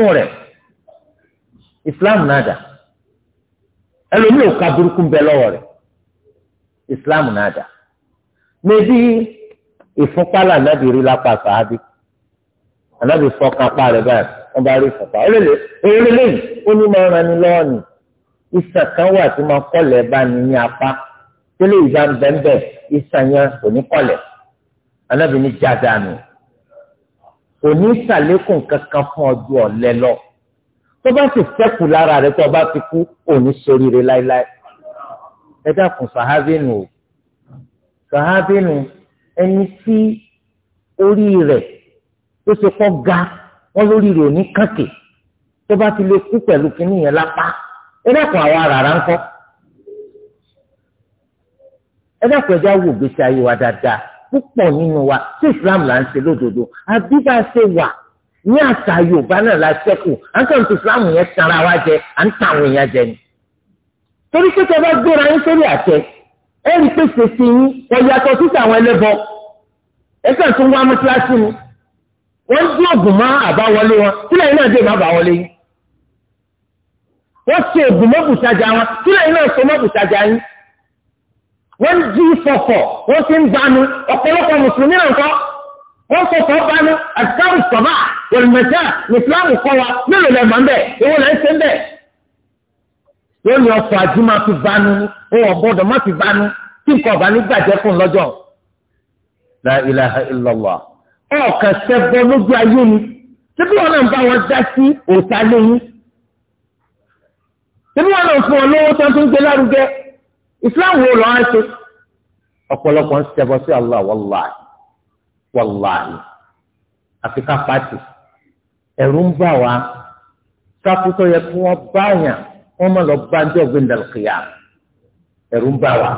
ó Islam náà ẹlòmíì ò ka burúkú bẹ lọ́wọ́ rẹ̀ islam náà dà mẹbi ìfúnpá là nàbì rí lápá sàábì ànábì fọkàn pa rẹ̀ báyìí wọn bá rí ìfúnpá eléle eléle yìí ó ní máa ran ni lọ́wọ́ ni ìsàn kan wà tí máa kọ́lẹ̀ bá ní ní apá tẹ́lẹ̀ ìgbà ń bẹ́ńbẹ́ ìsàn yẹn kò ní kọ́lẹ̀ ànábì ní jáde àná kò ní sàlékùn kankan fún ọjọ́ ọ̀lẹ́ tó bá sì fẹ́kù lára rẹ̀ tó bá fi kú òní ṣoríire láéláé ẹ dákun sàhábìnù o sàhábìnù ẹni tí orí rẹ̀ tó ṣe kọ́ ga wọ́n lórí rẹ̀ òní kàkè tó bá ti lè kú pẹ̀lú kínní yẹn lápá ẹ dákun àwa rárá ńkọ́ ẹ dákun ẹja wò gbèsè ayé wa dáadáa púpọ̀ nínú wa tí Islam là ń ṣe lódodo àbí bá ṣe wà ní àṣà yorùbá náà la ṣẹ́kù à ń kàn tó islam yẹn tara wa jẹ à ń ta àwọn èèyàn jẹ ni. torí pé tẹ́lá gbéra yín sórí àtẹ ẹ rí pé ṣèṣe yín ọ̀yàtọ̀ sí àwọn ẹlẹ́bọ ẹ kàn tún wá mọ́tíláṣí ni wọ́n dín ògùn mọ́ àbáwọlé wọn sílẹ̀ yín náà dé má bàwọlé yín. wọ́n ṣe ògùn mọ́ bùsàjà wọn sílẹ̀ yín náà ṣe mọ́ yín. wọ́n dín fọ̀fọ̀ wọ́n ti ń gbanu ọ̀pọ̀lọpọ̀ wọ́n sọ fún ọba ní àtàwọn sọ̀bà wọ̀lùmẹ̀tà ìsìláàmù kọ́ wa mélòó lẹ̀ máa ń bẹ̀ èwo lẹ̀ ń ṣe ń bẹ̀. yóò lọ sọ àjùmọ̀ fi bánu ohun ọ̀gbọ́dọ̀ má fi bánu tí nǹkan ọ̀bá ní gbàjẹ́ fún lọ́jọ́. la ilaha illallah ọ̀kan sẹ́gbọ́ lójú ayé ni síbí wọn náà ń bá wọn dá sí òòtá lẹ́yìn. síbí wọn náà fún ọ lówó tó ń tún gbé lárugẹ ìsìláàmù wo lọ́wọ́ ṣe ọ̀pọ̀lọpọ̀ ń sẹ́bọ̀ sí Allah wallahi wàláhì àfikà pàtì ẹ̀rù ń bà wá sáfùtọ yẹ kí wọn bá yàn wọn má lọ bá ní ọgbìn dàlùkìyà ẹ̀rù ń bà wá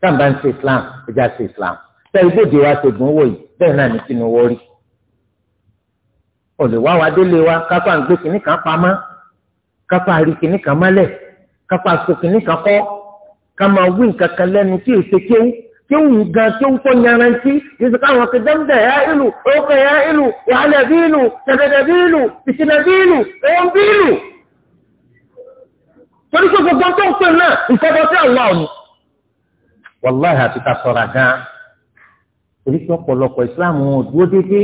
sáàmbá ń ṣe islam ẹja ṣe islam sẹ ibodè wa ṣe dùn wò yìí bẹ́ẹ̀ náà ní tinubu rí olùwà wa délé wa kápá ń gbé kínní kan pamọ́ kápá rí kínní kan mọ́lẹ̀ kápá so kínní kan kọ́ ká máa wí nǹkan kan lẹ́nu tí èsì kéwù kéwù gan kéwù tó nyarantí yìí sọ́kà àwọn kẹdẹ́mdẹ́ ya ìlú ọkọ̀ ya ìlú wàhálẹ̀ bí ìlú tẹ̀tẹ̀tẹ̀ bí ìlú ìṣẹ̀lẹ̀ bí ìlú ẹ̀wọ̀n bí ìlú. torí pé gbogbo tó ń pè náà ìfọdọ̀ sí àwọn ọ̀nù. wàláhì àti ká sọ̀rọ̀ gan. torí pé ọ̀pọ̀lọpọ̀ islam wọn ò dúró dédé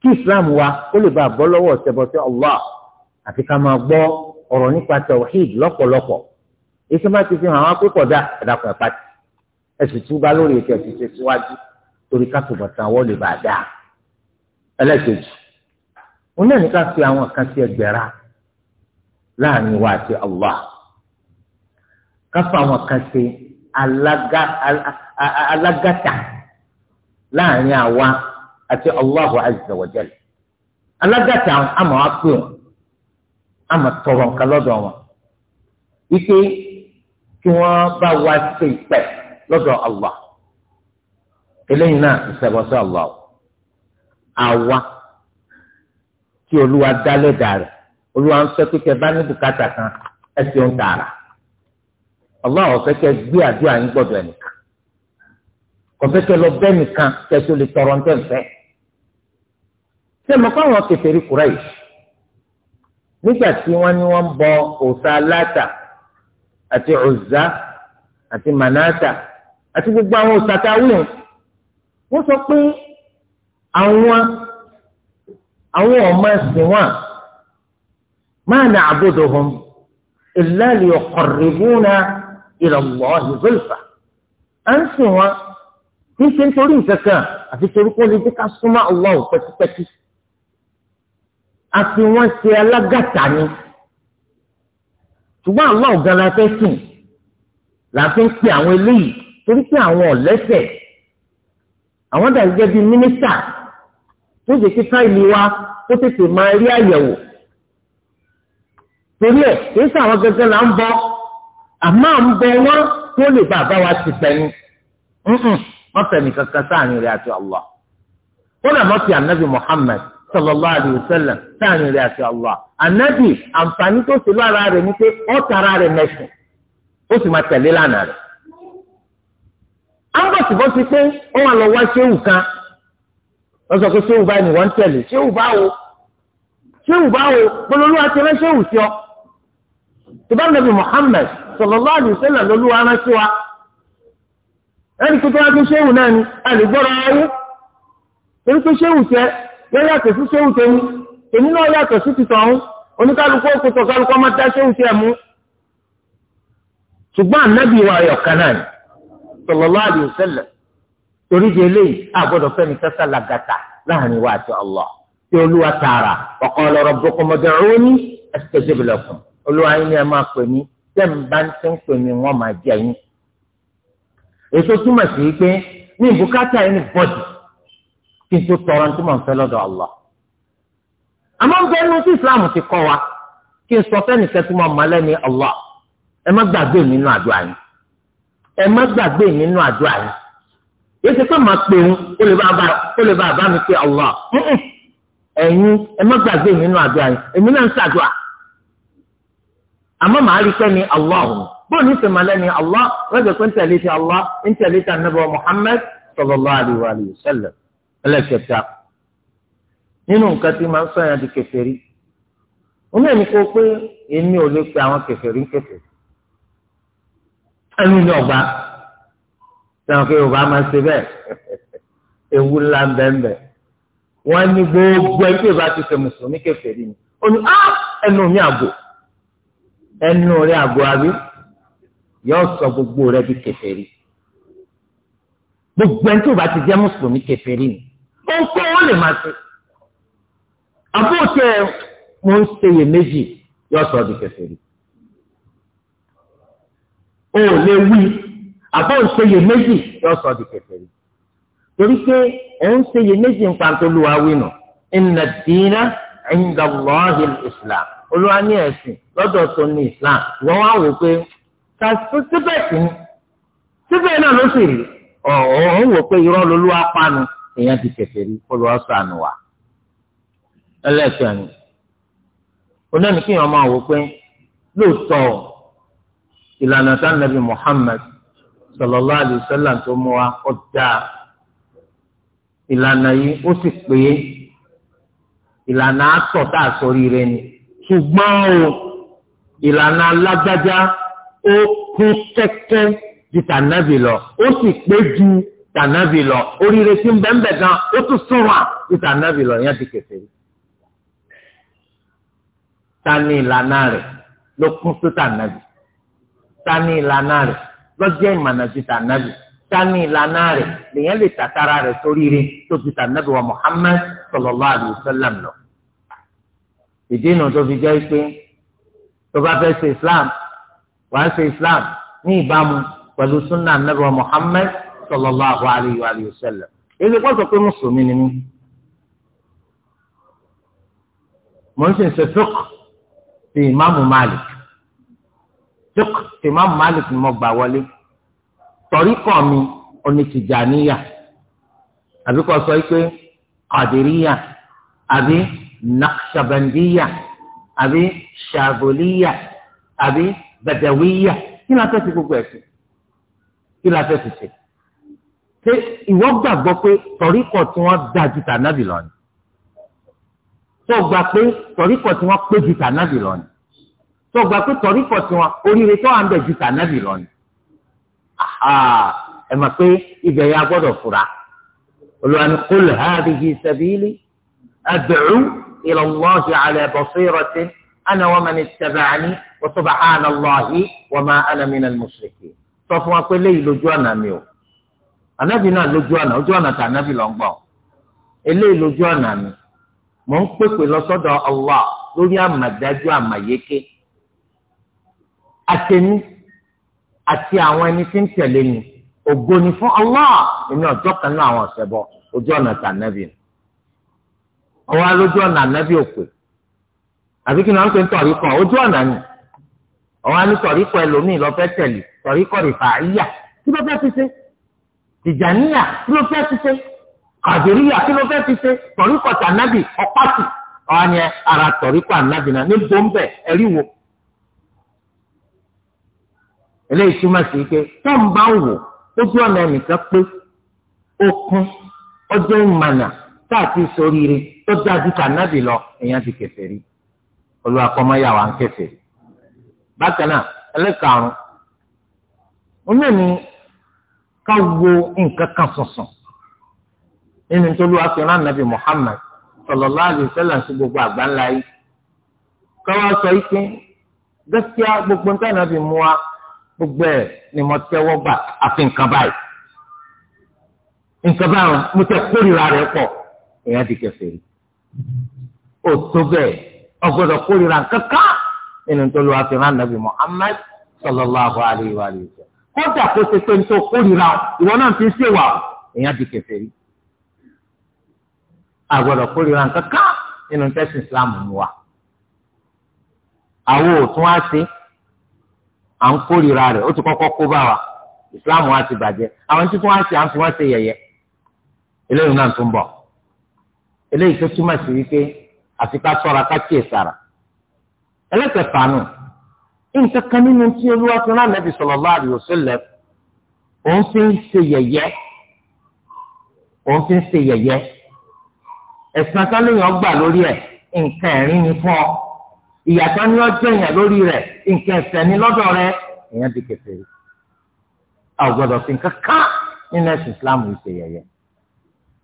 kí islam wa ó lè bá a bọ́ lọ́wọ́ ọ̀sẹ̀ bọ́ sí Allah àti ká máa gbọ́ ọ̀rọ̀ nípa tawhid lọ́pọ̀lọpọ̀ èsì máa ti fi hàn wá pé kọjá ẹ̀dàkùn ẹ̀pàtì ẹ̀sì túbá lórí ètò ẹ̀sì ṣe síwájú torí ká tó bàtà wọ́n lè bà dáa ẹlẹ́kejì wọn náà ní ká fi àwọn kan sí ẹgbẹ̀rá láàrin wa àti Allah ká fi àwọn kan sí alágàtà láàrin àwa àti Allahu azza alágàtà àmọ́ àpè wọn àmọ́ tọrọ nǹkan lọ́dọ̀ wọn wípé kí wọ́n bá wa ṣe ìpẹ́ lọ́dọ̀ Allah eléyìí náà ìṣẹ̀bọ̀ sí Allah àwa tí olúwa dálé dàrẹ̀ olúwa ń sọ pé kẹ bá ní bùkátà kan ẹ ṣe ń tààrà Allah ọ̀fẹ́ kẹ gbé àdúrà yín gbọ́dọ̀ ẹnìkan kọ̀fẹ́ kẹ lọ bẹ́ẹ̀ nìkan kẹ lè tọrọ ntẹ̀ fẹ́ sẹ́mi káwọn kẹfẹ́ rí kúrẹ́ nígbà tí wọ́n ní wọ́n bọ òòṣà látà àti Uzza àti Manata àti gbogbo àwọn òṣàtà wíwọ̀n wọ́n sọ pé àwọn àwọn ọmọ ẹ̀sìn wọn ma na'buduhum illa liyuqarribuna ila Allahi zulfa à ń sìn wọn kì í ṣe nítorí ìkankan àfi torí kó lè dé ká súnmọ́ Allah pẹ́kípẹ́kí àfi wọ́n ṣe alágàtà ni ṣùgbọ́n Allah gan la fẹ́ sìn la fi ń pe àwọn eléyìí torí pé àwọn ọ̀lẹ́sẹ̀ àwọn dàbí gẹ́gẹ́ bíi mínísítà tó jẹ́ kí fáìlì wa kó tètè máa rí àyẹ̀wò torí ẹ̀ kìí sọ àwọn gẹ́gẹ́ là ń bọ àmọ́ à ń bọ wọn kí ó lè bá àbá wa ti pẹ̀lú wọ́n fẹ̀mí kankan sáàrin rẹ̀ àti Allah wọ́n dà mọ́ sí anabi Muhammad sallallahu alayhi wa sallam sáàrin rẹ̀ àti Allah anabi àǹfààní tó ṣe lára rẹ̀ ni pé ó tara rẹ̀ mẹ́sìn ó sì máa tẹ̀lé lánàá rẹ̀ ambọ̀sibọ́sí pé ó wà lọ wá ṣéwù kan wọ́n sọ pé ṣéwù báyìí ni wọ́n ń tẹ̀lé ṣéwù báwo ṣéwù báwo gbọ́dọ̀lú àti rẹ̀ ṣéwù sí ọ. tìbá nàbì Muhammad sallallahu alaihi wasallam lọ́lú ara wa ẹni yóò yàtọ̀ sí sóhù tèmi tèmi náà yàtọ̀ sí ti tọ̀hún oníkálukú òkútọ̀ kálukú ọmọ dá sóhù tiẹ̀ mú. ṣùgbọ́n ànábì wa ayọ̀ kan náà sallallahu alaihi wasallam torí di eléyìí àgbọ̀dọ̀ fẹ́mi sẹ́sà làgàtà láàrin wa àti Allah tí olúwa tààrà wa qala rabbukum ud'uni astajib lakum olúwa yín ni ẹ máa pè mí tẹ́ ń bá ń tẹ́ ń pè mí wọ́n máa jẹ́ yín. èso túmọ̀ sí pé ní ìbùkátà yín ni bọ́dì kí n tó tọrọ tí mò ń fẹ́ lọ́dọ̀ Allah àmọ́ ń bẹ́ẹ̀ ní sí Islam ti kọ́ wa kí n sọ fẹ́nìkan tí mo mọ̀ lẹ́ni Allah ẹ má gbàgbé mi nínú àdúrà yín ẹ má gbàgbé mi nínú àdúrà yín yìí ti pé màá pè ń ó lè bá bá mi pé Allah ẹ̀yin ẹ má gbàgbé mi nínú àdúrà yín èmi náà ń ṣàdúrà àmọ́ màá rí sẹ́ni Allah ọ̀hún bó ní sèmà lẹ́ni Allah wọ́n pé ń tẹ̀lé ti Allah ń tẹ̀lé ti anabi Muhammad sallallahu alaihi wa sallam ẹlẹ́kẹta nínú nǹkan tí máa ń sọ yẹn di kèfèrí oní ẹni kó pé èmi ò lè pe àwọn kèfèrí kèfèrí ẹnu ní ọgbà sẹ́wọ̀n pé yorùbá máa ń ṣe bẹ́ẹ̀ ewu ńlá ń bẹ́ẹ̀ bẹ́ẹ̀ wọ́n ní gbogbo ẹni tí yorùbá ti ṣe mùsùlùmí kèfèrí ni ó ní ẹnu mi àgò ẹnu rẹ àgò àbí yóò sọ gbogbo rẹ di kèfèrí gbogbo ẹni tí yorùbá ti jẹ́ mùsùlùmí kèfèrí ni kọ́ńkọ́ wọn lè máa ṣe. àbó tẹ mo ń ṣeyè méjì yọ sọ di kèfèrí. o ò lè wí àbó ń ṣeyè méjì yọ sọ di kèfèrí. torí pé ẹ̀ ń ṣeyè méjì ń pa tó lu awé nù inna dina inda Allahi islam olúwa ní ẹ̀sìn lọ́dọ̀ tó ní islam wọ́n wá wò pé ká síbẹ̀ sí ni síbẹ̀ náà ló sì rí ọ̀hún wò pé irọ́ lolúwa panu èèyàn ti kèfèrí kó lọ́ọ́ sànù wá. ẹlẹ́kẹ̀rin onáni kí èèyàn máa wò pé lóòótọ́ ìlànà Muhammad sallallahu alaihi tó mú wa ó dáa ìlànà yìí ó sì pé ìlànà àtọ̀ tá a sọ ni ṣùgbọ́n o ìlànà alágbájá ó kún kẹ́kẹ́ tànàbì lọ oríire tí ń bẹ́ ń bẹ̀ gan ó tún súnmọ́ tí tànàbì lọ yẹn ti kẹsẹ̀ rí. tani ìlànà rẹ̀ ló kún sí tànàbì tani ìlànà rẹ̀ lọ́jọ́ ìmọ̀nà ti tànàbì tani ìlànà rẹ̀ lèyẹn lè tàtàrà rẹ̀ sóríire tó ti tànàbì wa Muhammad sallallahu alaihi wasallam lọ. ìdí inú tó fi jẹ́ pé tó bá fẹ́ ṣe Islam wàá ṣe Islam ní ìbámu pẹ̀lú sunnah nabi wa sallallahu alayhi wa alihi wa sallam èyí kò sọ pé mùsùlùmí ni mí mo ń sìn ṣe fiqh ti ìmáàmù Malik fiqh ti ìmáàmù Malik ni mo gbà wọlé tọ̀ríkọ̀ mi oní Tìjàníyà àbí kò sọ pé Qadiriyya àbí Naqshbandiya àbí Shadhuliyya àbí Badawiyya kí ni a fẹ́ ti gbogbo ẹ̀sìn kí ni a fẹ́ ti ṣe ṣé ìwọ gbàgbọ́ pé tọ̀ríkọ̀ tí wọ́n dá ju tànàbì lọ ni tó gbà pé tọ̀ríkọ̀ tí wọ́n pé ju tànàbì lọ ni tó gbà pé tọ̀ríkọ̀ tí wọ́n oríire tó wà ju tànàbì lọ ni ẹ mọ̀ pé ibẹ̀ yẹn gbọ́dọ̀ fura olùwà ni qul hadhihi sabili ad'u ila Allahi ala basiratin ana wa man ittaba'ani wa subhanallahi wa ma ana minal mushrikin sọ fún wa pé léyìí lójú ọ̀nà mi o anabi náà lójú ọ̀nà ojú ọ̀nà tà anabi lọ ń gbọ́ eléyìí lójú ọ̀nà mi mò ń pèpè lọ sọ́dọ̀ Allah lórí àmàdájú àmàyéké àtẹni àti àwọn ẹni tí ń tẹ̀lé mi ògo ni fún Allah èmi ọjọ́ kan náà àwọn ọ̀sẹ̀ bọ̀ ojú ọ̀nà tà anabi ọwọ́ lójú ọ̀nà anabi òpè àbí kí ni wọ́n ń pè ń tọ̀rí kan ojú ọ̀nà ni ọwọ́ ní tọ̀rí kan ẹlòmíì lọ fẹ́ tẹ̀lé tọ̀rí kan rìfà áyà kí ló fẹ́ fi ṣe tìjàníyà kí ló fẹ́ ti ṣe kàdéríyà kí ló fẹ́ ti ṣe tọ̀ríkọ̀ ọ̀hán yẹn ara tọ̀ríkọ̀ ànàbì náà ní bọ́ńbẹ̀ ẹ̀rí wo. eléyìí túmọ̀ sí pé tọ́m bá wò ojú ọ̀nà ẹnìkan pé okun ọjọ́ ìmànà sóríire tó dájú lọ èèyàn ti rí olúwa ń bákan náà ká wo nǹkan kan sọ̀sọ̀ nínú nítorí wàá sọ̀rọ̀ ànábì Muhammad sallallahu alaihi wasallam sí gbogbo àgbáńlá yìí ká wá sọ yìí pé gẹ́síá gbogbo nǹkan ànábì mú wa gbogbo ẹ̀ ni mo tẹ́wọ́ gbà àfi nǹkan báyìí nǹkan báyìí mo tẹ́ kórìíra rẹ̀ pọ̀ èèyàn ti kẹfẹ́ rí o tó bẹ́ẹ̀ ọgbọ́dọ̀ kórìíra kankan nínú nítorí wàá sọ̀rọ̀ ànábì Muhammad sallallahu alaihi wasallam kódà kó ṣe pé nítorí kórìíra ìwọ náà fi ń ṣèwà èèyàn di kèfèrí àgbọ̀dọ̀ kórìíra nǹkan nínú tẹ́sí ìsìláàmù ni wa àwọn òtún á ṣe à ń kórìíra rẹ̀ ó ti kọ́kọ́ kó bá wa ìsìláàmù wa ti bàjẹ́ àwọn títún á ṣe à ń fi wọ́n ṣe yẹ̀yẹ́ eléyìí náà tún bọ̀ eléyìí tó túmọ̀ sí wípé àfi ká ṣọ́ra ká kíyèsára ẹlẹ́kẹ̀ẹ́fà nǹkan kan nínú tí olúwa tó rán nàbì sallallahu alaihi wasallam òun fi ń ṣe yẹ̀yẹ́ òun fi ń ṣe yẹ̀yẹ́ ẹ̀sìn kan lèèyàn gbà lórí ẹ̀ nǹkan ẹ̀rín ni fún ọ ìyàtọ̀ ni ó jẹ̀yàn lórí rẹ̀ nǹkan ẹ̀ṣẹ̀ ni lọ́dọ̀ rẹ̀ èèyàn di kèfèrí a ò fi nǹkan ká nínú ẹ̀sìn Islam yìí ṣe yẹ̀yẹ́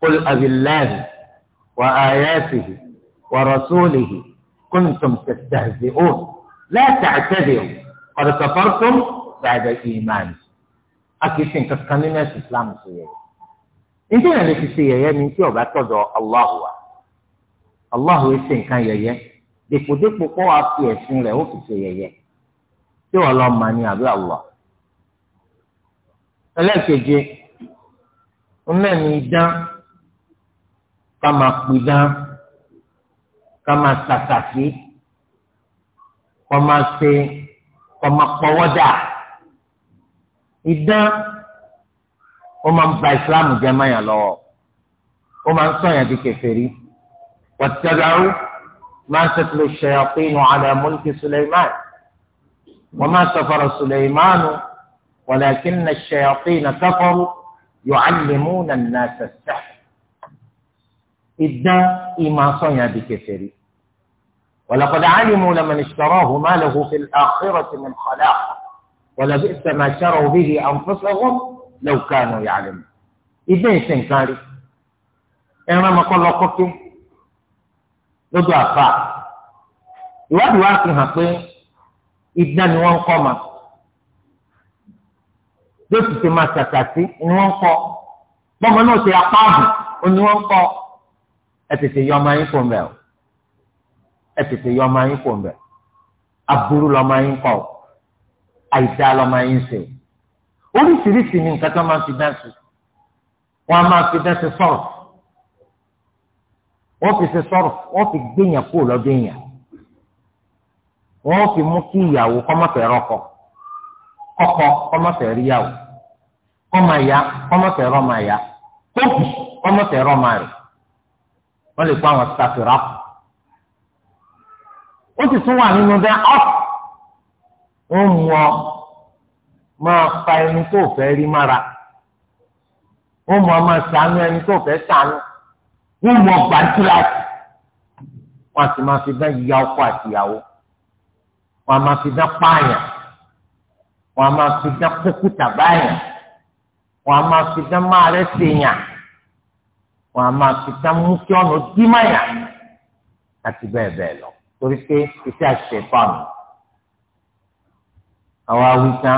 qul wa ayatihi wa rasulihi kuntum tastahzi'un la ta'tadiru qad kafartum ba'da iman a kì í ṣe nǹkan kan nínú ẹ̀sìn islam ṣe yẹ nítorí yẹn lè fi ṣe yẹ̀yẹ́ ni tí ọba tọ̀dọ̀ allahu wa allahu yìí ṣe nǹkan yẹ̀yẹ́ dèpòdèpò kọ́ wa fi ẹ̀sìn rẹ̀ ó fi ṣe yẹ̀yẹ́ tí wọ́n lọ mà ní àbí allah ẹlẹ́ẹ̀keje ọmọnì idán ká máa pidán ká máa tàtàfé kọ́ máa ṣe kọ́ máa pọ́wọ́ dà idán ó máa ń ba ìsìláàmù jẹ́ mayàn lọ́wọ́ ó máa ń sọ̀yàn di kèfèrí wàtẹ́gàrú máa ń tẹ̀lé ṣayàpínu ala mulki suleiman wọ́n máa sọ̀fọ̀rọ̀ suleiman walakinna ṣayàpínu kafaru yu'allimuna an-nasa as-sihr idán ìmáa sọ̀yàn di kèfèrí. ولقد علموا لمن اشتراه ما له في الآخرة من خلاق ولبئس ما شروا به أنفسهم لو كانوا يعلمون إذن سنكاري إنما ما قال لكم lọ́dọ̀ àfa ìwádìí wa fi hàn pé idán ni wọ́n ń kọ́ ma yóò sì ṣe máa ṣàṣàṣì ni wọ́n ń kọ́ bọ́mọ náà ṣe apáàbò ni wọ́n ń kọ́ ẹ tètè yọ ọmọ yín fún mi o ẹ tètè yọ ọmọ yín kò ń bẹ̀ aburú lọmọ yín kọ àìdá lọmọ yín ṣe oríṣiríṣi ni nǹkan tó máa ń fi dáṣe wọn a máa fi dáṣe sọ̀rọ̀ wọn fi ṣe sọ̀rọ̀ wọn fi gbéyàn kúrò lọ́dọ̀ èèyàn wọn fi mú kí ìyàwó kọ́mọ́fẹ́ rọ́kọ kọ́kọ́ kọ́mọ́fẹ́ ríyàwó kọ́mọ ya kọ́mọ́fẹ́ rọ́mọ ya tóbi kọ́mọ́fẹ́ rọ́mọ rẹ̀ wọ́n lè kó àwọn sáfìrà kù ó sì tún wà nínú dá ọ́f ó mú ọ máa fa ẹni tó fẹ́ rí mára ó mú ọ máa sànú ẹni tó fẹ́ sànú ó mú ọ gbàdúrà wọn sì máa fi dá ìyá ọkọ àtìyàwó wọn máa fi dá pààyàn wọn máa fi dá kókútà báyàn wọn máa fi dá máa rẹ sèèyàn wọn máa fi dá mú kí ọ̀nà dímáyà àti bẹ́ẹ̀ bẹ́ẹ̀ lọ torí pé iṣẹ́ àṣepàm àwọn awíta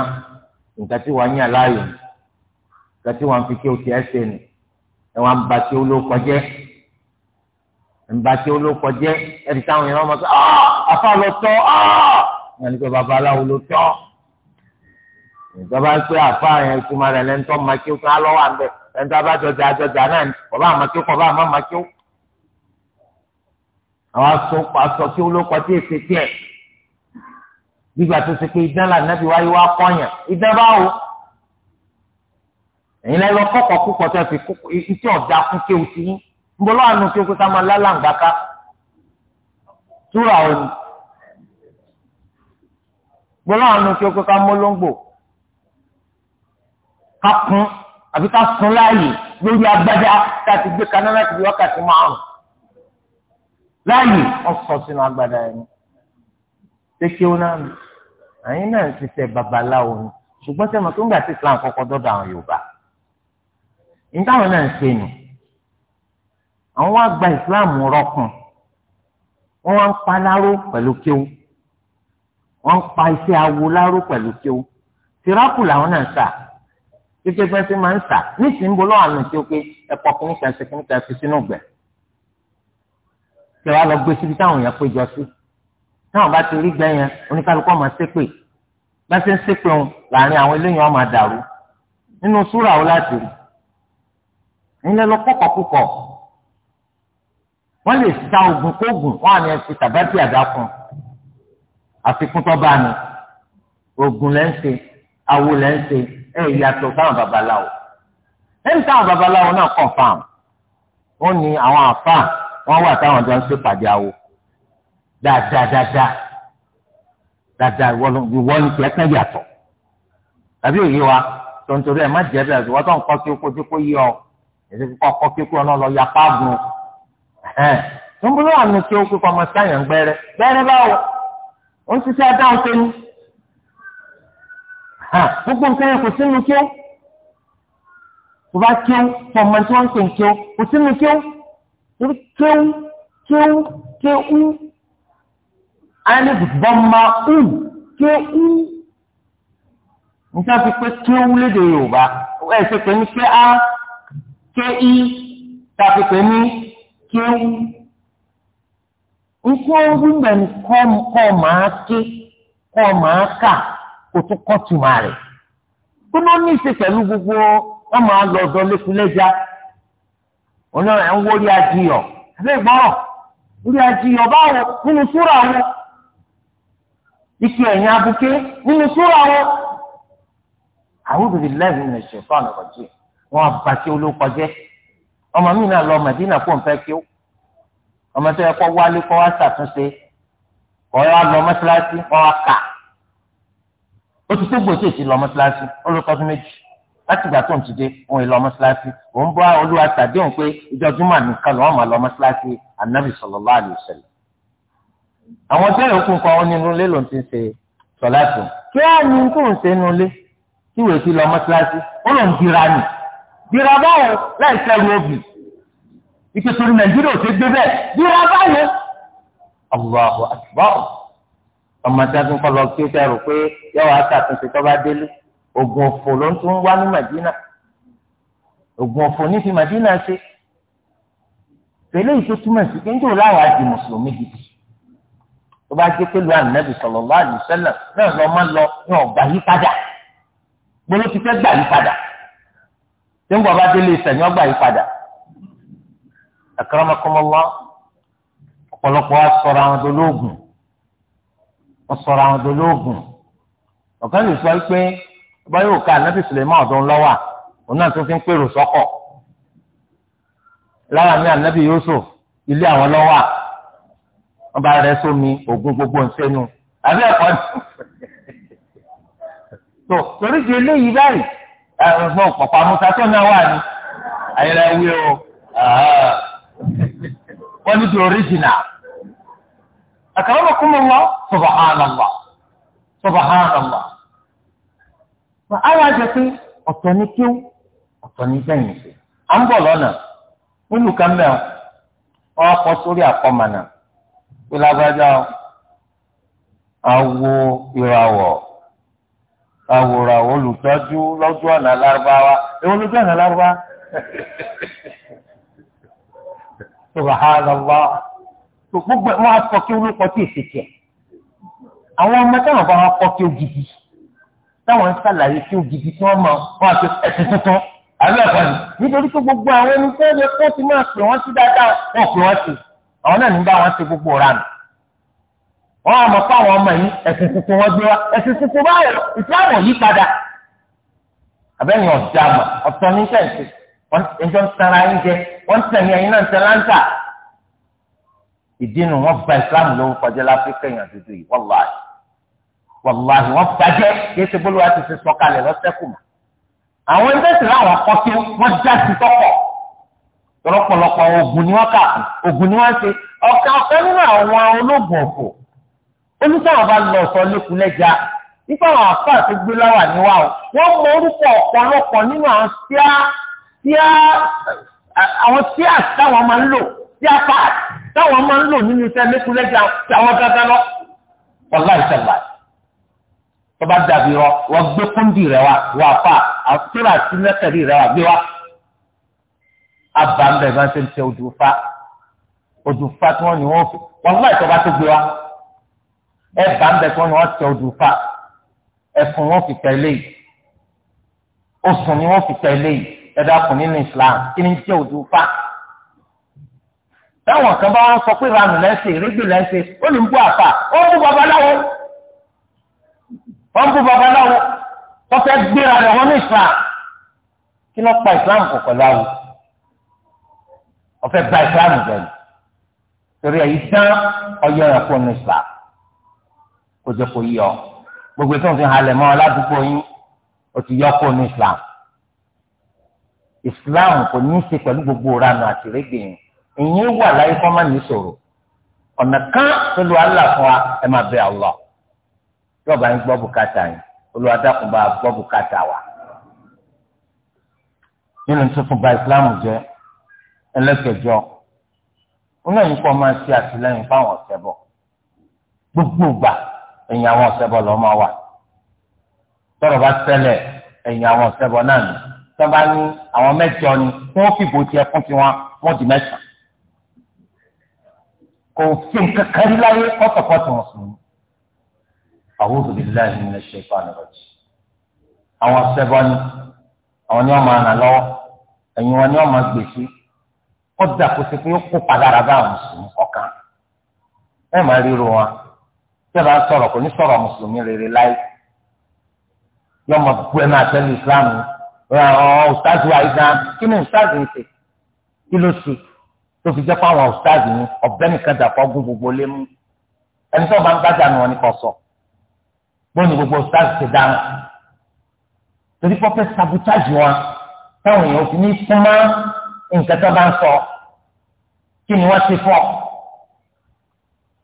nǹkan tí wàá yàn láàyò nǹkan tí wàá fi kí o ti ẹ́ ṣe nù ẹ wàá ń ba kí o ló kọjẹ́ ń ba kí o ló kọjẹ́ ẹ̀rí táwọn èèyàn máa sọ ọ́ afa lọ tọ́ ọ́ wọn ni pé babaláwo ló tọ́ ìjọba ń pé afa yẹn ìtumọ̀ rẹ̀ lẹ́ńtọ́ máa kí o kí wọ́n á lọ́wọ́ àbẹ̀ ẹ̀ńtọ́ abájọjà àjọjà náà kọ̀ bá àmọ́ kí o kọ̀ bá àwọn asopọ̀ asọ tí olókọ tí èsì tiẹ̀ gbígbà tó ṣe pé idán là nàbí wáyé wá kọ́yàn idán báwo ẹ̀yin lẹ́yìn lọ kọ́kọ́ kúkọ tó ti kú iṣẹ́ ọ̀dà fún kéwù sí yín ń bọ́ lọ́wọ́ àánú kí o kó ká máa lálàǹgbá ká túrà òní gbọ́dọ̀ àánú kí o kó ká mọ́lóńgbò ká kún àbí ká sun láàyè lórí agbájá tá a ti gbé kaná láti fi wákàtí márùn-ún láàyè ọ̀sọ̀ sínú agbada ẹni ṣéṣe ó náà àyín náà ti ṣe babaláwo ni ṣùgbọ́n sẹ́wọ̀n tó ń gbà sí Islam kọ́kọ́ dọ́dọ̀ àwọn Yorùbá nítawọn náà ń ṣe nù àwọn wá gba Islam rọkùn wọ́n wá ń pa láró pẹ̀lú kéwú wọ́n ń pa iṣẹ́ awo láró pẹ̀lú kéwú tìrápù làwọn náà ń sà kíkẹ́ fẹ́ máa ń sà nísìnyí ń bọ́ àná tí ó pé ẹ̀pọ̀ kìnnìkan ṣe kìnnìkan fi sínú gbẹ̀ẹ́ tẹ wá lọ gbé síbi táwọn èèyàn péjọ sí táwọn bá ti rí gbẹ̀yẹn oníkálukú ọmọ ṣépè bá ṣe ń ṣépè òun láàrin àwọn eléyìí ọmọ àdàrú nínú súrà ó láti rí nílẹ̀ lọ kọ́kọ́ púpọ̀ wọ́n lè sa ogun kógun wọ́n àmì ẹ̀sìn tàbátì àdákùn àfikún tó bá ogun lẹ́ ń ṣe awo lẹ́ ń ṣe ẹ̀ yàtọ̀ sáwọn babaláwo ẹ̀ ń babaláwo náà confam ó ní àwọn àfáà wọ́n wà táwọn jọ ń ṣèpàdé awo dáadáa dáadáa dáadáa ìwọ ni tiẹ̀ kan yàtọ̀ tàbí òye wa tontori ẹ̀ má jẹ́ bẹ́ẹ̀ wọ́n tó ń kọ́ kí ó kojú kó yí ọ èdè kíkọ́ kọ́ kí ó kó ọ lọ ya páàgùn ẹ̀hẹ́n tó ń bọ́ lọ́wọ́ àmì kí ó kó ọmọ sáyẹn gbẹ́rẹ́ gbẹ́rẹ́ báwo ó ń ṣiṣẹ́ dáhùn tó ní gbogbo nǹkan yẹn kò sínú kí ó tó bá kí ó fọmọ tí wọ́n ń pè ń kí ó kò sínú kí ó tun tun ke u alif bamma u ke u nǹkan fi pé ke u lédè yorùbá ẹ ṣe pé ní a ke i ta fi pé ní ke u nǹkan wíwẹ̀ ni kọ́ máa ké kọ́ máa kà kó tó kọ́ tuma rẹ̀ tó ló ní í ṣe pẹ̀lú gbogbo wọn máa lọ òun náà ń wórí adìyọ ẹgbẹ́ ìgbọ́rọ̀ orí adìyọ báwo nínú súra wọn ike ẹ̀yìn abuké nínú súra wọn àwọn obìnrin lẹ́yìn ní ṣẹ̀fọ́ àná kọjá wọn bá kí olóko jẹ́ ọmọ mi náà lọ Mẹ̀dínà kó n fẹ́ kí ó ọmọ tó yẹ kó wálé kó wá ṣàtúnṣe ọ̀rọ̀ àlọ́ mọ́ṣáláṣí wọn kà ó ti tó gbòòsì sí lọ mọ́ṣáláṣí ó ló tọ́jú méjì láti ìgbà tó ń ti dé òun ìlọ mọ́ṣáláṣí òun bá olúwa ṣàdéhùn pé ìjọ júmọ̀ nìkan lọ́wọ́ máa lọ mọ́ṣáláṣí anabi sallallahu alaihi wasallam. àwọn bẹ́ẹ̀rẹ̀ òkun kan ó nínú ilé ló ti ń ṣe sọ̀láṣì kí á ní tó ń ṣe inú ilé tí wèé ti lọ mọ́ṣáláṣí ó lọ ń dira nì dira báwo láì sẹ́rù obì ike nàìjíríà ò ṣe gbé bẹ́ẹ̀ dira báwo. Allahu akbar ọmọ oògùn òfò ló ń tún wá ní Madina oògùn òfò ní fi Madina ṣe pẹ̀lú ìṣó túmọ̀ sí pé níjọ́ láwọn àti mùsùlùmí gidi tó bá jẹ́ pẹ̀lú ànábì sallallahu alaihi wasallam náà lọ́ máa lọ ní ọ̀gbà yí padà gbọ́dọ̀ ti fẹ́ gbà yí padà tó ń bọ̀ bá délé ìsẹ̀yìn ọgbà yí padà akramakumullah ọ̀pọ̀lọpọ̀ wa sọ̀rọ̀ àwọn dolóògùn wọ́n àwọn dolóògùn ọ̀kan lè sọ pé báyọ̀ òkà anábì sùlẹ̀mọ́ ọ̀dọ́ ńlọ́wà òun náà tó fi ń pèrò sọ́kọ̀ lára mi anábì Yusuf ilé àwọn lọ́wà wọ́n bá rẹ sómi ògùn gbogbo ńsẹ́nu àbí ẹ̀kọ́ ni. tó torí di eléyìí báyìí ẹ̀rọ pọ̀pọ̀ àmúta tó náà wà ní ayẹyẹ wí o wọ́n ní di original. àkàrà ọkùnrin wọn sọ̀bọ̀ hàn án lọ sọ̀bọ̀ hàn án ara jẹ pé ọ̀tọ̀ ni kí ó ọ̀tọ̀ ni sẹ́yìn sí à ń bọ̀ lọ́nà nílùú kánbẹ́ ọ ọkọ sórí àkọmọ̀nà pé lágbájá awo ìràwọ̀ àwòrán olùtọ́jú lọ́jọ́ ọ̀nà lárúbáwá èwo lójú ọ̀nà lárúbáwá subahánàlá gbogbo ẹ̀ wọ́n á sọ kí èsì tiẹ̀ àwọn ọmọ táwọn bá wọn kọ́ kí ó gidi. táwọn ń sàlàyé tí ó gidi tí a máa wọ́n àti ẹ̀sìn tuntun àbẹ̀kọ́ni nítorí pé gbogbo àwọn ẹni tó yẹ kó ti máa pè wọ́n sí dáadáa wọ́n pè wọ́n sí àwọn náà ní wọn ṣe gbogbo nù. á àwọn ọmọ yìí tuntun gbé tuntun yí padà. ọ̀tọ̀ ní ba láfíríkà èèyàn dúdú wàláhi wọ́n bàjẹ́ kí ṣe bólúwa ti ṣe sọ̀kalẹ̀ lọ́sẹ̀kù mọ́. àwọn ẹgbẹ́ sì láwọn kọ́ sí wọ́n já sí tọ́kọ̀ lọ́pọ̀lọpọ̀ ogun ni wọ́n kà ogun ni wọ́n ṣe ọ̀kà ọ̀kẹ́ nínú àwọn ológun ọ̀fọ̀ oníṣàwọn bá lọ sọ lẹ́kùn lẹ́jà nípa àwọn àfáà tó gbé láwà níwá o wọ́n mọ orúkọ ọ̀pọ̀lọpọ̀ nínú àwọn tíá tíá àwọn tíá táwọn máa ń lò tíá páàtì táwọn máa ń lò nínú iṣẹ́ lẹ́kùn táwọn dáadáa lọ. wàláì sẹ́láì tó bá dàbí rọ wọ́n gbé kúndì rẹ̀ wá wà fà àtúrà sí lẹ́tẹ̀rì rẹ̀ wá gbé wá. abàǹbẹ̀ máa ń ṣe ń ṣe òdùfá òdùfá tí wọ́n ní wọ́n fi wọ́n fún àìsàn bá tó gbé wá. ẹ bàǹbẹ̀ tí wọ́n ní wọ́n ṣe òdùfá ẹ̀fún wọn fi tẹ̀lé yìí oṣù ni wọ́n fi tẹ̀lé yìí ẹ̀dá kùn nínú Islam kí ni jẹ́ òdùfá táwọn kan bá wọn sọ pé ranù lẹ́sẹ̀ rẹ́gbẹ̀ lẹ́sẹ̀ ó ní ń bú ó ń bú babaláwo wọ́n bú babaláwo wọ́n fẹ́ gbéra rẹ̀ wọ́n ní islam kí ló pa islam kò pẹ̀lú àwọn wọ́n fẹ́ islam jẹ́ ni torí ẹ̀yí dán ọyọ rẹ̀ kó ní islam kó jẹ́ kó yí ọ gbogbo tó ń fi halẹ̀ mọ́ aládùúgbò yín ó ti yọ kó ní islam islam kò ní í ṣe pẹ̀lú gbogbo ìranù àti rẹ́gbẹ̀ẹ́ ìyẹn wà láyé fọ́nmá ní ìṣòro ọ̀nà kan tó lu Allah fún wa ẹ máa bẹ Allah yọba ń gbọ́ bùkátà yìí Olúwa dákun bá gbọ́ bùkátà wa. nínú tuntun ba Islam jẹ́ ẹlẹ́kẹjọ onáyìn kọ́ máa ṣe àtìlẹ́yìn fáwọn ọ̀sẹ̀bọ gbogbo ìgbà ẹ̀yìn àwọn ọ̀sẹ̀bọ lọ́ máa wà tọ́rọ̀ bá ṣẹlẹ̀ ẹ̀yìn àwọn ọ̀sẹ̀bọ náà ni tọ́ bá ní àwọn mẹ́jọ ni wọ́n fìbò tiẹ̀ fún tiwọn wọ́n di mẹ́sàn-án kò fi nǹkan kan láyé ọ̀sọ̀kọ̀tì mùsùlùmí a'udhu billahi minash shaitanir rajim àwọn sẹ́bọ̀ ni àwọn ni wọ́n máa nà lọ́wọ́ ẹ̀yin wọn ni wọ́n máa gbèsè ó dà kó sí pé ó kó padàrà bá àwọn mùsùlùmí ọ̀kan ẹ máa ríro wọn tí ẹ bá sọ̀rọ̀ kò ní sọ̀rọ̀ mùsùlùmí rere láì yọ ọmọ bu ẹ máa tẹ́lẹ̀ islam ọ̀hún ọ̀stáàzì wa ìdáná kí ni ọ̀stáàzì ń ṣe kí ló ṣe tó fi jẹ́ pé àwọn ọ̀stáàzì ni ọ̀bẹ nìkan gbogbo lé mú ẹni tó bá ń gbájà ni wọn ni kò sọ̀rọ̀ bọ́ọ̀nù gbogbo stars ti dáná torí pọ́pẹ́ sabotage wọn táwọn èèyàn fi ní súnmọ́ nǹkan tó bá ń sọ kí ni wọ́n ti fọ́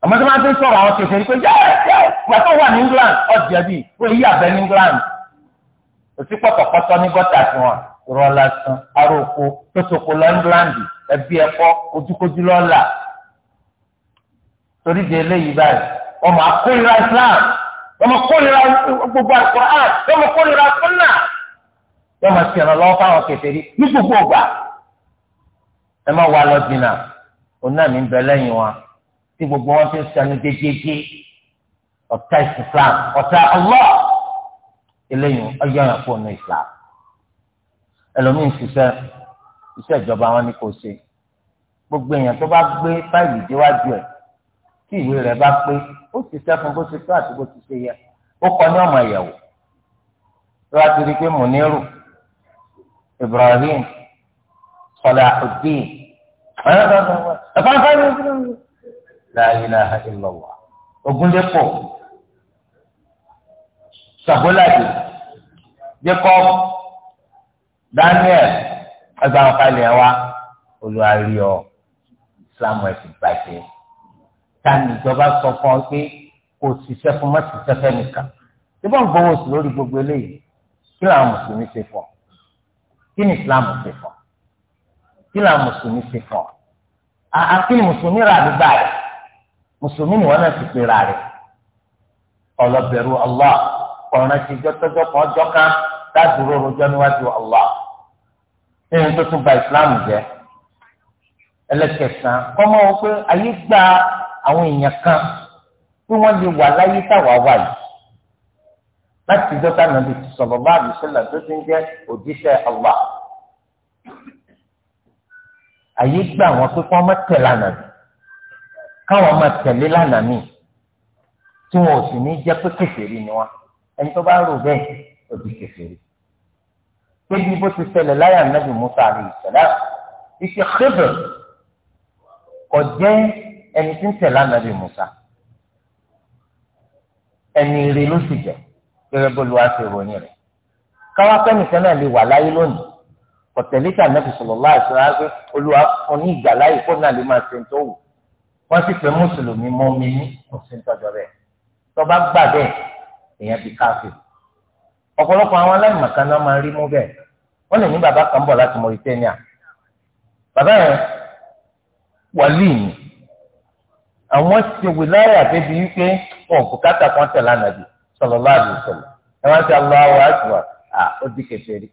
àmọ́ tó máa ń sọ̀rọ̀ àwọn kẹfẹ́ rí pé yẹ́ ẹ́ pàtó wà ní England ọ̀dìyà bíi ó yí àbẹ́ ní England kò sí pọ̀tọ̀pọ̀tọ̀ ní gọ́tà tí wọn rọ lásán aróko tó soko lọ England ẹbí ẹ̀kọ́ ojúkojú lọ́la torí di eléyìí báyìí ọmọ akóyira Islam wọ́n máa kórìíra gbogbo àkùrán wọ́n máa kórìíra súnà wọ́n máa ṣèrànlọ́ lọ́wọ́ fáwọn kèfèrí ní gbogbo ògbà ẹ má wà lọ́dínà òun náà ní ń bẹ lẹ́yìn wa tí gbogbo wọn ti ń sanu jẹjẹjẹ ọ̀tá Islam ọ̀tá Allah eléyìí ọyọ́yàn fóònù Islam ẹlòmíín ṣiṣẹ́ iṣẹ́ ìjọba wọn ni kò ṣe gbogbo èèyàn tó bá gbé báyìí déwájú ẹ̀ tí ìwé rẹ̀ bá pé ó ti sẹ́fún bó ti tó àti bó ti ṣe yẹ ó kọ ní ọmọ ìyẹ̀wò lọ́wọ́ ti rí i pé Muniru Ibrahim Salahuddin ẹ̀fọ́nfọ́n ní la ilaha illallah Ògúndépò Sàbólàdì Jacob Daniel ẹgbàá ọ̀kalẹ̀ wa olùwárí ọ Islam ẹ̀sìn bàjẹ́ ta ni ìjọba sọ fún ọ pé kò ṣiṣẹ́ fún má ṣiṣẹ́ fẹ́ nìkan síbò ń gbowó sí lórí gbogbo eléyìí kí làwọn mùsùlùmí ṣe fọ kí ni Islam ṣe fọ kí làwọn mùsùlùmí ṣe fọ àkí ni mùsùlùmí rà nígbà rẹ mùsùlùmí ni wọn náà ti pè rà rẹ ọlọbẹrù Allah ọ̀ràn ti jọ́tọ́jọ́ kan ọjọ́ dádúró rojọ́ níwájú Allah ẹni tó tún ba Islam jẹ ẹlẹ́kẹsàn kọ́mọ́ wọn pé ayé gbà á àwọn èèyàn kan tí wọ́n lè wà láyé táwa wà yìí láti dọ́tà nàbì sallallahu alaihi wasallam tó ti ń jẹ́ òjíṣẹ́ Allah àyè gbà wọn pé kí wọ́n má tẹ̀ lánàá mi káwọn má tẹ̀lé lánàá mi tí wọn ò sì ní jẹ́ pé kèfèrí ni wọn ẹni tó bá rò bẹ́ẹ̀ ó di kèfèrí bó ti ṣẹlẹ̀ láyà nàbì Musa àlè ìṣẹ̀lá ìṣe Khidr jẹ́ ẹni tí ń tẹ̀lé ànábì Musa ẹni rí ló sì jẹ gẹ́gẹ́ bó lu àti ìròyìn rẹ̀ káwá pẹ́nìkan náà lè wà láyé lónìí kọ̀tẹ̀lẹ́tà ànábì sallallahu alaihi wasallam pé olúwa oní ìgbàláyè kó náà lè máa ṣe tó wù wọ́n sì pé mùsùlùmí mọ́ mi ní òsín rẹ̀ tọ́ba gbà bẹ́ẹ̀ èèyàn ti káfíìn ọ̀pọ̀lọpọ̀ àwọn aláìmọ̀kan náà máa rí mú bẹ́ẹ̀ wọ́n lè ní bàbá kan bọ̀ láti Mauritania bàbá yẹn wàlíì ni àwọn ti wìláyà débi wípé wọn kò kátà kan tẹ̀lé ànàbì sallallahu alaihi wasallam ẹ wá sí Allahu akbar à ó di kèfèrí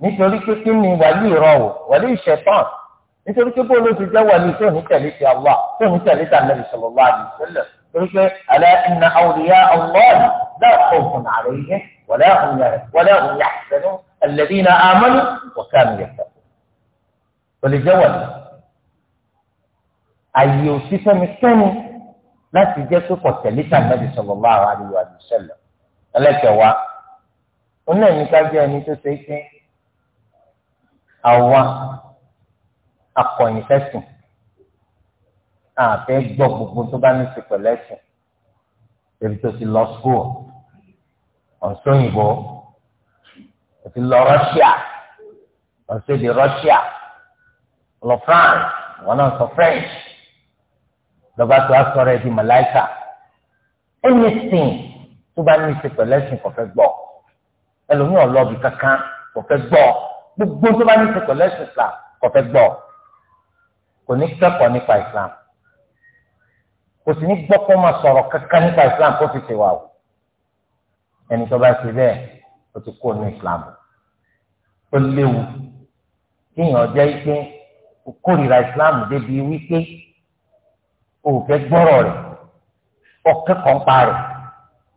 nítorí pé kí ni wàlí ìrọ̀ wò wàlí ìṣẹ̀tàn nítorí pé bóòlù ti jẹ́ wàlí tó ní tẹ̀lé ti Allah tó ní tẹ̀lé ti ànàbì sallallahu alaihi wasallam torí pé ala inna awliya Allah la khawfun alaihim àyè òsì fẹ́nikẹ́ni láti jẹ́ pé kò tẹ̀lé tàbí sallallahu alaihi wa sallam ẹlẹ́kẹ̀wá oní ẹ̀mí ká jẹ́ ẹni tó ṣe é pé àwa akọ̀yìn fẹ́sùn àfẹ́ gbọ́ gbogbo tó bá ní sí pẹ̀lẹ́sùn ebi tó ti lọ skul ọ̀sọ́yìnbó o ti lọ Russia ọ̀sẹ̀ di Russia lọ France wọn náà sọ French lọ́ba tó a sọ̀rọ̀ ẹ̀ di màláìkà anything tó bá ní í ṣe pẹ̀lú ẹ̀sìn kò fẹ́ gbọ́ ẹlòmíràn lọ́ọ̀bì kankan kò fẹ́ gbọ́ gbogbo tó bá ní í ṣe pẹ̀lú ẹ̀sìn islam kò fẹ́ gbọ́ kò ní kẹ́kọ̀ọ́ nípa islam kò sì ní gbọ́ kó máa sọ̀rọ̀ kankan nípa islam kó fi ṣèwà o ẹni tó bá ṣe bẹ́ẹ̀ o ti kó ní islam ó léwu kéèyàn jẹ́ ike kórìíra islam débi wípé òfẹ́ gbọ́rọ̀ rẹ̀ ọ̀kẹ́ kan parọ̀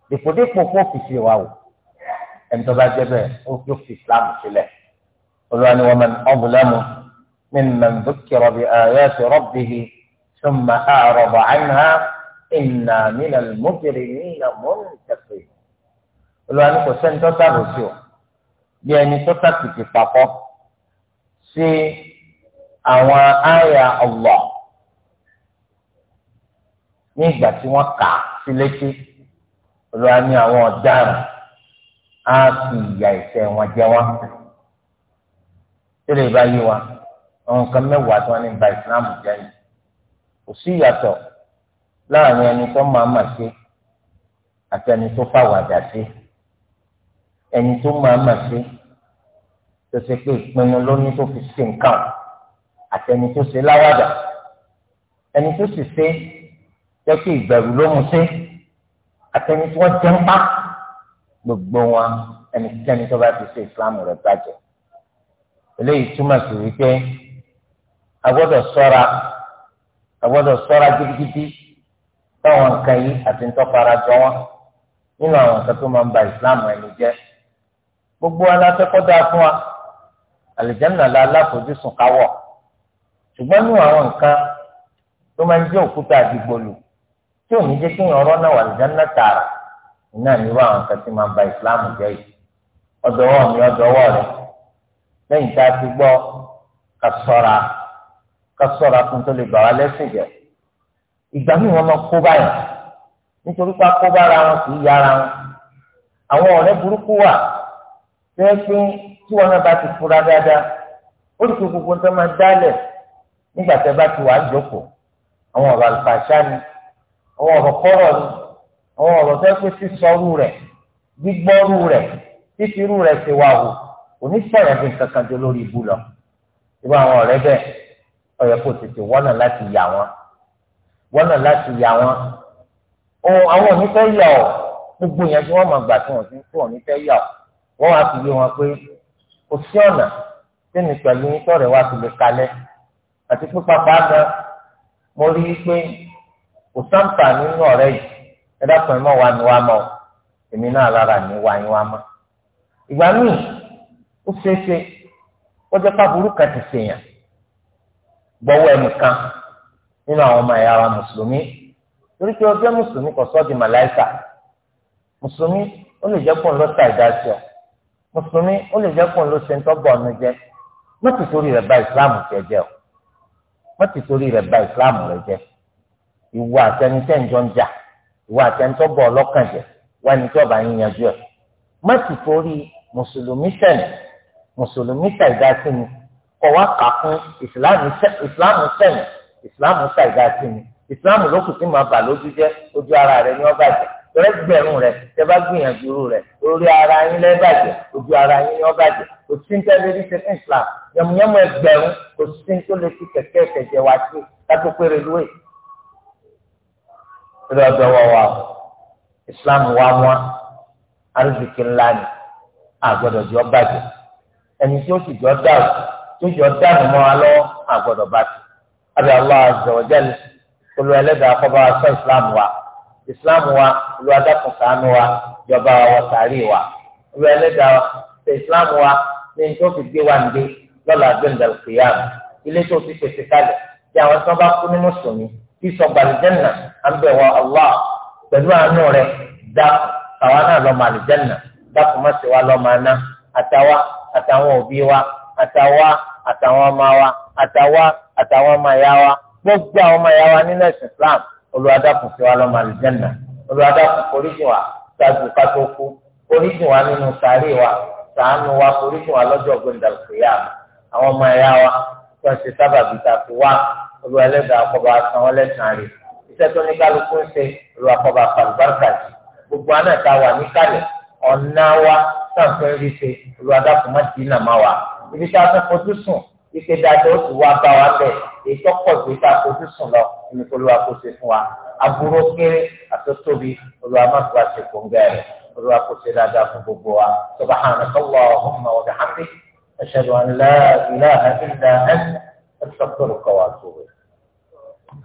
dèpòdépò kó fìfì wa o ẹni tó bá jẹ́ bẹ́ẹ̀ ó yóò fi Islam sílẹ̀ olùwàní wọn mẹ́ni ọ̀bùnlẹ́mu mimman dhukkira bi ayati rabbihi thumma a'rada anha inna minal mujrimina muntaqimun olùwàní kò sẹ́ni tó dàrú sí o bí ẹni tó tàkìtì papọ̀ sí àwọn àyà Allah ní ìgbà tí wọ́n kà sí létí olúwa ní àwọn ọ̀daràn á fi ìyà ìṣẹ́ wọn jẹ wọ́n tẹ́lẹ̀ bá yé wa àwọn nǹkan mẹ́wàá tí wọ́n ní ba ìsìlámù jẹ́ yìí kò sí ìyàtọ̀ láàrin ẹni tó máa mà ṣe àti ẹni tó fàwàdà ṣe ẹni tó máa mà ṣe tó ṣe pé ìpinnu ló ní tó fi ṣe nǹkan àti ẹni tó ṣe láwàdà ẹni tó sì ṣe jẹ́ kí ìbẹ̀rù ló mú sí àtẹni tí wọ́n jẹ́ ń pa gbogbo wọn ẹnikẹ́ni tó bá ti ṣe ìsìlámù rẹ̀ bàjẹ́ eléyìí túmọ̀ sí wípé a gbọ́dọ̀ ṣọ́ra a gbọ́dọ̀ ṣọ́ra gidigidi táwọn nǹkan yìí àti ntọ́fara jọ wọn nínú àwọn nǹkan tó máa ń ba ìsìlámù ẹni jẹ́ gbogbo alátẹ́kọ́dá fún wa àlìjáná la aláfojúsùn káwọ̀ ṣùgbọ́n nínú àwọn nǹkan tó máa ń jẹ́ òkúta àdìgbòlù tí òní jẹ́ kí ọ̀rọ̀ náà wà lìjánná tààrà iná àwọn kan tí máa ba ìsìláàmù jẹ́ yìí ọ̀dọ̀wọ́ mi ọ̀dọ̀wọ́ rẹ̀ lẹ́yìn tá a ti gbọ́ ká sọ́ra ká fún tó lè bà wá lẹ́sìn jẹ́ ìgbà máa kó báyìí nítorí pé bára wọn kì í yára wọn àwọn ọ̀rẹ́ burúkú wà tí náà bá ti fura dáadáa ó àwọn ọ̀rọ̀ kọ́rọ̀ ni àwọn ọ̀rọ̀ tó pé sísọrú rẹ̀ gbígbọ́rú rẹ̀ fífirú rẹ̀ ṣe wà wò òní sọ̀rọ̀ bí nǹkan kan jọ lórí ibú lọ irú àwọn ọ̀rẹ́ bẹ́ẹ̀ ó yẹ kó tètè wọ́nà láti yà wọ́n wọ́nà láti yà wọ́n ohun àwọn òní fẹ́ yà ọ́ gbogbo yẹn tí wọ́n máa gbà tí wọ́n ti ń tó òní fẹ́ yà ọ́ wọ́n wá fi yé wọn pé kò sí ọ̀nà tẹ́mi pẹ̀lú yín tọ́rẹ̀ wá fi lè kalẹ̀ àti pípa pàápàá mo rí i pé kò sáǹpà nínú ọ̀rẹ́ yìí ẹ dákun ẹ mọ̀ wá ni wá mọ̀ èmi náà lára ni wá ni wá mọ̀ ìgbà míì ó ṣeéṣe ó jẹ́ káburú kan ti ṣèyàn gbọ́wọ́ ẹnìkan nínú àwọn ọmọ ẹ̀yà wa mùsùlùmí torí pé ọjọ́ mùsùlùmí kò sọ́ di màláìsà mùsùlùmí ó lè jẹ́ pọ̀n ló ta ìdásí ọ mùsùlùmí ó lè jẹ́ pọ̀n ló ṣe ń tọ́gbọ̀ ọ̀nù jẹ́ mọ́tì rẹ̀ bà ìsìláàmù jẹ́ jẹ́ ọ mọ́tì rẹ̀ bà ìsìláàmù rẹ̀ jẹ́ ìwọ àtẹnitẹ́ ìjọ ń jà ìwọ àtẹnitọ́ bọ̀ ọlọ́kàn jẹ wá ní ìjọba yín yanjú ẹ̀ má sì torí mùsùlùmí sẹ̀nì mùsùlùmí ṣàìdá sí mi kọ̀ wá kà fún ìsìláàmù sẹ̀nì ìsìláàmù ṣàìdá sí mi ìsìláàmù ló kù sí bà lójú jẹ́ ojú ara rẹ ní ọba jẹ rẹ́gbẹ̀rún rẹ̀ tẹ́ bá gbìyànjú irú orí ara yín lẹ́bàjẹ́ ojú ara yín ni wọ́n bàjẹ́ kò ní tẹ́lẹ̀ islam yẹmúyẹmú ẹgbẹ̀rún kò sí ní tó lè fi kẹ̀kẹ́ ìtẹ̀jẹ̀ wá sí kátó péré lóye lórí ọ̀dọ̀ wa wa islam wa mọ́ arzikì ńlá ni àgbọ̀dọ̀ jọ bàjẹ́ ẹni tí ó sì jọ dàrú tí ó jọ dàrú mọ́ wa lọ́wọ́ àgbọ̀dọ̀ àbí Allah azza wa jalla olú ẹlẹ́dàá kọ́ sọ islam wa islam wa olú adákùn ṣàánú wa jọba wa sàárì wa olú ẹlẹ́dàá ṣe islam wa ní ní tó fi gbé wa ń gbé lọ́la gbẹ̀ndàlùkìyàmù ilé tó fi pèsè kalẹ̀ tí àwọn tí bá kú ní mùsùlùmí kí sọgbàlùjẹ́ náà àbẹ̀wò allah pẹ̀lú àánú rẹ̀ dá àwa náà lọ màlì jẹ́nà dákun má ṣe wá lọ màá ná àtàwa àtàwọn òbí wa àtàwa àtàwọn ọmọ wa àtàwa àtàwọn ọmọ ìyá wa gbogbo àwọn ọmọ ìyá wa nínú ẹ̀sìn islam Olúwa dákun ṣe wá lọ màlì jẹ́nà Olúwa dákun foríjì wa ṣáàjú ká tó kú foríjì wa nínú sàárè wa ṣàánú wa foríjì wa lọ́jọ́ gbẹ̀ndàlùfẹ́yà àwọn ọmọ ìyá wa tó ń ṣe iṣẹ́ tó ní kálukú ń ṣe ìlú àkọ́bà pàlùbáríkà sí gbogbo àná ta wà níkàlẹ̀ ọ̀nà wa sàǹfẹ́ rí ṣe ìlú adákùn má dínà má wa ibi tá a tún fojú sùn ike dáadáa ó sì wá bá wa bẹ̀ èyí tó pọ̀ ju tá fojú sùn lọ ní kó ló wa fún wa aburú kéré àtótóbi olúwa má fi wá ṣe kóńgẹ́ rẹ̀ olúwa kó ṣe dáadáa fún gbogbo wa subhanaka Allahumma wa bihamdik ashhadu an la ilaha illa anta astaghfiruka wa atubu ilayk